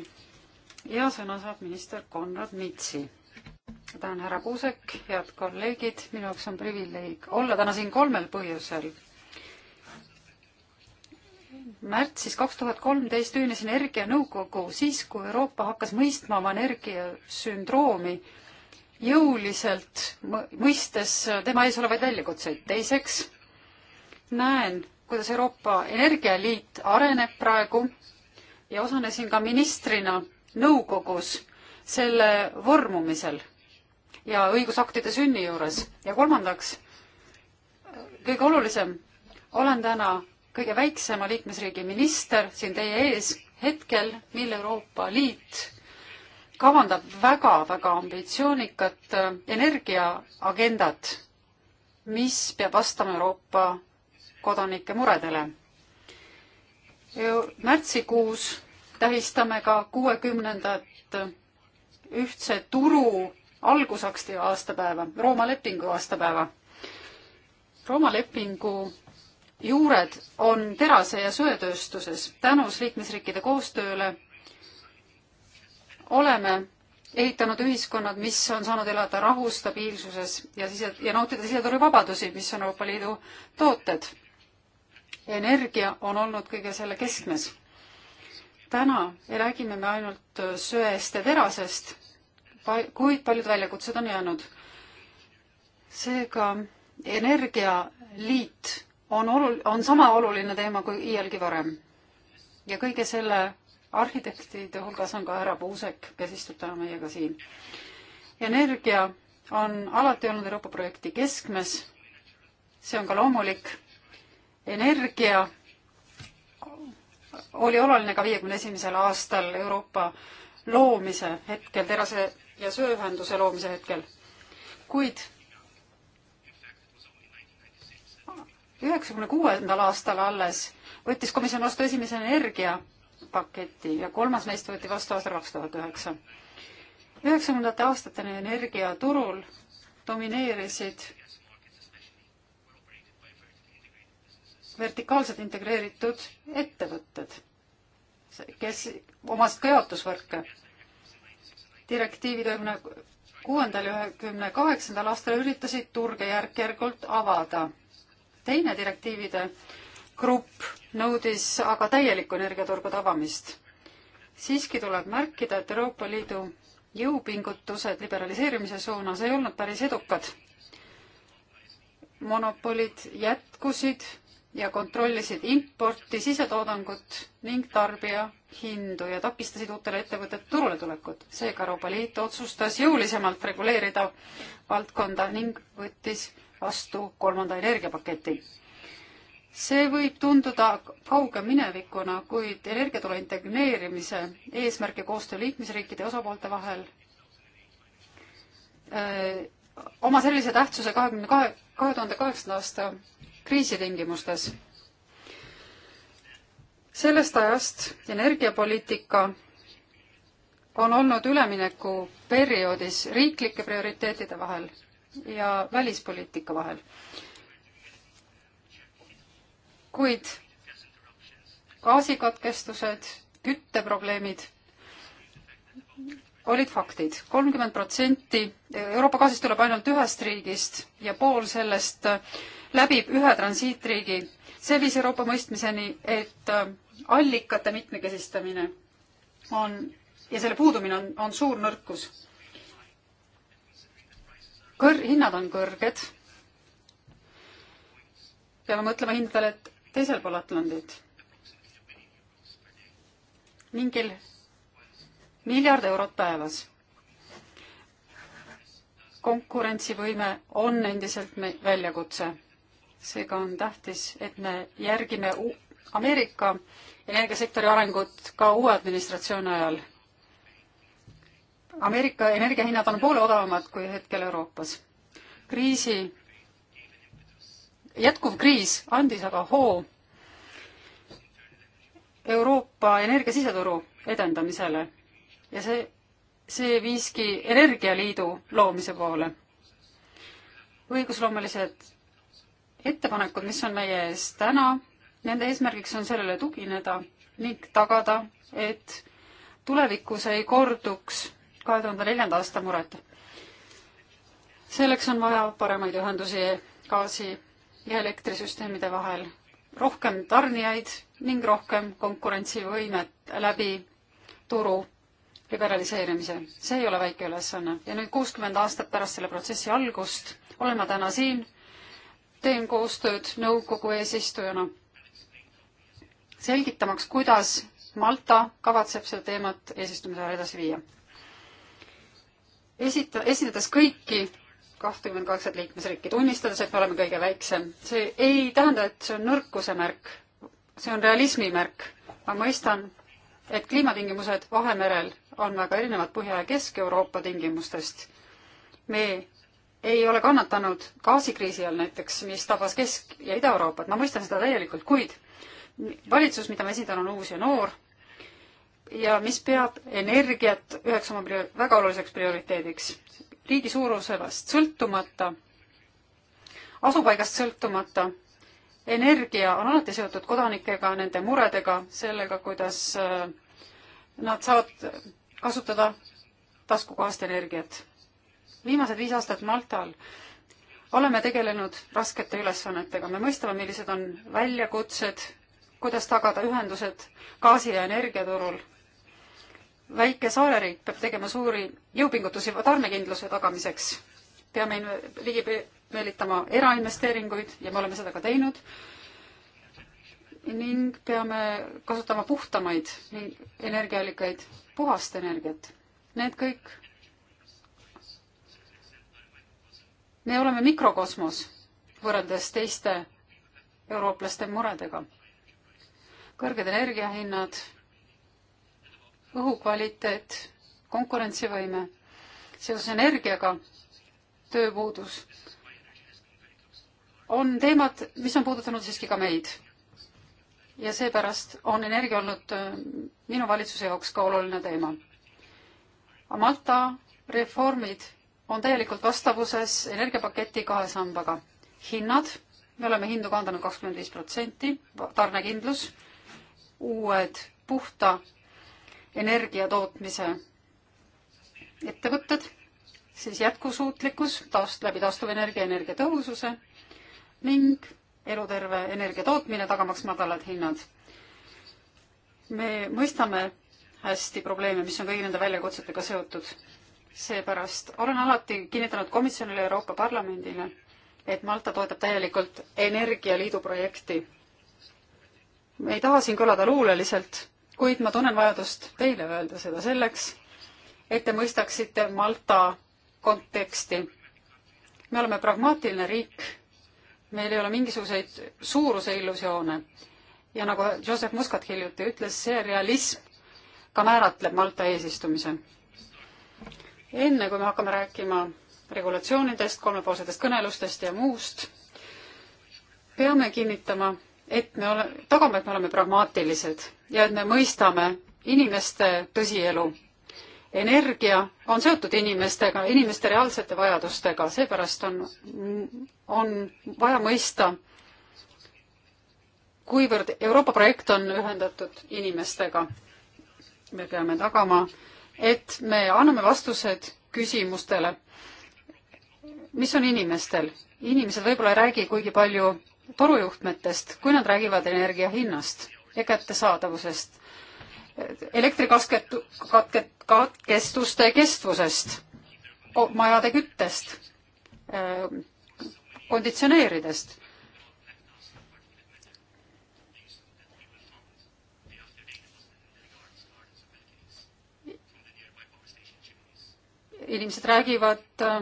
ja sõna saab minister Konrad Mitsi. tänan, härra Puusek, head kolleegid, minu jaoks on privileeg olla täna siin kolmel põhjusel. märtsis kaks tuhat kolmteist ühines Energianõukogu, siis kui Euroopa hakkas mõistma oma energiasündroomi jõuliselt mõistes tema ees olevaid väljakutseid. teiseks näen, kuidas Euroopa Energialiit areneb praegu ja osalesin ka ministrina nõukogus selle vormumisel ja õigusaktide sünni juures. ja kolmandaks, kõige olulisem, olen täna kõige väiksema liikmesriigi minister siin teie ees hetkel, mil Euroopa Liit kavandab väga-väga ambitsioonikat äh, energiaagendat, mis peab vastama Euroopa kodanike muredele. märtsikuus tähistame ka kuuekümnendat ühtse turu algusaksti aastapäeva, Rooma lepingu aastapäeva. Rooma lepingu juured on terase- ja söetööstuses. tänus liikmesriikide koostööle oleme ehitanud ühiskonnad, mis on saanud elada rahus, stabiilsuses ja sise, ja nautida siseturuvabadusi, mis on Euroopa Liidu tooted. energia on olnud kõige selle keskmes täna räägime me ainult söest ja terasest, kuid paljud väljakutsed on jäänud. seega energialiit on olul-, on sama oluline teema kui iialgi varem. ja kõige selle arhitektide hulgas on ka härra Puusek, kes istub täna meiega siin. energia on alati olnud Euroopa projekti keskmes, see on ka loomulik. energia oli oluline ka viiekümne esimesel aastal Euroopa loomise hetkel, terase ja sööühenduse loomise hetkel. kuid üheksakümne kuuendal aastal alles võttis komisjon vastu esimese energiapaketi ja kolmas neist võeti vastu aastal kaks tuhat üheksa. üheksakümnendate aastateni energiaturul domineerisid vertikaalselt integreeritud ettevõtted, kes omast ka jaotusvõrke. direktiivi üheksakümne kuuendal ja üheksakümne kaheksandal aastal üritasid turge järk-järgult avada. teine direktiivide grupp nõudis aga täielikku energiaturgude avamist. siiski tuleb märkida, et Euroopa Liidu jõupingutused liberaliseerimise suunas ei olnud päris edukad. monopolid jätkusid ja kontrollisid importi, sisetoodangut ning tarbijahindu ja takistasid uutele ettevõtete turule tulekut. seega Euroopa Liit otsustas jõulisemalt reguleerida valdkonda ning võttis vastu kolmanda energiapaketi. see võib tunduda kauge minevikuna, kuid energiaturu integreerimise eesmärk ja koostöö liikmesriikide ja osapoolte vahel öö, oma sellise tähtsuse kahekümne kahe, kahe tuhande kaheksanda aasta kriisitingimustes. sellest ajast energiapoliitika on olnud üleminekuperioodis riiklike prioriteetide vahel ja välispoliitika vahel. kuid gaasikatkestused, kütteprobleemid olid faktid. kolmkümmend protsenti Euroopa gaasist tuleb ainult ühest riigist ja pool sellest läbib ühe transiitriigi. see viis Euroopa mõistmiseni, et äh, allikate mitmekesistamine on ja selle puudumine on, on suur nõrkus. kõr-, hinnad on kõrged. peame mõtlema hindadele teisel pool Atlandit. mingil miljard eurot päevas. konkurentsivõime on endiselt väljakutse seega on tähtis, et me järgime Ameerika energiasektori arengut ka uue administratsiooni ajal. Ameerika energiahinnad on poole odavamad kui hetkel Euroopas. kriisi, jätkuv kriis andis aga hoo Euroopa energiasiseturu edendamisele ja see, see viiski Energialiidu loomise poole. õigusloomelised ettepanekud, mis on meie ees täna, nende eesmärgiks on sellele tugineda ning tagada, et tulevikus ei korduks kahe tuhande neljanda aasta mured. selleks on vaja paremaid ühendusi gaasi ja elektrisüsteemide vahel, rohkem tarnijaid ning rohkem konkurentsivõimet läbi turu liberaliseerimise. see ei ole väike ülesanne ja nüüd kuuskümmend aastat pärast selle protsessi algust olen ma täna siin teen koostööd nõukogu eesistujana, selgitamaks, kuidas Malta kavatseb seda teemat eesistumise ajal edasi viia. esita-, esindades kõiki kahtekümmend kaheksat liikmesriiki, tunnistades, et me oleme kõige väiksem, see ei tähenda, et see on nõrkuse märk, see on realismi märk. ma mõistan, et kliimatingimused Vahemerel on väga erinevad Põhja- ja Kesk-Euroopa tingimustest. me ei ole kannatanud gaasikriisi all näiteks, mis tabas Kesk- ja Ida-Euroopat, ma mõistan seda täielikult, kuid valitsus, mida ma esindan, on uus ja noor ja mis peab energiat üheks oma priori-, väga oluliseks prioriteediks. riigi suurusest sõltumata, asupaigast sõltumata, energia on alati seotud kodanikega, nende muredega, sellega, kuidas äh, nad saavad kasutada taskukohast energiat viimased viis aastat Maltal oleme tegelenud raskete ülesannetega, me mõistame, millised on väljakutsed, kuidas tagada ühendused gaasi- ja energiaturul. väike saareriik peab tegema suuri jõupingutusi tarnekindluse tagamiseks. peame ligi meelitama erainvesteeringuid ja me oleme seda ka teinud ning peame kasutama puhtamaid energiaallikaid, puhast energiat. Need kõik me oleme mikrokosmos võrreldes teiste eurooplaste muredega. kõrged energiahinnad, õhukvaliteet, konkurentsivõime, seoses energiaga tööpuudus on teemad, mis on puudutanud siiski ka meid. ja seepärast on energia olnud äh, minu valitsuse jaoks ka oluline teema. Malta reformid on täielikult vastavuses energiapaketi kahe sambaga. hinnad, me oleme hindu kaandanud kakskümmend viis protsenti, tarnekindlus, uued puhta energia tootmise ettevõtted, siis jätkusuutlikkus taast-, läbi taastuvenergia, energiatõhususe ning eluterve energia tootmine, tagamaks madalad hinnad. me mõistame hästi probleeme, mis on kõigi nende väljakutsetega seotud seepärast olen alati kinnitanud komisjonile ja Euroopa Parlamendile, et Malta toetab täielikult Energialiidu projekti. me ei taha siin kõlada luuleliselt, kuid ma tunnen vajadust teile öelda seda selleks, et te mõistaksite Malta konteksti. me oleme pragmaatiline riik, meil ei ole mingisuguseid suuruse illusioone ja nagu Joseph Muscat hiljuti ütles, see realism ka määratleb Malta eesistumise enne kui me hakkame rääkima regulatsioonidest, kolmepoolsetest kõnelustest ja muust, peame kinnitama, et me ole, tagame, et me oleme pragmaatilised ja et me mõistame inimeste tõsielu. energia on seotud inimestega, inimeste reaalsete vajadustega, seepärast on, on vaja mõista, kuivõrd Euroopa projekt on ühendatud inimestega. me peame tagama äh, et me anname vastused küsimustele, mis on inimestel. inimesed võib-olla ei räägi kuigi palju torujuhtmetest, kui nad räägivad energia hinnast ja kättesaadavusest, elektrikasket-, katke-, katkestuste kestvusest, majade küttest, äh, konditsioneeridest inimesed räägivad äh,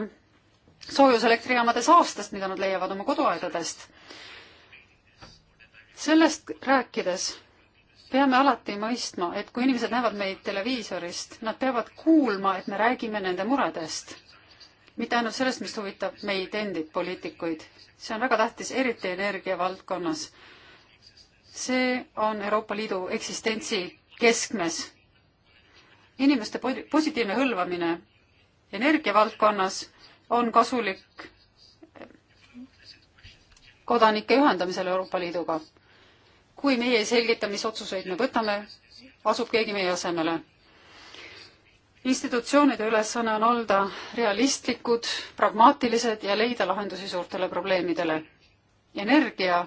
soojuselektrijaamadega saastest, mida nad leiavad oma koduaedadest. sellest rääkides peame alati mõistma, et kui inimesed näevad meid televiisorist, nad peavad kuulma, et me räägime nende muredest. mitte ainult sellest, mis huvitab meid endid, poliitikuid. see on väga tähtis, eriti energia valdkonnas. see on Euroopa Liidu eksistentsi keskmes. inimeste positiivne hõlvamine energiavaldkonnas on kasulik kodanike ühendamisel Euroopa Liiduga. kui meie ei selgita, mis otsuseid me võtame, asub keegi meie asemele. institutsioonide ülesanne on olda realistlikud, pragmaatilised ja leida lahendusi suurtele probleemidele. energia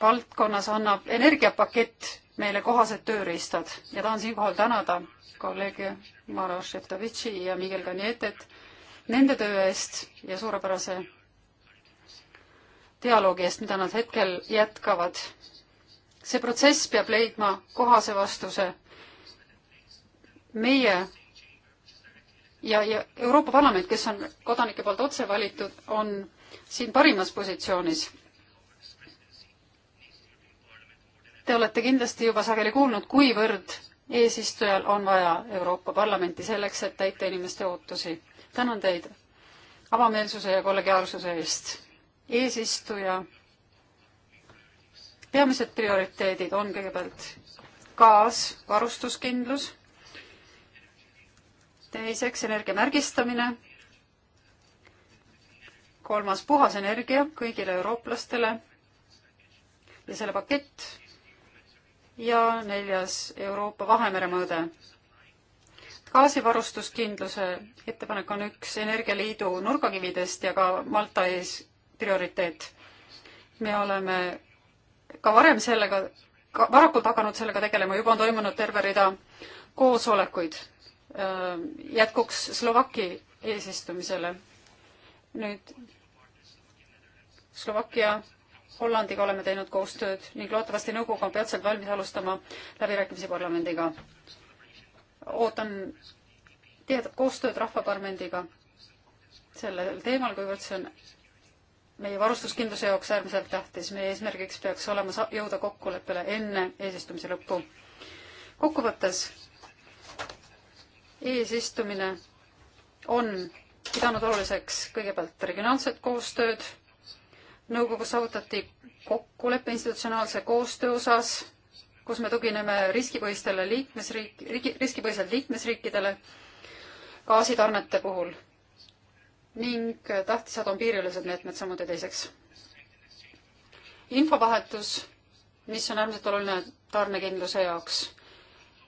valdkonnas annab energiapakett meile kohased tööriistad ja tahan siinkohal tänada kolleege Maro Šeftovitši ja Miguel Canietet nende töö eest ja suurepärase dialoogi eest, mida nad hetkel jätkavad. see protsess peab leidma kohase vastuse meie ja, ja Euroopa Parlament, kes on kodanike poolt otse valitud, on siin parimas positsioonis Te olete kindlasti juba sageli kuulnud, kuivõrd eesistujal on vaja Euroopa Parlamenti selleks, et täita inimeste ootusi. tänan teid avameelsuse ja kollegiaalsuse eest. eesistuja peamised prioriteedid on kõigepealt gaas, varustuskindlus, teiseks energia märgistamine, kolmas puhas energia kõigile eurooplastele ja selle pakett ja neljas Euroopa Vahemere mõõde. gaasivarustuskindluse ettepanek on üks Energialiidu nurgakividest ja ka Malta ees prioriteet. me oleme ka varem sellega, varakult hakanud sellega tegelema, juba on toimunud terve rida koosolekuid ähm, jätkuks Slovaki eesistumisele. nüüd Slovakkia Hollandiga oleme teinud koostööd ning loodetavasti nõukogu on peatselt valmis alustama läbirääkimisi parlamendiga. ootan tihedat koostööd Rahvaparlamendiga sellel teemal, kuivõrd see on meie varustuskindluse jaoks äärmiselt tähtis. meie eesmärgiks peaks olema jõuda kokkuleppele enne eesistumise lõppu. kokkuvõttes eesistumine on pidanud oluliseks kõigepealt regionaalset koostööd nõukogus saavutati kokkulepe institutsionaalse koostöö osas, kus me tugineme riskipõhistele liikmesriik, riskipõhiselt liikmesriikidele gaasitarnete puhul ning tähtsad on piiriülesed meetmed samuti teiseks. infovahetus, mis on äärmiselt oluline tarnekindluse jaoks.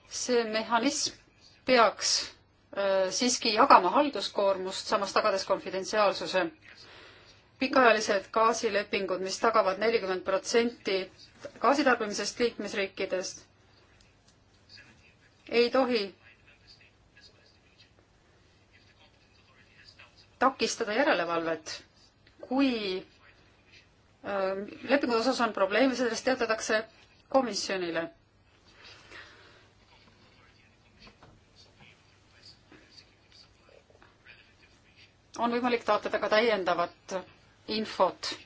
see mehhanism peaks äh, siiski jagama halduskoormust, samas tagades konfidentsiaalsuse pikaajalised gaasilepingud, mis tagavad nelikümmend protsenti gaasitarbimisest liikmesriikidest, ei tohi takistada järelevalvet. kui äh, lepingu osas on probleeme, sellest teatatakse komisjonile. on võimalik taotleda ka täiendavat infot,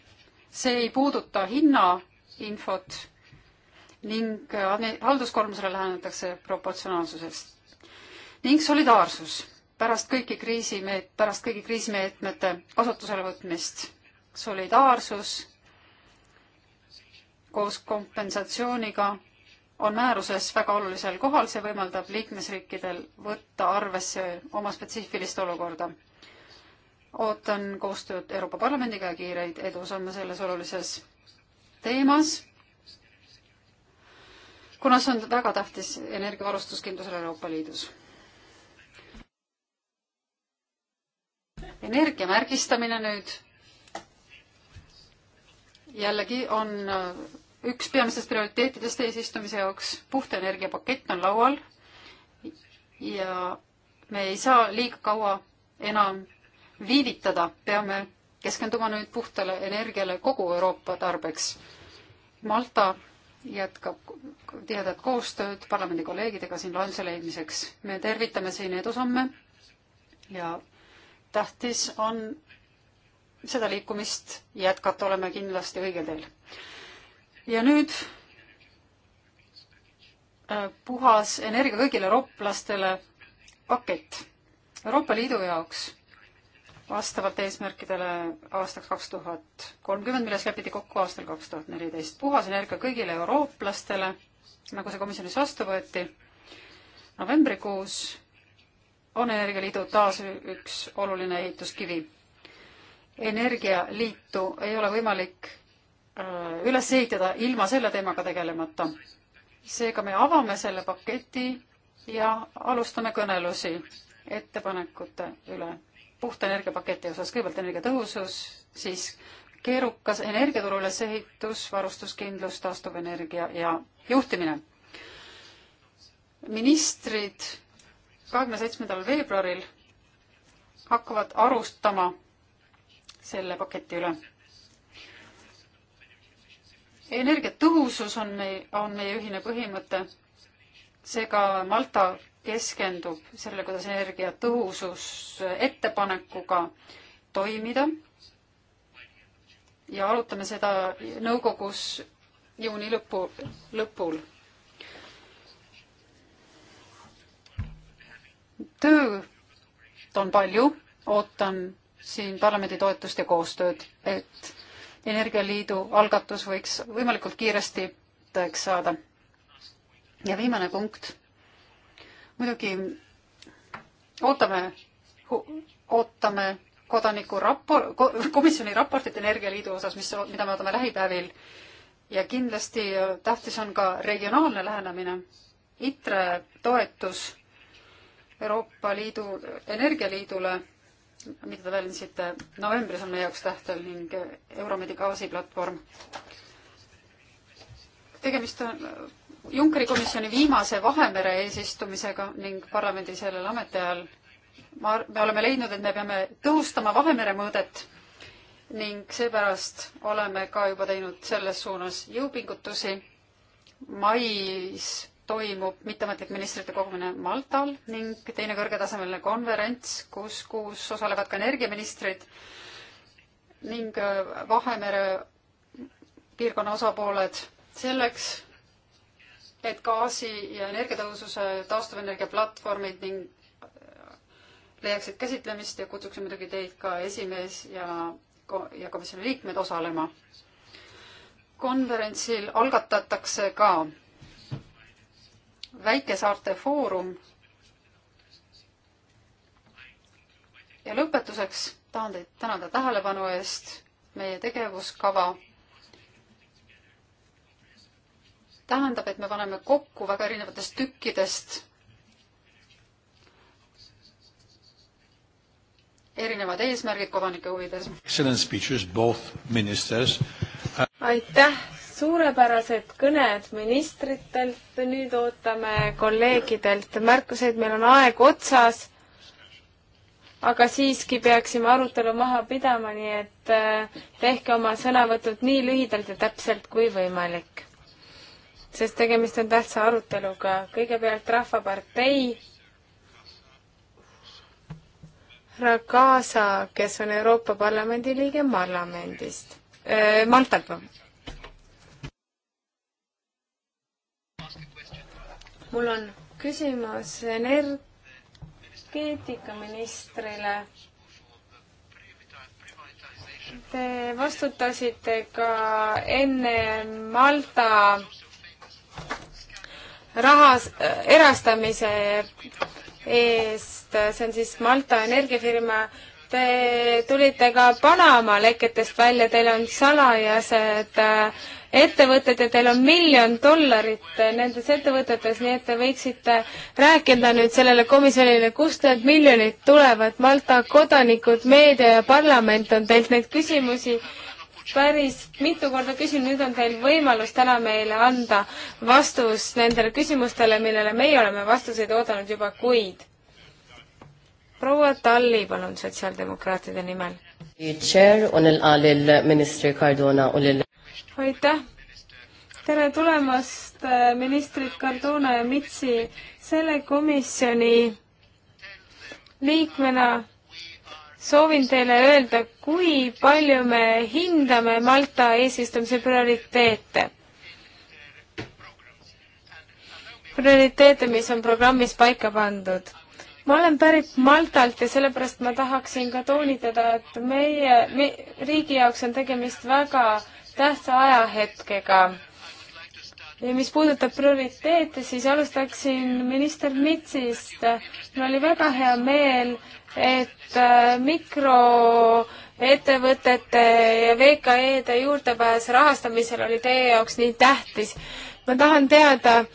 see ei puuduta hinnainfot ning halduskoormusele lähenetakse proportsionaalsusest. ning solidaarsus pärast kõiki kriisimeet-, pärast kõigi kriisimeetmete kasutusele võtmist. solidaarsus koos kompensatsiooniga on määruses väga olulisel kohal, see võimaldab liikmesriikidel võtta arvesse oma spetsiifilist olukorda ootan koostööd Euroopa Parlamendiga ja kiireid edusamme selles olulises teemas, kuna see on väga tähtis energiavarustuskindlusele Euroopa Liidus. energia märgistamine nüüd jällegi on üks peamistest prioriteetidest eesistumise jaoks. puhta energia pakett on laual ja me ei saa liiga kaua enam viivitada, peame keskenduma nüüd puhtale energiale kogu Euroopa tarbeks. Malta jätkab tihedat koostööd parlamendi kolleegidega siin lahenduse leidmiseks. me tervitame siin edusamme ja tähtis on seda liikumist jätkata, oleme kindlasti õigel teel. ja nüüd äh, puhas energia kõigile eurooplastele pakett. Euroopa Liidu jaoks vastavalt eesmärkidele aastaks kaks tuhat kolmkümmend, milles lepiti kokku aastal kaks tuhat neliteist. puhas energia kõigile eurooplastele, nagu see komisjonis vastu võeti. novembrikuus on Energialiidu taas üks oluline ehituskivi. energialiitu ei ole võimalik äh, üles ehitada ilma selle teemaga tegelemata. seega me avame selle paketi ja alustame kõnelusi ettepanekute üle puhta energiapaketi osas, kõigepealt energiatõhusus, siis keerukas energiaturu ülesehitus, varustuskindlus, taastuvenergia ja juhtimine. ministrid kahekümne seitsmendal veebruaril hakkavad arutama selle paketi üle. energiatõhusus on meie, on meie ühine põhimõte, seega Malta keskendub sellele, kuidas energiatõhusus ettepanekuga toimida ja arutame seda nõukogus juuni lõpu, lõpul. tööd on palju, ootan siin parlamendi toetust ja koostööd, et Energialiidu algatus võiks võimalikult kiiresti tõeks saada. ja viimane punkt muidugi ootame, ootame kodaniku rapor-, komisjoni raportit Energialiidu osas, mis, mida me ootame lähipäevil. ja kindlasti äh, tähtis on ka regionaalne lähenemine. ITRE toetus Euroopa Liidu, Energialiidule, mida te väljendasite, novembris on meie jaoks tähtaeg ning äh, Euromedi gaasiplatvorm. tegemist on Junckeri komisjoni viimase Vahemere eesistumisega ning parlamendi sellel ametiajal ma, me oleme leidnud, et me peame tõhustama Vahemere mõõdet ning seepärast oleme ka juba teinud selles suunas jõupingutusi. mais toimub mitteametlik ministrite kogumine Maltal ning teine kõrgetasemeline konverents, kus, kus osalevad ka energiaministrid ning äh, Vahemere piirkonna osapooled selleks, et gaasi- ja energiatõhususe taastuvenergia platvormid ning äh, leiaksid käsitlemist ja kutsuksin muidugi teid ka esimees ja, ja komisjoni liikmed osalema. konverentsil algatatakse ka väikesaarte foorum. ja lõpetuseks tahan teid tänada tähelepanu eest. meie tegevuskava tähendab, et me paneme kokku väga erinevatest tükkidest erinevad eesmärgid kodanike huvides. aitäh, suurepärased kõned ministritelt, nüüd ootame kolleegidelt märkuseid, meil on aeg otsas, aga siiski peaksime arutelu maha pidama, nii et äh, tehke oma sõnavõtud nii lühidalt ja täpselt kui võimalik sest tegemist on tähtsa aruteluga. kõigepealt Rahvapartei härra Kaasa, kes on Euroopa Parlamendi liige parlamendist äh,, Maltalt. mul on küsimus energeetikaministrile. Te vastutasite ka enne Malta äh, rahas äh,, erastamise eest, see on siis Malta energiafirma. Te tulite ka Panama leketest välja, teil on salajased äh, ettevõtted ja teil on miljon dollarit nendes ettevõtetes, nii et te võiksite rääkida nüüd sellele komisjonile, kust need miljonid tulevad. Malta kodanikud, meedia ja parlament on teilt neid küsimusi äh, päris mitu korda küsinud, nüüd on teil võimalus täna meile anda vastus nendele küsimustele, millele meie oleme vastuseid oodanud juba kuid. proua Talli, palun, sotsiaaldemokraatide nimel. aitäh, tere tulemast, äh, ministrid Cardona ja Mitsi, selle komisjoni liikmena soovin teile öelda, kui palju me hindame Malta eesistumise prioriteete. prioriteete, mis on programmis paika pandud ma olen pärit Maltalt ja sellepärast ma tahaksin ka toonitada, et meie me, riigi jaoks on tegemist väga tähtsa ajahetkega mis puudutab prioriteete, siis alustaksin minister Mitsist. mul oli väga hea meel, et äh, mikroettevõtete ja VKE-de juurdepääs rahastamisel oli teie jaoks nii tähtis. ma tahan teada,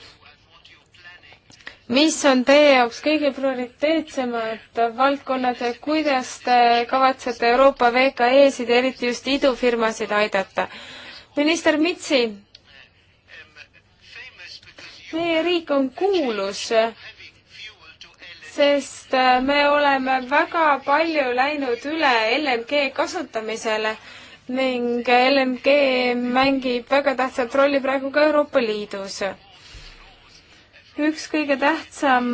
mis on teie jaoks kõige prioriteetsemad valdkonnad ja kuidas te kavatsete Euroopa VKE-sid ja eriti just idufirmasid aidata? minister Mitsi meie riik on kuulus, sest äh, me oleme väga palju läinud üle LNG kasutamisele ning LNG mängib väga tähtsat rolli praegu ka Euroopa Liidus. üks kõige tähtsam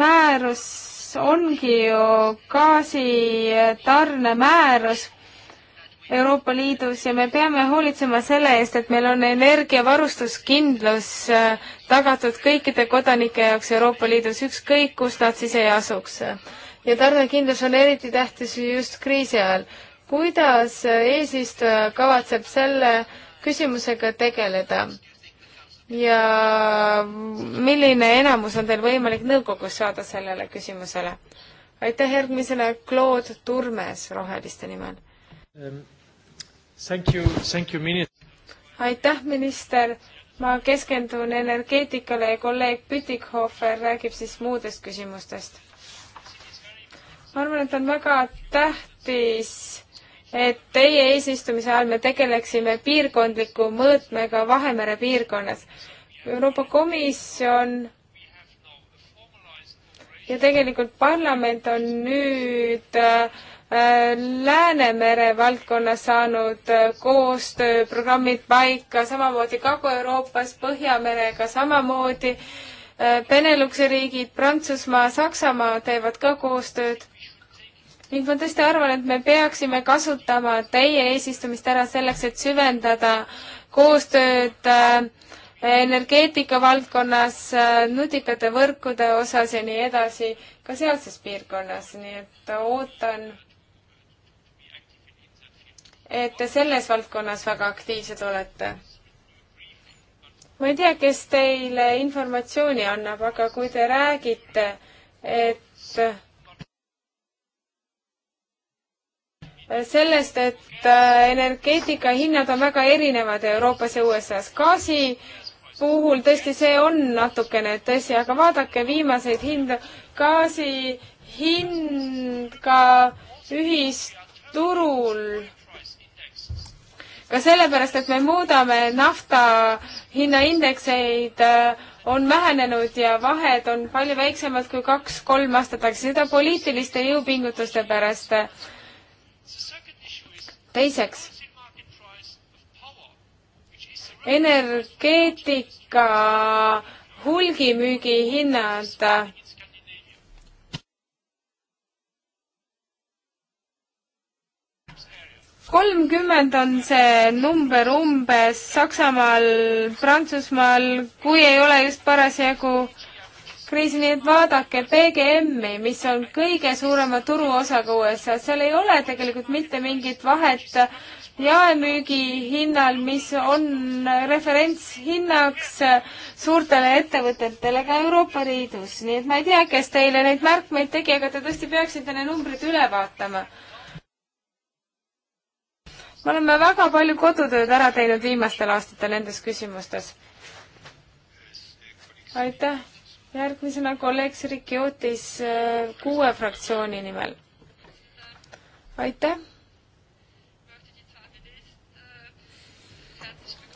määrus ongi ju gaasitarnemäärus Euroopa Liidus ja me peame hoolitsema selle eest, et meil on energiavarustuskindlus äh, tagatud kõikide kodanike jaoks Euroopa Liidus, ükskõik kus nad siis ei asuks. ja tarnekindlus on eriti tähtis just kriisi ajal. kuidas eesistuja kavatseb selle küsimusega tegeleda? ja milline enamus on teil võimalik nõukogus saada sellele küsimusele? aitäh järgmisele, Claude Turmes Roheliste nimel um Thank you, thank you, minister. aitäh, minister. ma keskendun energeetikale ja kolleeg Pütikhofer räägib siis muudest küsimustest. ma arvan, et on väga tähtis, et teie eesistumise ajal me tegeleksime piirkondliku mõõtmega Vahemere piirkonnas. Euroopa Komisjon ja tegelikult parlament on nüüd äh, Äh, Läänemere valdkonnas saanud äh, koostööprogrammid paika, samamoodi Kagu-Euroopas Põhjamerega samamoodi. Äh, Beneluxi riigid, Prantsusmaa, Saksamaa teevad ka koostööd ning ma tõesti arvan, et me peaksime kasutama teie eesistumist ära selleks, et süvendada koostööd energeetika valdkonnas, nutikate võrkude osas ja nii edasi, ka sealses piirkonnas, nii et ootan et te selles valdkonnas väga aktiivsed olete. ma ei tea, kes teile informatsiooni annab, aga kui te räägite, et sellest, et äh, energeetika hinnad on väga erinevad Euroopas ja USA-s. gaasi puhul tõesti see on natukene tõsi, aga vaadake viimaseid hindu. gaasi hind ka ühisturul ka sellepärast, et me muudame nafta hinnaindekseid, äh, on vähenenud ja vahed on palju väiksemad kui kaks-kolm aastat tagasi, seda poliitiliste jõupingutuste pärast. teiseks, energeetika hulgimüügi hinnad kolmkümmend on see number umbes Saksamaal, Prantsusmaal, kui ei ole just parasjagu kriisi, nii et vaadake BGM-i, mis on kõige suurema turuosaga USA-s, seal ei ole tegelikult mitte mingit vahet jaemüügi hinnal, mis on referentshinnaks suurtele ettevõtetele ka Euroopa Liidus, nii et ma ei tea, kes teile neid märkmeid tegi, aga te tõesti peaksite need numbrid üle vaatama me oleme väga palju kodutööd ära teinud viimastel aastatel nendes küsimustes. aitäh, järgmisena kolleeg Siriki Ootis äh, kuue fraktsiooni nimel. aitäh.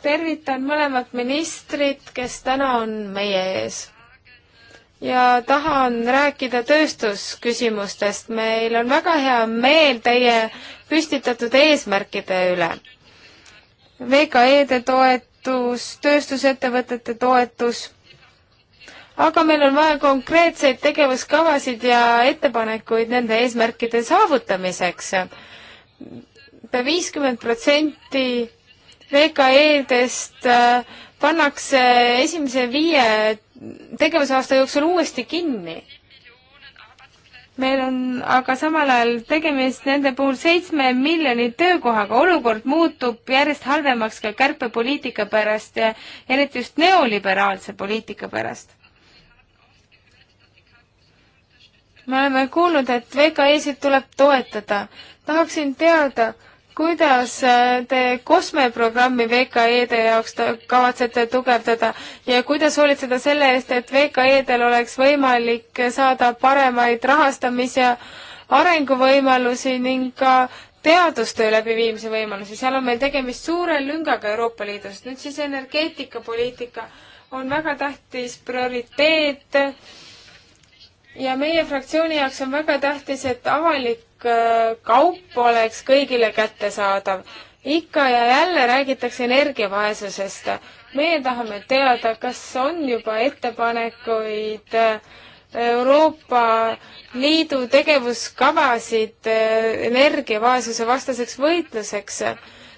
tervitan mõlemat ministrit, kes täna on meie ees ja tahan rääkida tööstusküsimustest. meil on väga hea meel teie püstitatud eesmärkide üle. VKE-de toetus, tööstusettevõtete toetus, aga meil on vaja konkreetseid tegevuskavasid ja ettepanekuid nende eesmärkide saavutamiseks. viiskümmend protsenti VKE-dest äh, pannakse esimese viie tegevusaasta jooksul uuesti kinni. meil on aga samal ajal tegemist nende puhul seitsme miljoni töökohaga, olukord muutub järjest halvemaks ka kärpepoliitika pärast ja eriti just neoliberaalse poliitika pärast. me oleme kuulnud, et VKE-sid tuleb toetada. tahaksin teada, kuidas äh, te COSME programmi VKE-de jaoks kavatsete tugevdada ja kuidas hoolitseda selle eest, et VKE-del oleks võimalik saada paremaid rahastamis- ja arenguvõimalusi ning ka teadustöö läbiviimise võimalusi, seal on meil tegemist suure lüngaga Euroopa Liidus. nüüd siis energeetikapoliitika on väga tähtis prioriteet ja meie fraktsiooni jaoks on väga tähtis, et avalik Äh, kaup oleks kõigile kättesaadav. ikka ja jälle räägitakse energiavaesusest. meie tahame teada, kas on juba ettepanekuid äh, Euroopa Liidu tegevuskavasid äh, energiavaesuse vastaseks võitluseks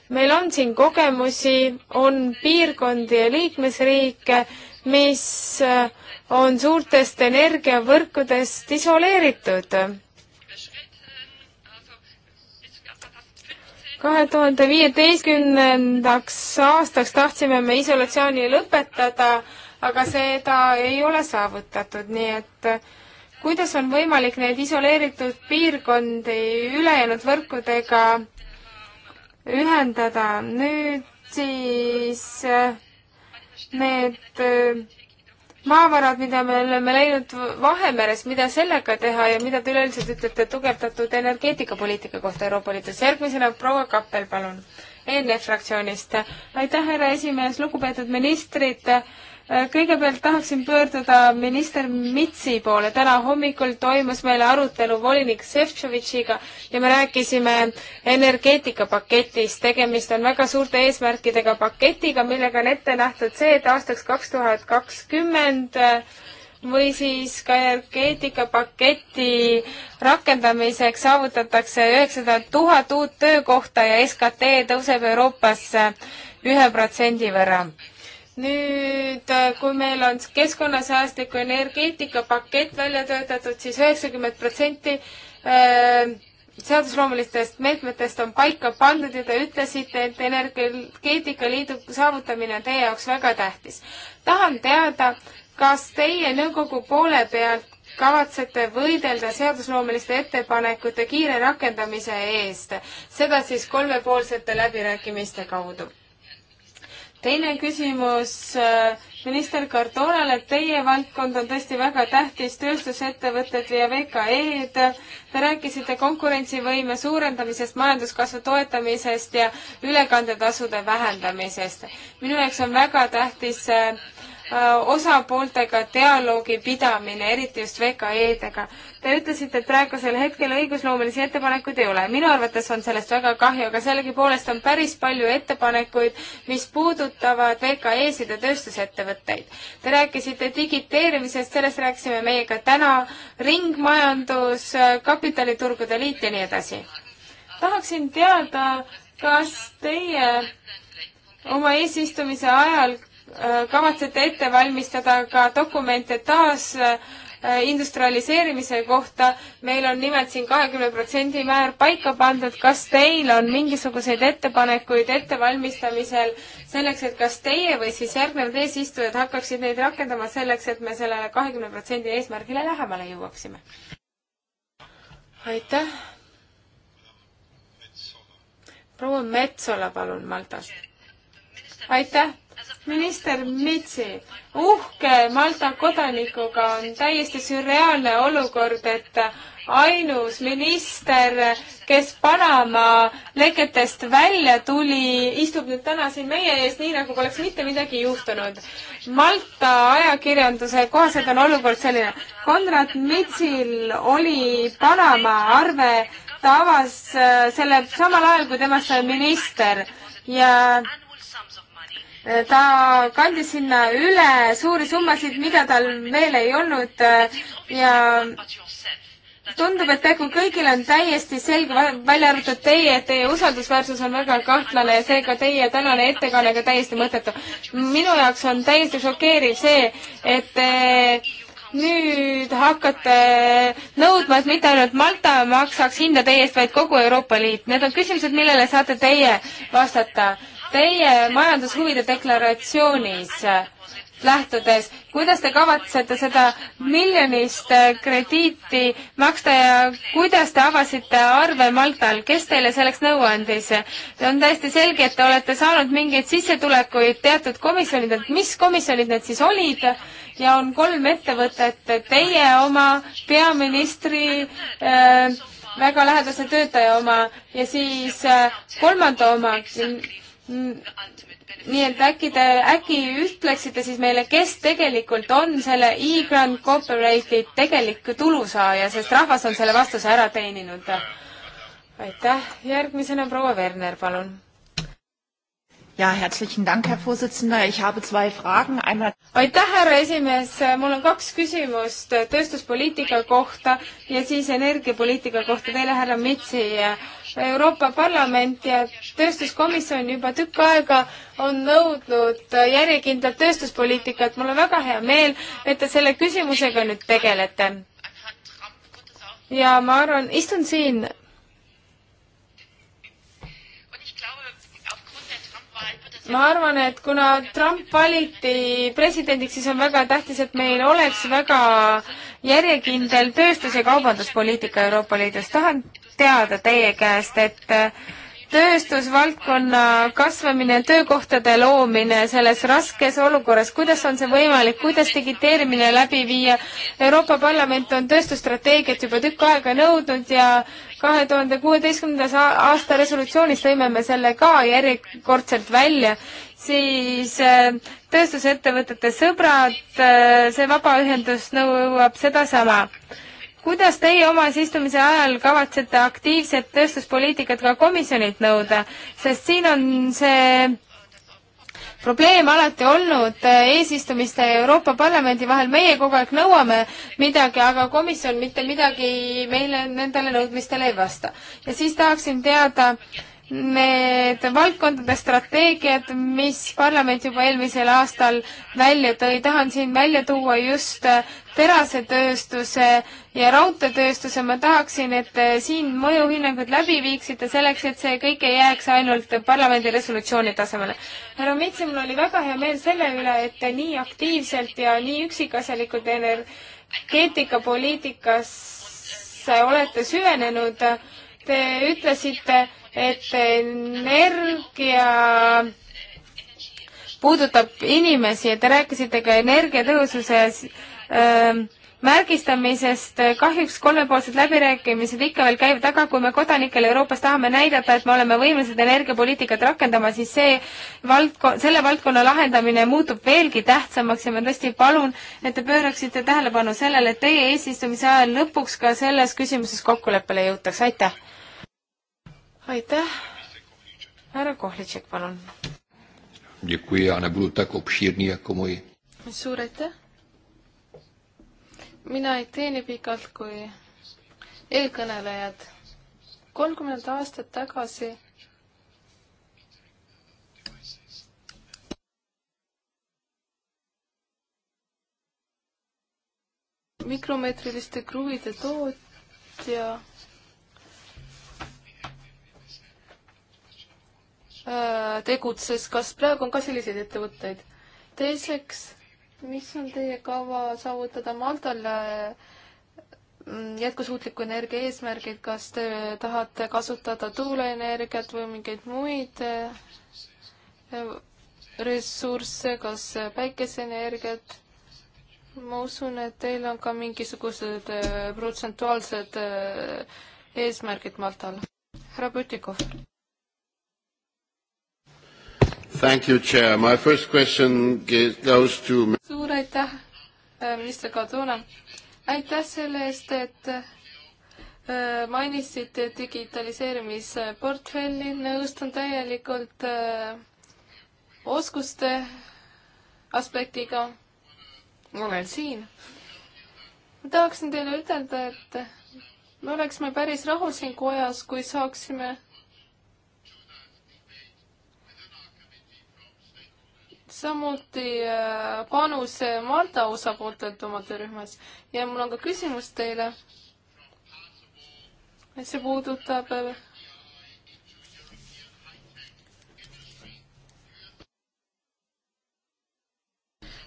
meil on siin kogemusi, on piirkondi ja liikmesriike, mis on suurtest energiavõrkudest isoleeritud. kahe tuhande viieteistkümnendaks aastaks tahtsime me isolatsiooni lõpetada, aga seda ei ole saavutatud, nii et äh, kuidas on võimalik neid isoleeritud piirkondi ülejäänud võrkudega ühendada. nüüd siis äh, need äh, maavarad, mida me oleme läinud Vahemeres, mida sellega teha ja mida te üleüldiselt ütlete tugevdatud energeetikapoliitika kohta Euroopa Liidus. järgmisena proua Kappel, palun, ENF fraktsioonist. aitäh, härra esimees, lugupeetud ministrid Äh, kõigepealt tahaksin pöörduda minister Mitsi poole. täna hommikul toimus meil arutelu volinik Šefčovitšiga ja me rääkisime energeetikapaketist. tegemist on väga suurte eesmärkidega paketiga, millega on ette nähtud see, et aastaks kaks tuhat kakskümmend äh, või siis ka energeetikapaketi rakendamiseks saavutatakse üheksasada tuhat uut töökohta ja SKT tõuseb Euroopas ühe protsendi võrra nüüd, äh, kui meil on keskkonnasäästliku energeetika pakett välja töötatud siis, siis üheksakümmend protsenti äh, seadusloomulistest meetmetest on paika pandud ja te ütlesite, et Energeetikaliidu saavutamine on teie jaoks väga tähtis. tahan teada, kas teie nõukogu poole pealt kavatsete võidelda seadusloomeliste ettepanekute kiire rakendamise eest, seda siis kolmepoolsete läbirääkimiste kaudu? teine küsimus äh, minister Cardonale, et teie valdkond on tõesti väga tähtis, tööstusettevõtted ja VKE-d. Te rääkisite konkurentsivõime suurendamisest, majanduskasvu toetamisest ja ülekandetasude vähendamisest. minu jaoks on väga tähtis äh, Äh, osapooltega dialoogi pidamine, eriti just VKE-dega. Te ütlesite, et praegusel hetkel õigusloomelisi ettepanekuid ei ole. minu arvates on sellest väga kahju, aga sellegipoolest on päris palju ettepanekuid, mis puudutavad VKE-sid ja tööstusettevõtteid. Te rääkisite digiteerimisest, sellest rääkisime meie ka täna, ringmajandus, kapitaliturgude liit ja nii edasi. tahaksin teada, kas teie oma eesistumise ajal Äh, kavatsete ette valmistada ka dokumente taas äh, industrialiseerimise kohta, meil on nimelt siin kahekümne protsendi määr paika pandud, kas teil on mingisuguseid ettepanekuid ettevalmistamisel selleks, et kas teie või siis järgnevad eesistujad hakkaksid neid rakendama selleks, et me sellele kahekümne protsendi eesmärgile lähemale jõuaksime? aitäh. proua Metsola, palun, Maltast. aitäh minister Mitsi, uhke Malta kodanikuga on täiesti sürreaalne olukord, et ainus minister, kes Panama leketest välja tuli, istub nüüd täna siin meie ees, nii nagu poleks mitte midagi juhtunud. Malta ajakirjanduse kohaselt on olukord selline. Konrad Mitsil oli Panama arve ta avas äh, selle samal ajal, kui temast sai minister ja ta kandis sinna üle suuri summasid, mida tal veel ei olnud äh, ja tundub, et peaaegu kõigil on täiesti selge, välja arvatud teie, et teie usaldusväärsus on väga kahtlane ja seega teie tänane ettekanne ka täiesti mõttetu. minu jaoks on täiesti šokeeriv see, et te nüüd hakkate nõudma, et mitte ainult Malta maksaks hinda teie eest, vaid kogu Euroopa Liit. Need on küsimused, millele saate teie vastata teie majandushuvide deklaratsioonis lähtudes, kuidas te kavatsete seda miljonist krediiti maksta ja kuidas te avasite arve Maltal, kes teile selleks nõu andis? on täiesti selge, et te olete saanud mingeid sissetulekuid teatud komisjonidelt, mis komisjonid need siis olid ja on kolm ettevõtet, teie oma peaministri äh, väga lähedase töötaja oma ja siis äh, kolmanda oma nii et äkki te, äkki ütleksite siis meile, kes tegelikult on selle E-Grand Corporate'i tegelik tulusaaja, sest rahvas on selle vastuse ära teeninud. aitäh, järgmisena proua Werner, palun. Ja, herzlichen Dank, Herr Vorsitzender. Ich habe zwei Fragen. Einmal aitäh, härra esimees, mul on kaks küsimust tööstuspoliitika kohta ja siis energiapoliitika kohta teile, härra Mitsi Euroopa Parlament ja tööstuskomisjon juba tükk aega on nõudnud järjekindlat tööstuspoliitikat. mul on väga hea meel, et te selle küsimusega nüüd tegelete. ja ma arvan, istun siin ma arvan, et kuna Trump valiti presidendiks, siis on väga tähtis, et meil oleks väga järjekindel tööstus- ja kaubanduspoliitika Euroopa Liidus. tahan teada teie käest, et tööstusvaldkonna kasvamine, töökohtade loomine selles raskes olukorras, kuidas on see võimalik, kuidas digiteerimine läbi viia? Euroopa Parlament on tööstusstrateegiat juba tükk aega nõudnud ja kahe tuhande kuueteistkümnendas aasta resolutsioonis tõime me selle ka järjekordselt välja, siis äh, tööstusettevõtete sõbrad, äh, see vabaühendus nõuab sedasama kuidas teie oma istumise ajal kavatsete aktiivset tööstuspoliitikat ka komisjonilt nõuda, sest siin on see probleem alati olnud äh, eesistumiste Euroopa Parlamendi vahel, meie kogu aeg nõuame midagi, aga komisjon mitte midagi meile nendele nõudmistele ei vasta. ja siis tahaksin teada äh, need valdkondade strateegiad, mis parlament juba eelmisel aastal välja tõi, tahan siin välja tuua just terasetööstuse ja raudteetööstuse, ma tahaksin, et siin mõjuhinnangud läbi viiksite selleks, et see kõik ei jääks ainult parlamendi resolutsiooni tasemele. härra Mitsi, mul oli väga hea meel selle üle, et te nii aktiivselt ja nii üksikasjalikult energeetikapoliitikasse olete süvenenud Te ütlesite, et energia puudutab inimesi ja te rääkisite ka energiatõhususe äh, märgistamisest kahjuks kolmepoolsed läbirääkimised ikka veel käivad, aga kui me kodanikele Euroopas tahame näidata, et me oleme võimelised energiapoliitikat rakendama, siis see valdko-, selle valdkonna lahendamine muutub veelgi tähtsamaks ja ma tõesti palun, et te pööraksite tähelepanu sellele, et teie eesistumise ajal lõpuks ka selles küsimuses kokkuleppele jõutaks, aitäh! aitäh! härra Kohlitšek, palun! Děkuji, já nebudu tak obšírný jako můj. Suur aitäh! mina ei teeni pikalt kui eelkõnelejad. kolmkümmend aastat tagasi mikromeetriliste kruvide tootja äh, tegutses, kas praegu on ka selliseid ettevõtteid? teiseks mis on teie kava saavutada Maltal mm, jätkusuutliku energia eesmärgid, kas te tahate kasutada tuuleenergiat või mingeid muid eh, ressursse, kas päikeseenergiat? ma usun, et teil on ka mingisugused eh, protsentuaalsed eh, eesmärgid Maltal. härra Pütikov Thank you, Chair. My first question goes to... suur aitäh, äh, minister Kaduna. aitäh selle eest, et äh, mainisite digitaliseerimisportfelli, nõustun täielikult äh, oskuste aspektiga. olen siin. ma tahaksin teile ütelda, et me oleksime päris rahul siin kojas, kui saaksime samuti äh, panus Malta osapooltelt oma töörühmas ja mul on ka küsimus teile. see puudutab äh,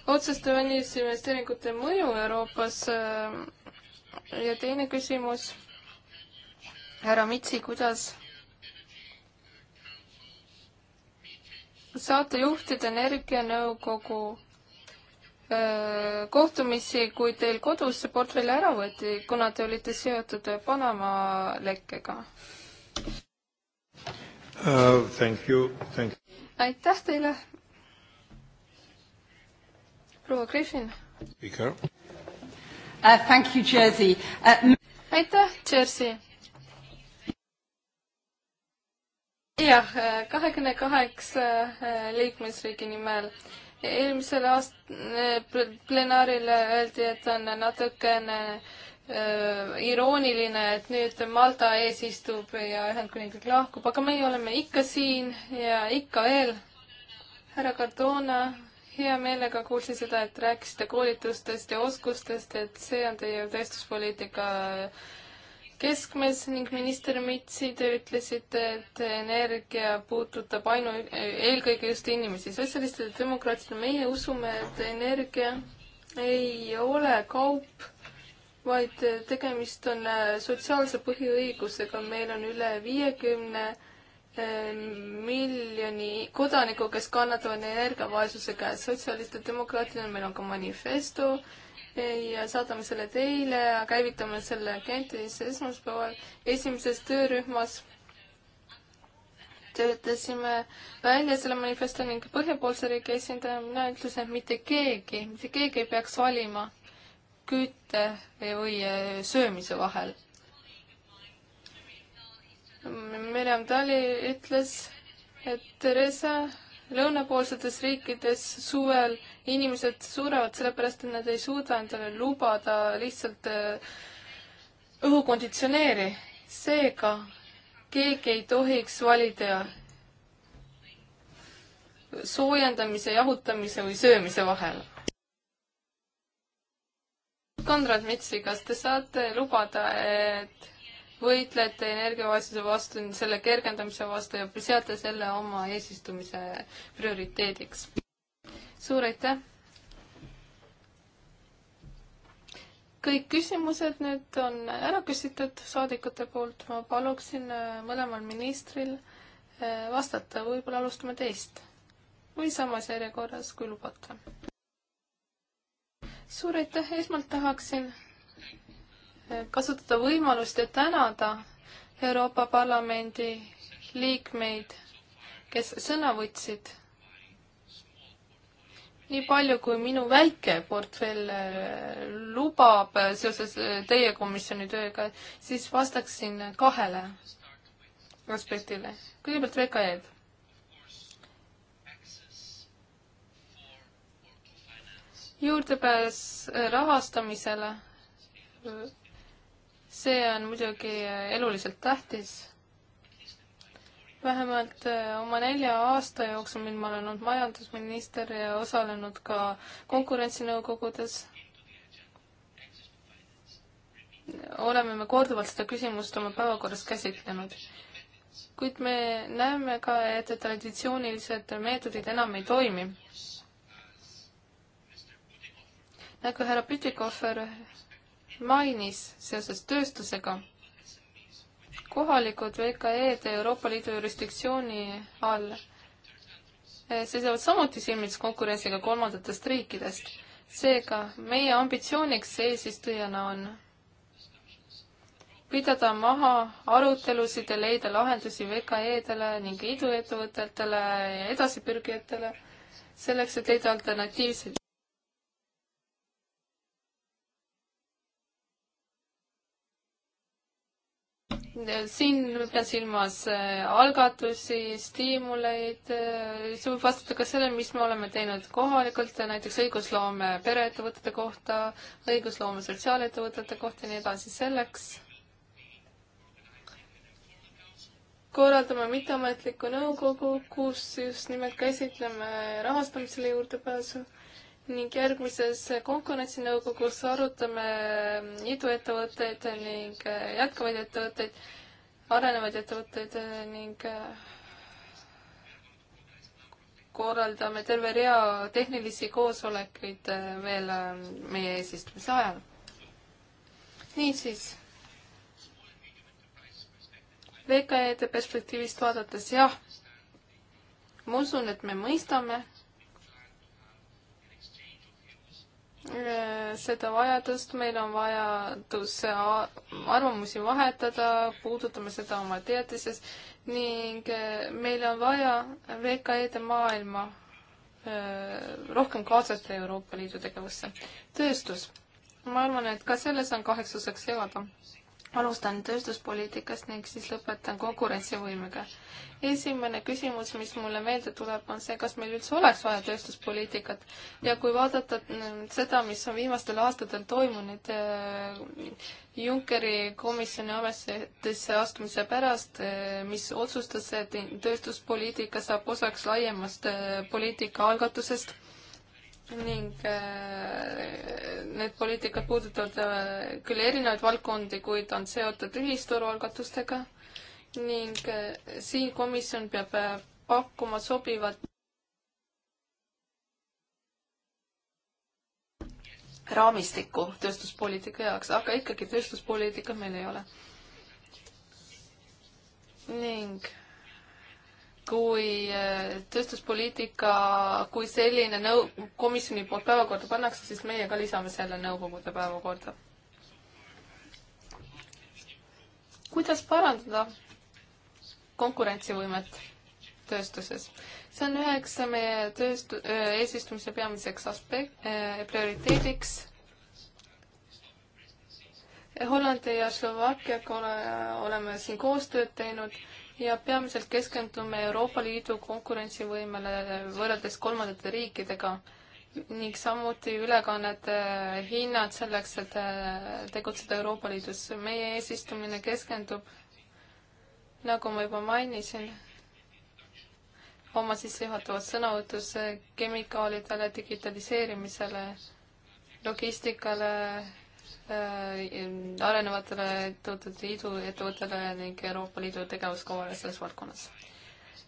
otseste välisinvesteeringute mõju Euroopas. Äh, ja teine küsimus, härra Mitsi, kuidas saatejuhtid Energianõukogu kohtumisi, kui teil kodus see portfell ära võeti, kuna te olite seotud Panama lekkega uh,? Thank you, thank you. aitäh teile. proua Griffin. Speaker uh,. Thank you, Jersey uh,. aitäh, Jersey jah, kahekümne kaheksa äh, liikmesriigi nimel. eelmisel aast-, äh, plenaaril öeldi, et on natukene äh, irooniline, et nüüd Malta ees istub ja Ühendkuningriik lahkub, aga meie oleme ikka siin ja ikka veel. härra Cardona, hea meelega kuulsin seda, et rääkisite koolitustest ja oskustest, et see on teie tõestuspoliitika äh, keskmes ning minister Mitsi, te ütlesite, et energia puudutab ainu-, eelkõige just inimesi. sotsialistid ja demokraatid, meie usume, et energia ei ole kaup, vaid tegemist on äh, sotsiaalse põhiõigusega. meil on üle viiekümne äh, miljoni kodaniku, kes kannatavad energiavaesuse käes. sotsialistid ja demokraatid on, meil on ka manifesto, ja saadame selle teile ja käivitame selle Gentis esmaspäeval esimeses töörühmas töötasime välja selle manifesto ning põhjapoolse riigi esindaja, mina ütlesin, et mitte keegi, mitte keegi ei peaks valima küte või äh, söömise vahel. Merjam Tali ütles, et Theresa lõunapoolsetes riikides suvel inimesed surevad sellepärast, et nad ei suuda endale lubada lihtsalt äh, õhukonditsioneeri. seega keegi ei tohiks valida soojendamise, jahutamise või söömise vahel. Konrad Mitsi, kas te saate lubada, et võitlete energiavaesuse vastu, selle kergendamise vastu ja seate selle oma eesistumise prioriteediks. suur aitäh! kõik küsimused nüüd on ära küsitud saadikute poolt, ma paluksin äh, mõlemal ministril äh, vastata, võib-olla alustame teist või samas järjekorras, kui lubate. suur aitäh, esmalt tahaksin kasutada võimalust ja tänada Euroopa Parlamendi liikmeid, kes sõna võtsid. nii palju, kui minu väike portfell äh, lubab äh, seoses äh, teie komisjoni tööga, siis vastaksin kahele aspektile. kõigepealt VKE-d. juurdepääs rahastamisele see on muidugi äh, eluliselt tähtis. vähemalt äh, oma nelja aasta jooksul, mil ma olen olnud majandusminister ja osalenud ka konkurentsinõukogudes, oleme me korduvalt seda küsimust oma päevakorras käsitlenud. kuid me näeme ka, et traditsioonilised meetodid enam ei toimi. nagu härra Pütikofer mainis seoses tööstusega. kohalikud VKE-d Euroopa Liidu jurisdiktsiooni all eh, seisavad samuti silmitsi konkurentsiga kolmandatest riikidest. seega meie ambitsiooniks eesistujana on pidada maha arutelusid ja leida lahendusi VKE-dele ning iduettevõtetele ja edasipürgijatele selleks, et leida alternatiivseid siin pean silmas äh, algatusi, stiimuleid, äh, see võib vastata ka sellele, mis me oleme teinud kohalikult, äh, näiteks õigusloome pereettevõtete kohta, õigusloome sotsiaalettevõtete kohta ja nii edasi, selleks korraldame mitteametlikku nõukogu, kus just nimelt käsitleme rahastamisele juurdepääsu ning järgmises konkurentsinõukogus arutame iduettevõtteid ning äh, jätkavaid ettevõtteid, arenevaid ettevõtteid äh, ning äh, korraldame terve rea tehnilisi koosolekuid veel meie eesistumise ajal. niisiis, VKE-de perspektiivist vaadates jah, ma usun, et me mõistame Äh, seda vajadust, meil on vajadus äh, arvamusi vahetada, puudutame seda oma teadises ning äh, meil on vaja VKE-de maailma rohkem kaasata Euroopa Liidu tegevusse. tööstus, ma arvan, et ka selles on kaheksuseks jagada alustan tööstuspoliitikast ning siis lõpetan konkurentsivõimega. esimene küsimus, mis mulle meelde tuleb, on see, kas meil üldse oleks vaja tööstuspoliitikat ja kui vaadata seda, mis on viimastel aastatel toimunud äh, Junckeri komisjoni ametisse astumise pärast, äh, mis otsustas, et tööstuspoliitika saab osaks laiemast äh, poliitika algatusest ning äh, need poliitikad puudutavad äh, küll erinevaid valdkondi, kuid on seotud ühisturu algatustega ning äh, siin komisjon peab pakkuma sobivat raamistikku tööstuspoliitika jaoks, aga ikkagi tööstuspoliitika meil ei ole. ning kui eh, tööstuspoliitika kui selline nõu-, komisjoni poolt päevakorda pannakse, siis meie ka lisame selle nõukogude päevakorda. kuidas parandada konkurentsivõimet tööstuses? see on üheks meie tööstu-, eh, eesistumise peamiseks aspekt-, eh, prioriteediks Hollandi ja Slovakkiaga ole, oleme siin koostööd teinud ja peamiselt keskendume Euroopa Liidu konkurentsivõimele võrreldes kolmandate riikidega ning samuti ülekannete hinnad selleks, et äh, tegutseda Euroopa Liidus. meie eesistumine keskendub, nagu ma juba mainisin, oma sissejuhatavas sõnavõtus äh, kemikaalidele, digitaliseerimisele, logistikale, Äh, arenevatele ettevõtete liidu ettevõttele ning Euroopa Liidu tegevuskavale selles valdkonnas.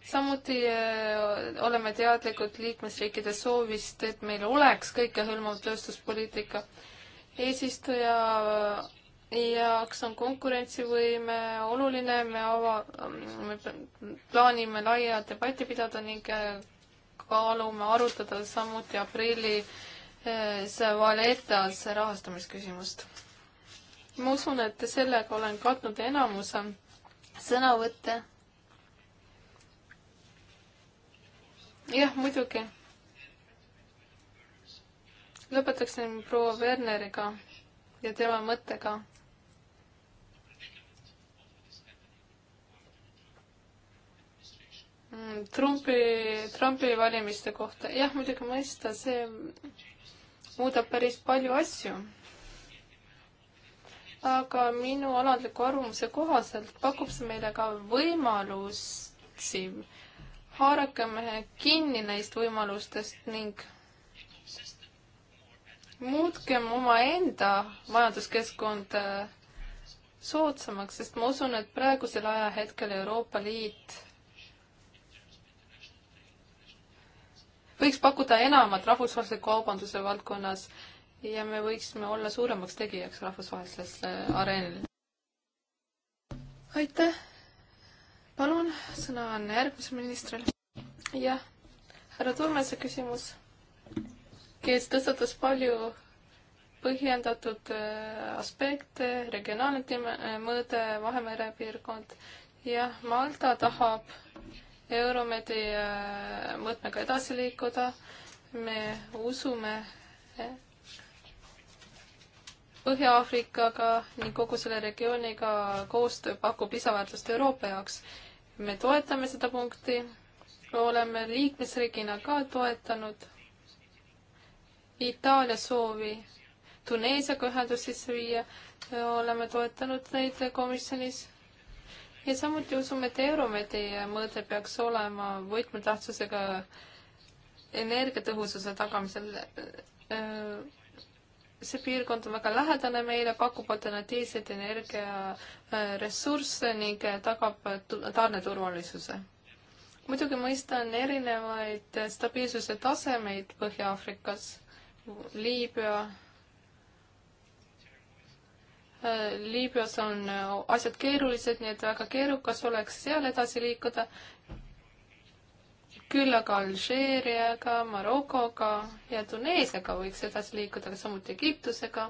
samuti äh, oleme teadlikud liikmesriikide soovist, et meil oleks kõikehõlmav tööstuspoliitika. eesistuja äh, jaoks on konkurentsivõime oluline, me ava-, me plaanime laia debatti pidada ning kaalume arutada samuti aprilli äh, Valetas rahastamisküsimust. ma usun, et sellega olen katnud enamuse sõnavõtte. jah, muidugi. lõpetaksin proua Werneriga ja tema mõttega mm, Trumpi, Trumpi valimiste kohta, jah, muidugi mõista, see muudab päris palju asju. aga minu alandliku arvamuse kohaselt pakub see meile ka võimalusi. haarakem kinni neist võimalustest ning muutkem omaenda majanduskeskkonda äh, soodsamaks, sest ma usun, et praegusel ajahetkel Euroopa Liit võiks pakkuda enamat rahvusvahelise kaubanduse valdkonnas ja me võiksime olla suuremaks tegijaks rahvusvahelisel areenil. aitäh. palun, sõna on järgmisel ministril. jah, härra Turmese küsimus, kes tõstatas palju põhjendatud äh, aspekte, regionaalne äh, mõõde, Vahemere piirkond. jah, Malta tahab Euromedi äh, mõõtmega edasi liikuda. me usume äh, Põhja-Aafrikaga ning kogu selle regiooniga koostöö pakub lisaväärtust Euroopa jaoks. me toetame seda punkti, oleme liikmesriigina ka toetanud Itaalia soovi Tuneesiaga ühendus sisse viia, oleme toetanud neid komisjonis ja samuti usume, et Euromedi mõõde peaks olema võtmetähtsusega energiatõhususe tagamisel. Äh, see piirkond on väga lähedane meile, pakub alternatiivseid energiaressursse ning tagab tarneturvalisuse. muidugi mõistan erinevaid stabiilsuse tasemeid Põhja-Aafrikas, Liibüa Liibüas on äh, asjad keerulised, nii et väga keerukas oleks seal edasi liikuda. küll aga Alžeeriaga, Marokoga ja Tuneesiaga võiks edasi liikuda, samuti Egiptusega,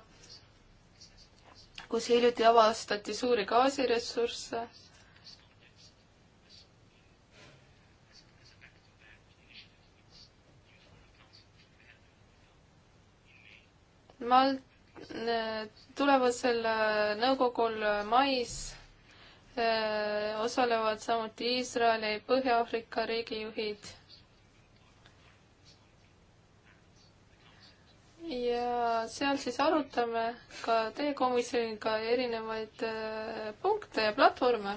kus hiljuti avastati suuri gaasiressursse Malt tulevasel äh, nõukogul mais äh, osalevad samuti Iisraeli, Põhja-Aafrika riigijuhid. ja seal siis arutame ka teie komisjoniga erinevaid äh, punkte ja platvorme.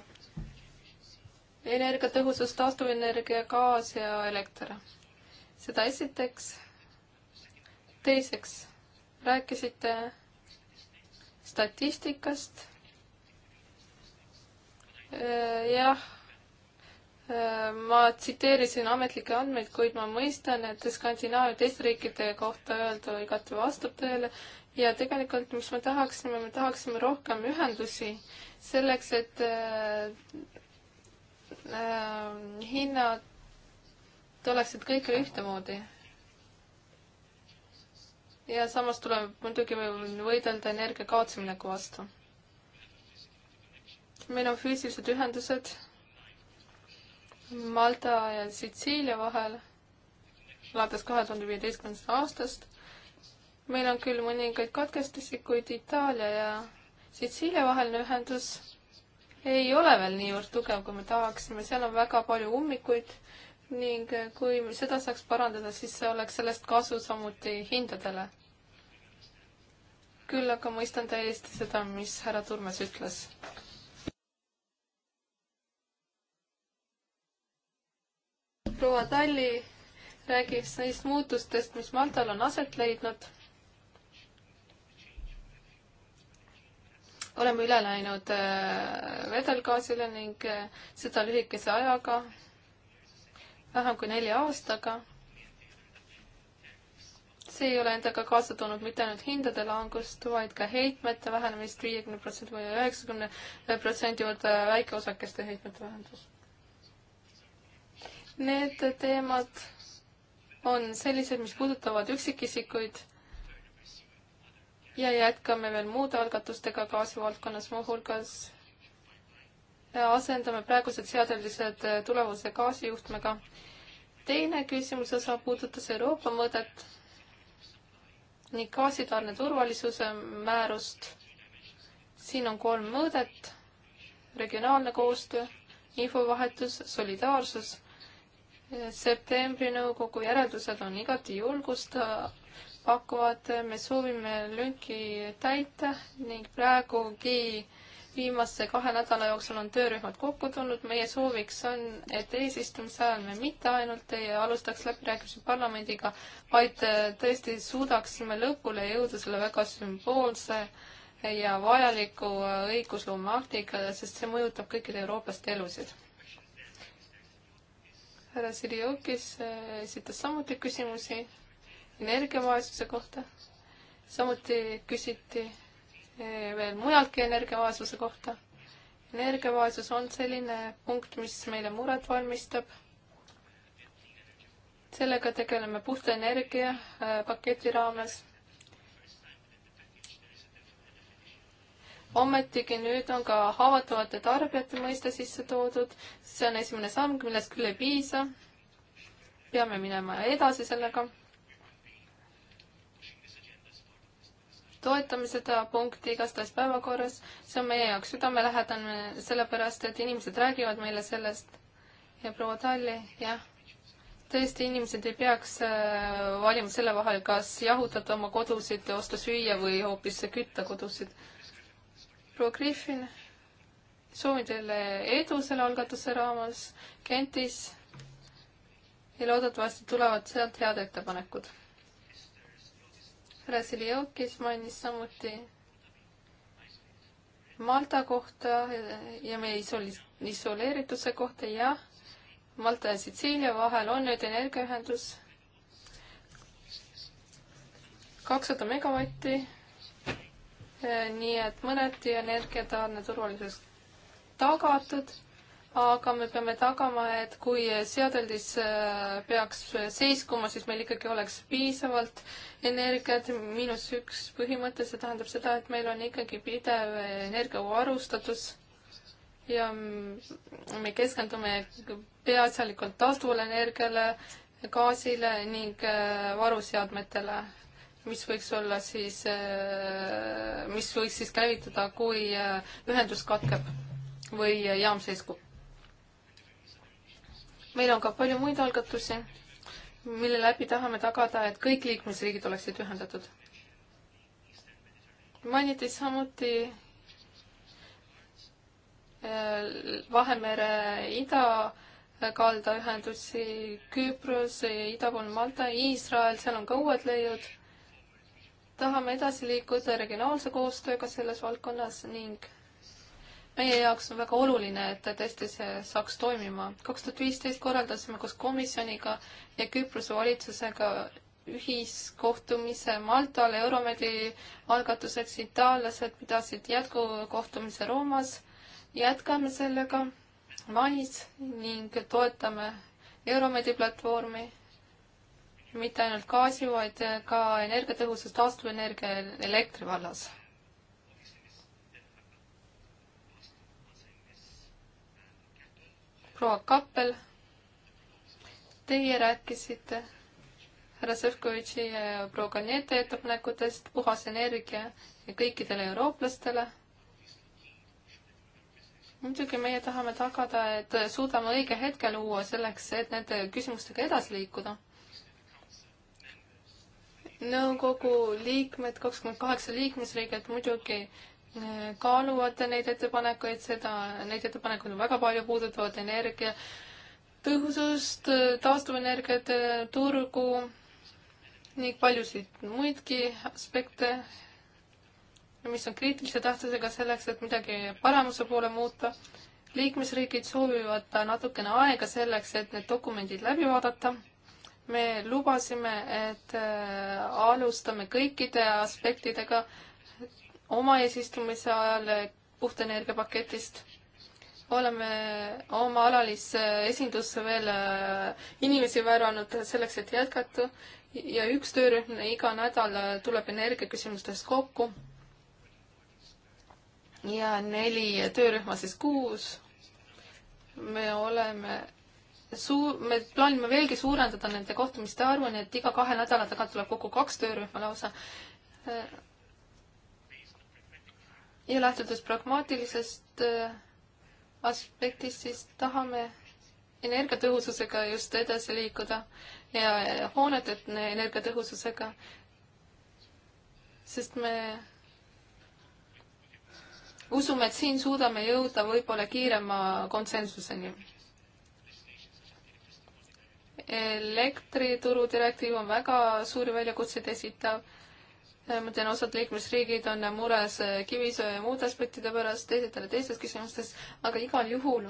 energiatõhusus, taastuvenergia, gaas ja elekter. seda esiteks. teiseks rääkisite statistikast. Äh, jah, äh, ma tsiteerisin ametlikke andmeid, kuid ma mõistan, et Skandinaavia teiste riikide kohta öeldu igati vastab tõele ja tegelikult, mis me tahaksime, me tahaksime rohkem ühendusi selleks, et äh, äh, hinnad oleksid kõigil ühtemoodi ja samas tuleb muidugi võidelda energia kaotsemineku vastu. meil on füüsilised ühendused Malta ja Sitsiilia vahel alates kahe tuhande viieteistkümnendast aastast. meil on küll mõningaid katkestusi, kuid Itaalia ja Sitsiilia vaheline ühendus ei ole veel niivõrd tugev, kui me tahaksime, seal on väga palju ummikuid ning kui seda saaks parandada, siis see oleks sellest kasu samuti hindadele küll aga mõistan täiesti seda, mis härra Turmes ütles. proua Talli räägis neist muutustest, mis Maltal on aset leidnud. oleme üle läinud äh, vedelgaasile ning äh, seda lühikese ajaga, vähem kui nelja aastaga see ei ole endaga kaasa toonud mitte ainult hindade langust, vaid ka heitmete vähenemist viiekümne protsendi või üheksakümne protsendi juurde väikeosakeste heitmete vähendus. Need teemad on sellised, mis puudutavad üksikisikuid ja jätkame veel muude algatustega gaasivaldkonnas, muuhulgas asendame praegused seadelised tulevuse gaasijuhtmega. teine küsimuse osa puudutas Euroopa mõõdet ning gaasitarne turvalisuse määrust. siin on kolm mõõdet, regionaalne koostöö, infovahetus, solidaarsus. septembri nõukogu järeldused on igati julgust pakuvad, me soovime lünki täita ning praegugi äh, viimase kahe nädala jooksul on töörühmad kokku tulnud, meie sooviks on, et eesistumise ajal me mitte ainult ei alustaks läbirääkimisi parlamendiga, vaid äh, tõesti suudaksime lõpule jõuda selle väga sümboolse ja vajaliku äh, õigusloome aktiga, sest see mõjutab kõikide eurooplaste elusid. härra Sirjokis äh, esitas samuti küsimusi energiavaesuse kohta, samuti küsiti Eh, veel mujaltki energiavaesuse kohta. energiavaesus on selline punkt, mis meile muret valmistab. sellega tegeleme puhta energia eh, paketi raames. ometigi nüüd on ka haavatavate tarbijate mõiste sisse toodud, see on esimene samm, millest küll ei piisa. peame minema edasi sellega toetame seda punkti igastahes päevakorras, see on meie jaoks südamelähedane, sellepärast et inimesed räägivad meile sellest ja proua Talli, jah, tõesti, inimesed ei peaks äh, valima selle vahel, kas jahutada oma kodusid, osta süüa või hoopis kütta kodusid. proua Griffin, soovin teile edu selle algatuse raames Kentis ja loodetavasti tulevad sealt head ettepanekud Brasiljokis mainis samuti Malta kohta ja meie isoleerituse kohta, jah. Malta ja Sitsiilia vahel on nüüd energiaühendus kakssada megavatti. nii et mõneti energiatarne turvalisus tagatud aga me peame tagama, et kui seadeldis äh, peaks seiskuma, siis meil ikkagi oleks piisavalt energiat, miinus üks põhimõte, see tähendab seda, et meil on ikkagi pidev energiavarustatus ja me keskendume peaasjalikult taastuvale energiale, gaasile ning äh, varuseadmetele, mis võiks olla siis, äh, mis võiks siis käivituda, kui ühendus katkeb või jaam seiskub meil on ka palju muid algatusi, mille läbi tahame tagada, et kõik liikmesriigid oleksid ühendatud. mainiti samuti äh, Vahemere idakalda ühendusi, Küpros, ida pool Malta, Iisrael, seal on ka uued leiud. tahame edasi liikuda regionaalse koostööga selles valdkonnas ning meie jaoks on väga oluline, et tõesti see saaks toimima. kaks tuhat viisteist korraldasime koos komisjoniga ja Küprose valitsusega ühiskohtumise Maltal Euromedi algatuseks. itaallased pidasid jätkukohtumise Roomas. jätkame sellega mais ning toetame Euromedi platvormi mitte ainult gaasi, vaid ka energiatõhusus taastuvenergia elektri vallas proua Kappel, teie rääkisite härra Sefkovitši ja proua Kanjete ettepanekutest, puhas energia ja kõikidele eurooplastele. muidugi meie tahame tagada, et suudame õige hetke luua selleks, et nende küsimustega edasi liikuda. nõukogu liikmed, kakskümmend kaheksa liikmesriigilt muidugi kaaluvad neid ettepanekuid, seda, neid ettepanekuid on väga palju, puudutavad energia tõhusust, taastuvenergiate turgu ning paljusid muidki aspekte, mis on kriitilise tähtsusega selleks, et midagi paremuse poole muuta. liikmesriigid soovivad natukene aega selleks, et need dokumendid läbi vaadata me lubasime, et äh, alustame kõikide aspektidega oma eesistumise ajal puhta energia paketist. oleme oma alalisse äh, esindusse veel äh, inimesi värvanud selleks, et jätkata ja üks töörühm iga nädal äh, tuleb energiaküsimustes kokku. ja neli töörühma siis kuus. me oleme suu-, me plaanime veelgi suurendada nende kohtumiste arvu, nii et iga kahe nädala tagant tuleb kokku kaks töörühma lausa ja lähtudes pragmaatilisest äh, aspektist, siis tahame energiatõhususega just edasi liikuda ja hoonete energiatõhususega, sest me usume, et siin suudame jõuda võib-olla kiirema konsensuseni. elektrituru direktiiv on väga suuri väljakutseid esitav Äh, ma tean, osad liikmesriigid on mures äh, kivisöe ja muude aspektide pärast, teised jälle teistes küsimustes, aga igal juhul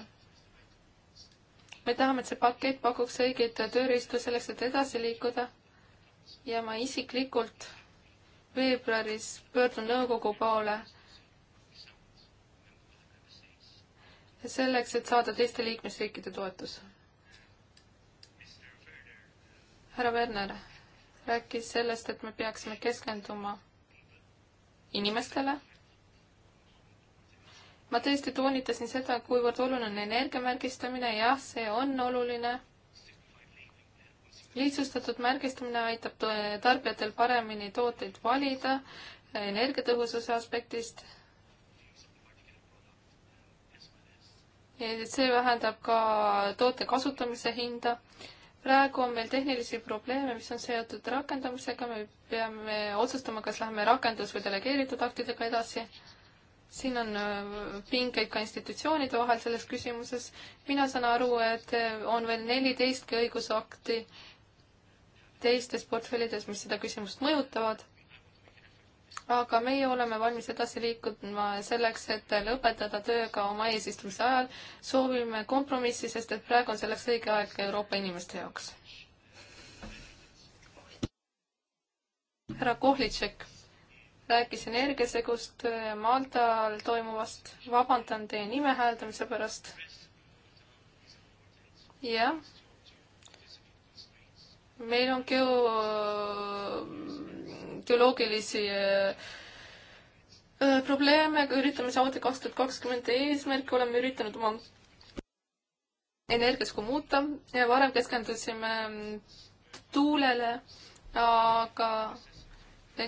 me tahame, et see pakett pakuks õigeid tööriistu selleks, et edasi liikuda. ja ma isiklikult veebruaris pöördun nõukogu poole selleks, et saada teiste liikmesriikide toetus. härra Werner rääkis sellest, et me peaksime keskenduma inimestele. ma tõesti toonitasin seda, kuivõrd oluline on energia märgistamine, jah, see on oluline. lihtsustatud märgistamine aitab tarbijatel paremini tooteid valida energiatõhususe aspektist see vähendab ka toote kasutamise hinda praegu on meil tehnilisi probleeme, mis on seotud rakendamisega, me peame otsustama, kas läheme rakendus- või delegeeritud aktidega edasi. siin on äh, pingeid ka institutsioonide vahel selles küsimuses. mina saan aru, et äh, on veel neliteistki õigusakti teistes portfellides, mis seda küsimust mõjutavad aga meie oleme valmis edasi liikuma selleks, et lõpetada tööga oma eesistumise ajal. soovime kompromissi, sest et praegu on selleks õige aeg Euroopa inimeste jaoks. härra Kohlitšek rääkis energiasegust äh, Maltal toimuvast. vabandan teie nime hääldamise pärast. jah. meil on Geo geoloogilisi äh, äh, probleeme, üritame saavutada kaks tuhat kakskümmend eesmärki, oleme üritanud oma energias ka muuta ja varem keskendusime mm, tuulele, aga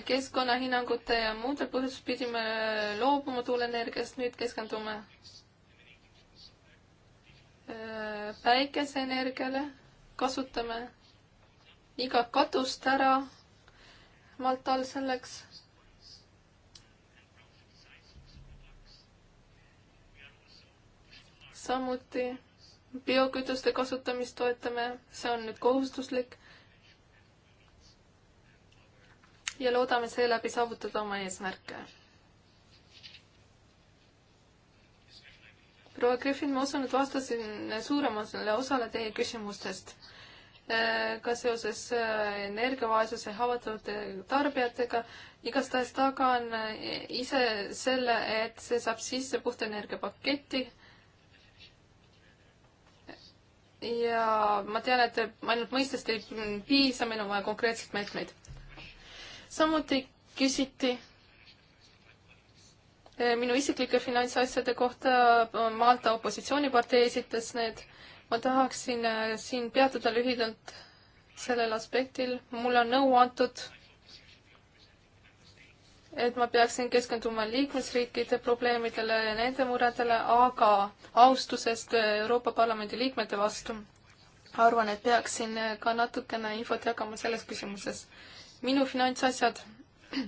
keskkonnahinnangute ja muudel põhjustel pidime äh, loobuma tuuleenergiast, nüüd keskendume päikeseenergiale, kasutame iga katust ära Maltal selleks. samuti biokütuste kasutamist toetame, see on nüüd kohustuslik. ja loodame seeläbi saavutada oma eesmärke. proua Griffin, ma usun, et vastasin suuremale osale teie küsimustest Äh, ka seoses äh, energiavaesuse haavatavate tarbijatega. igastahes tagan äh, ise selle, et see saab sisse puhta energia paketti. ja ma tean, et ainult mõistest ei piisa, meil on vaja konkreetseid meetmeid. samuti küsiti minu isiklike finantsasjade kohta Malta opositsioonipartei esitas need ma tahaksin äh, siin peatuda lühidalt sellel aspektil, mulle on nõu antud, et ma peaksin keskenduma liikmesriikide probleemidele ja nende muredele, aga austusest Euroopa Parlamendi liikmete vastu arvan, et peaksin ka natukene infot jagama selles küsimuses. minu finantsasjad, [clears throat]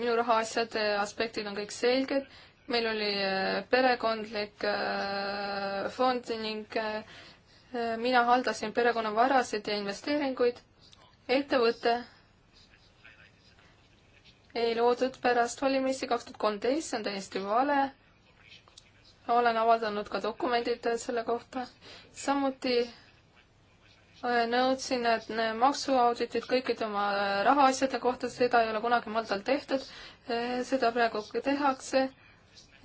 minu rahaasjade aspektid on kõik selged meil oli äh, perekondlik äh, fond ning äh, mina haldasin perekonna varasid ja investeeringuid. ettevõte ei loodud pärast valimisi kaks tuhat kolmteist, see on täiesti vale. olen avaldanud ka dokumendid selle kohta. samuti nõudsin, et maksuauditid kõikide oma rahaasjade kohta, seda ei ole kunagi Maltal tehtud, seda praegu tehakse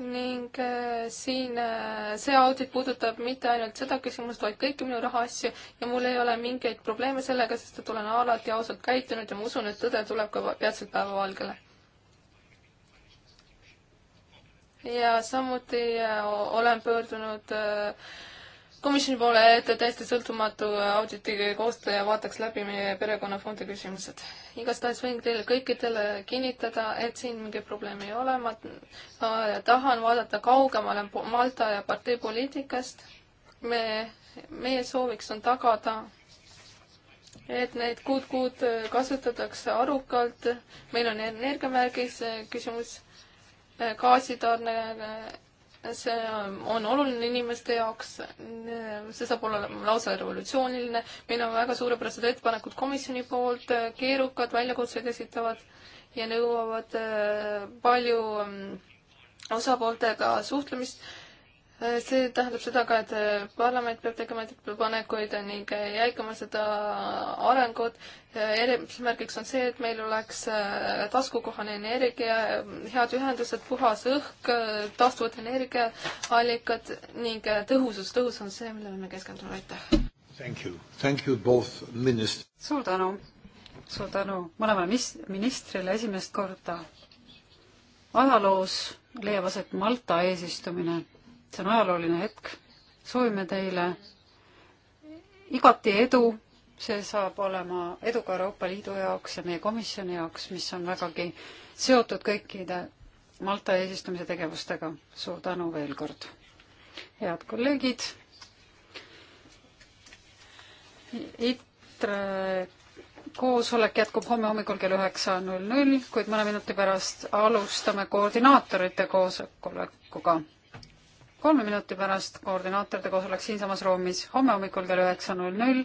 ning äh, siin äh, see audit puudutab mitte ainult seda küsimust, vaid kõiki minu rahaasju ja mul ei ole mingeid probleeme sellega, sest et olen alati ausalt käitunud ja ma usun, et tõde tuleb ka peatselt päevavalgele. ja samuti äh, olen pöördunud äh, komisjoni poole, et täiesti sõltumatu auditi koostaja vaataks läbi meie perekonnafondi küsimused. igastahes võin teile kõikidele kinnitada, et siin mingit probleemi ei ole, ma tahan vaadata kaugemale Malta ja partei poliitikast. me, meie sooviks on tagada, et neid kuud-kuud kasutatakse arukalt, meil on energiamärgis küsimus, gaasitarne see on oluline inimeste jaoks, see saab olla lausa revolutsiooniline, meil on väga suurepärased ettepanekud komisjoni poolt, keerukad väljakutseid esitavad ja nõuavad äh, palju mm, osapooltega suhtlemist see tähendab seda ka, et parlament peab tegema ettepanekuid ning jälgima seda arengut. eesmärgiks on see, et meil oleks taskukohane energia, head ühendused, puhas õhk, taastuvad energiaallikad ning tõhusus. tõhus on see, millele me keskendume. aitäh! Thank you. Thank you both minister. suur tänu, suur tänu mõlemale ministrile esimest korda ajaloos leiab aset Malta eesistumine see on ajalooline hetk. soovime teile igati edu, see saab olema edu ka Euroopa Liidu jaoks ja meie komisjoni jaoks, mis on vägagi seotud kõikide Malta eesistumise tegevustega. suur tänu veel kord. head kolleegid. ITRE koosolek jätkub homme hommikul kell üheksa null null, kuid mõne minuti pärast alustame koordinaatorite koosolekuga kolme minuti pärast koordinaatorite koosolek siinsamas ruumis homme hommikul kell üheksa null null.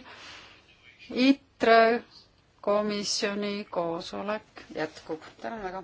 ITRE komisjoni koosolek jätkub. tänan väga.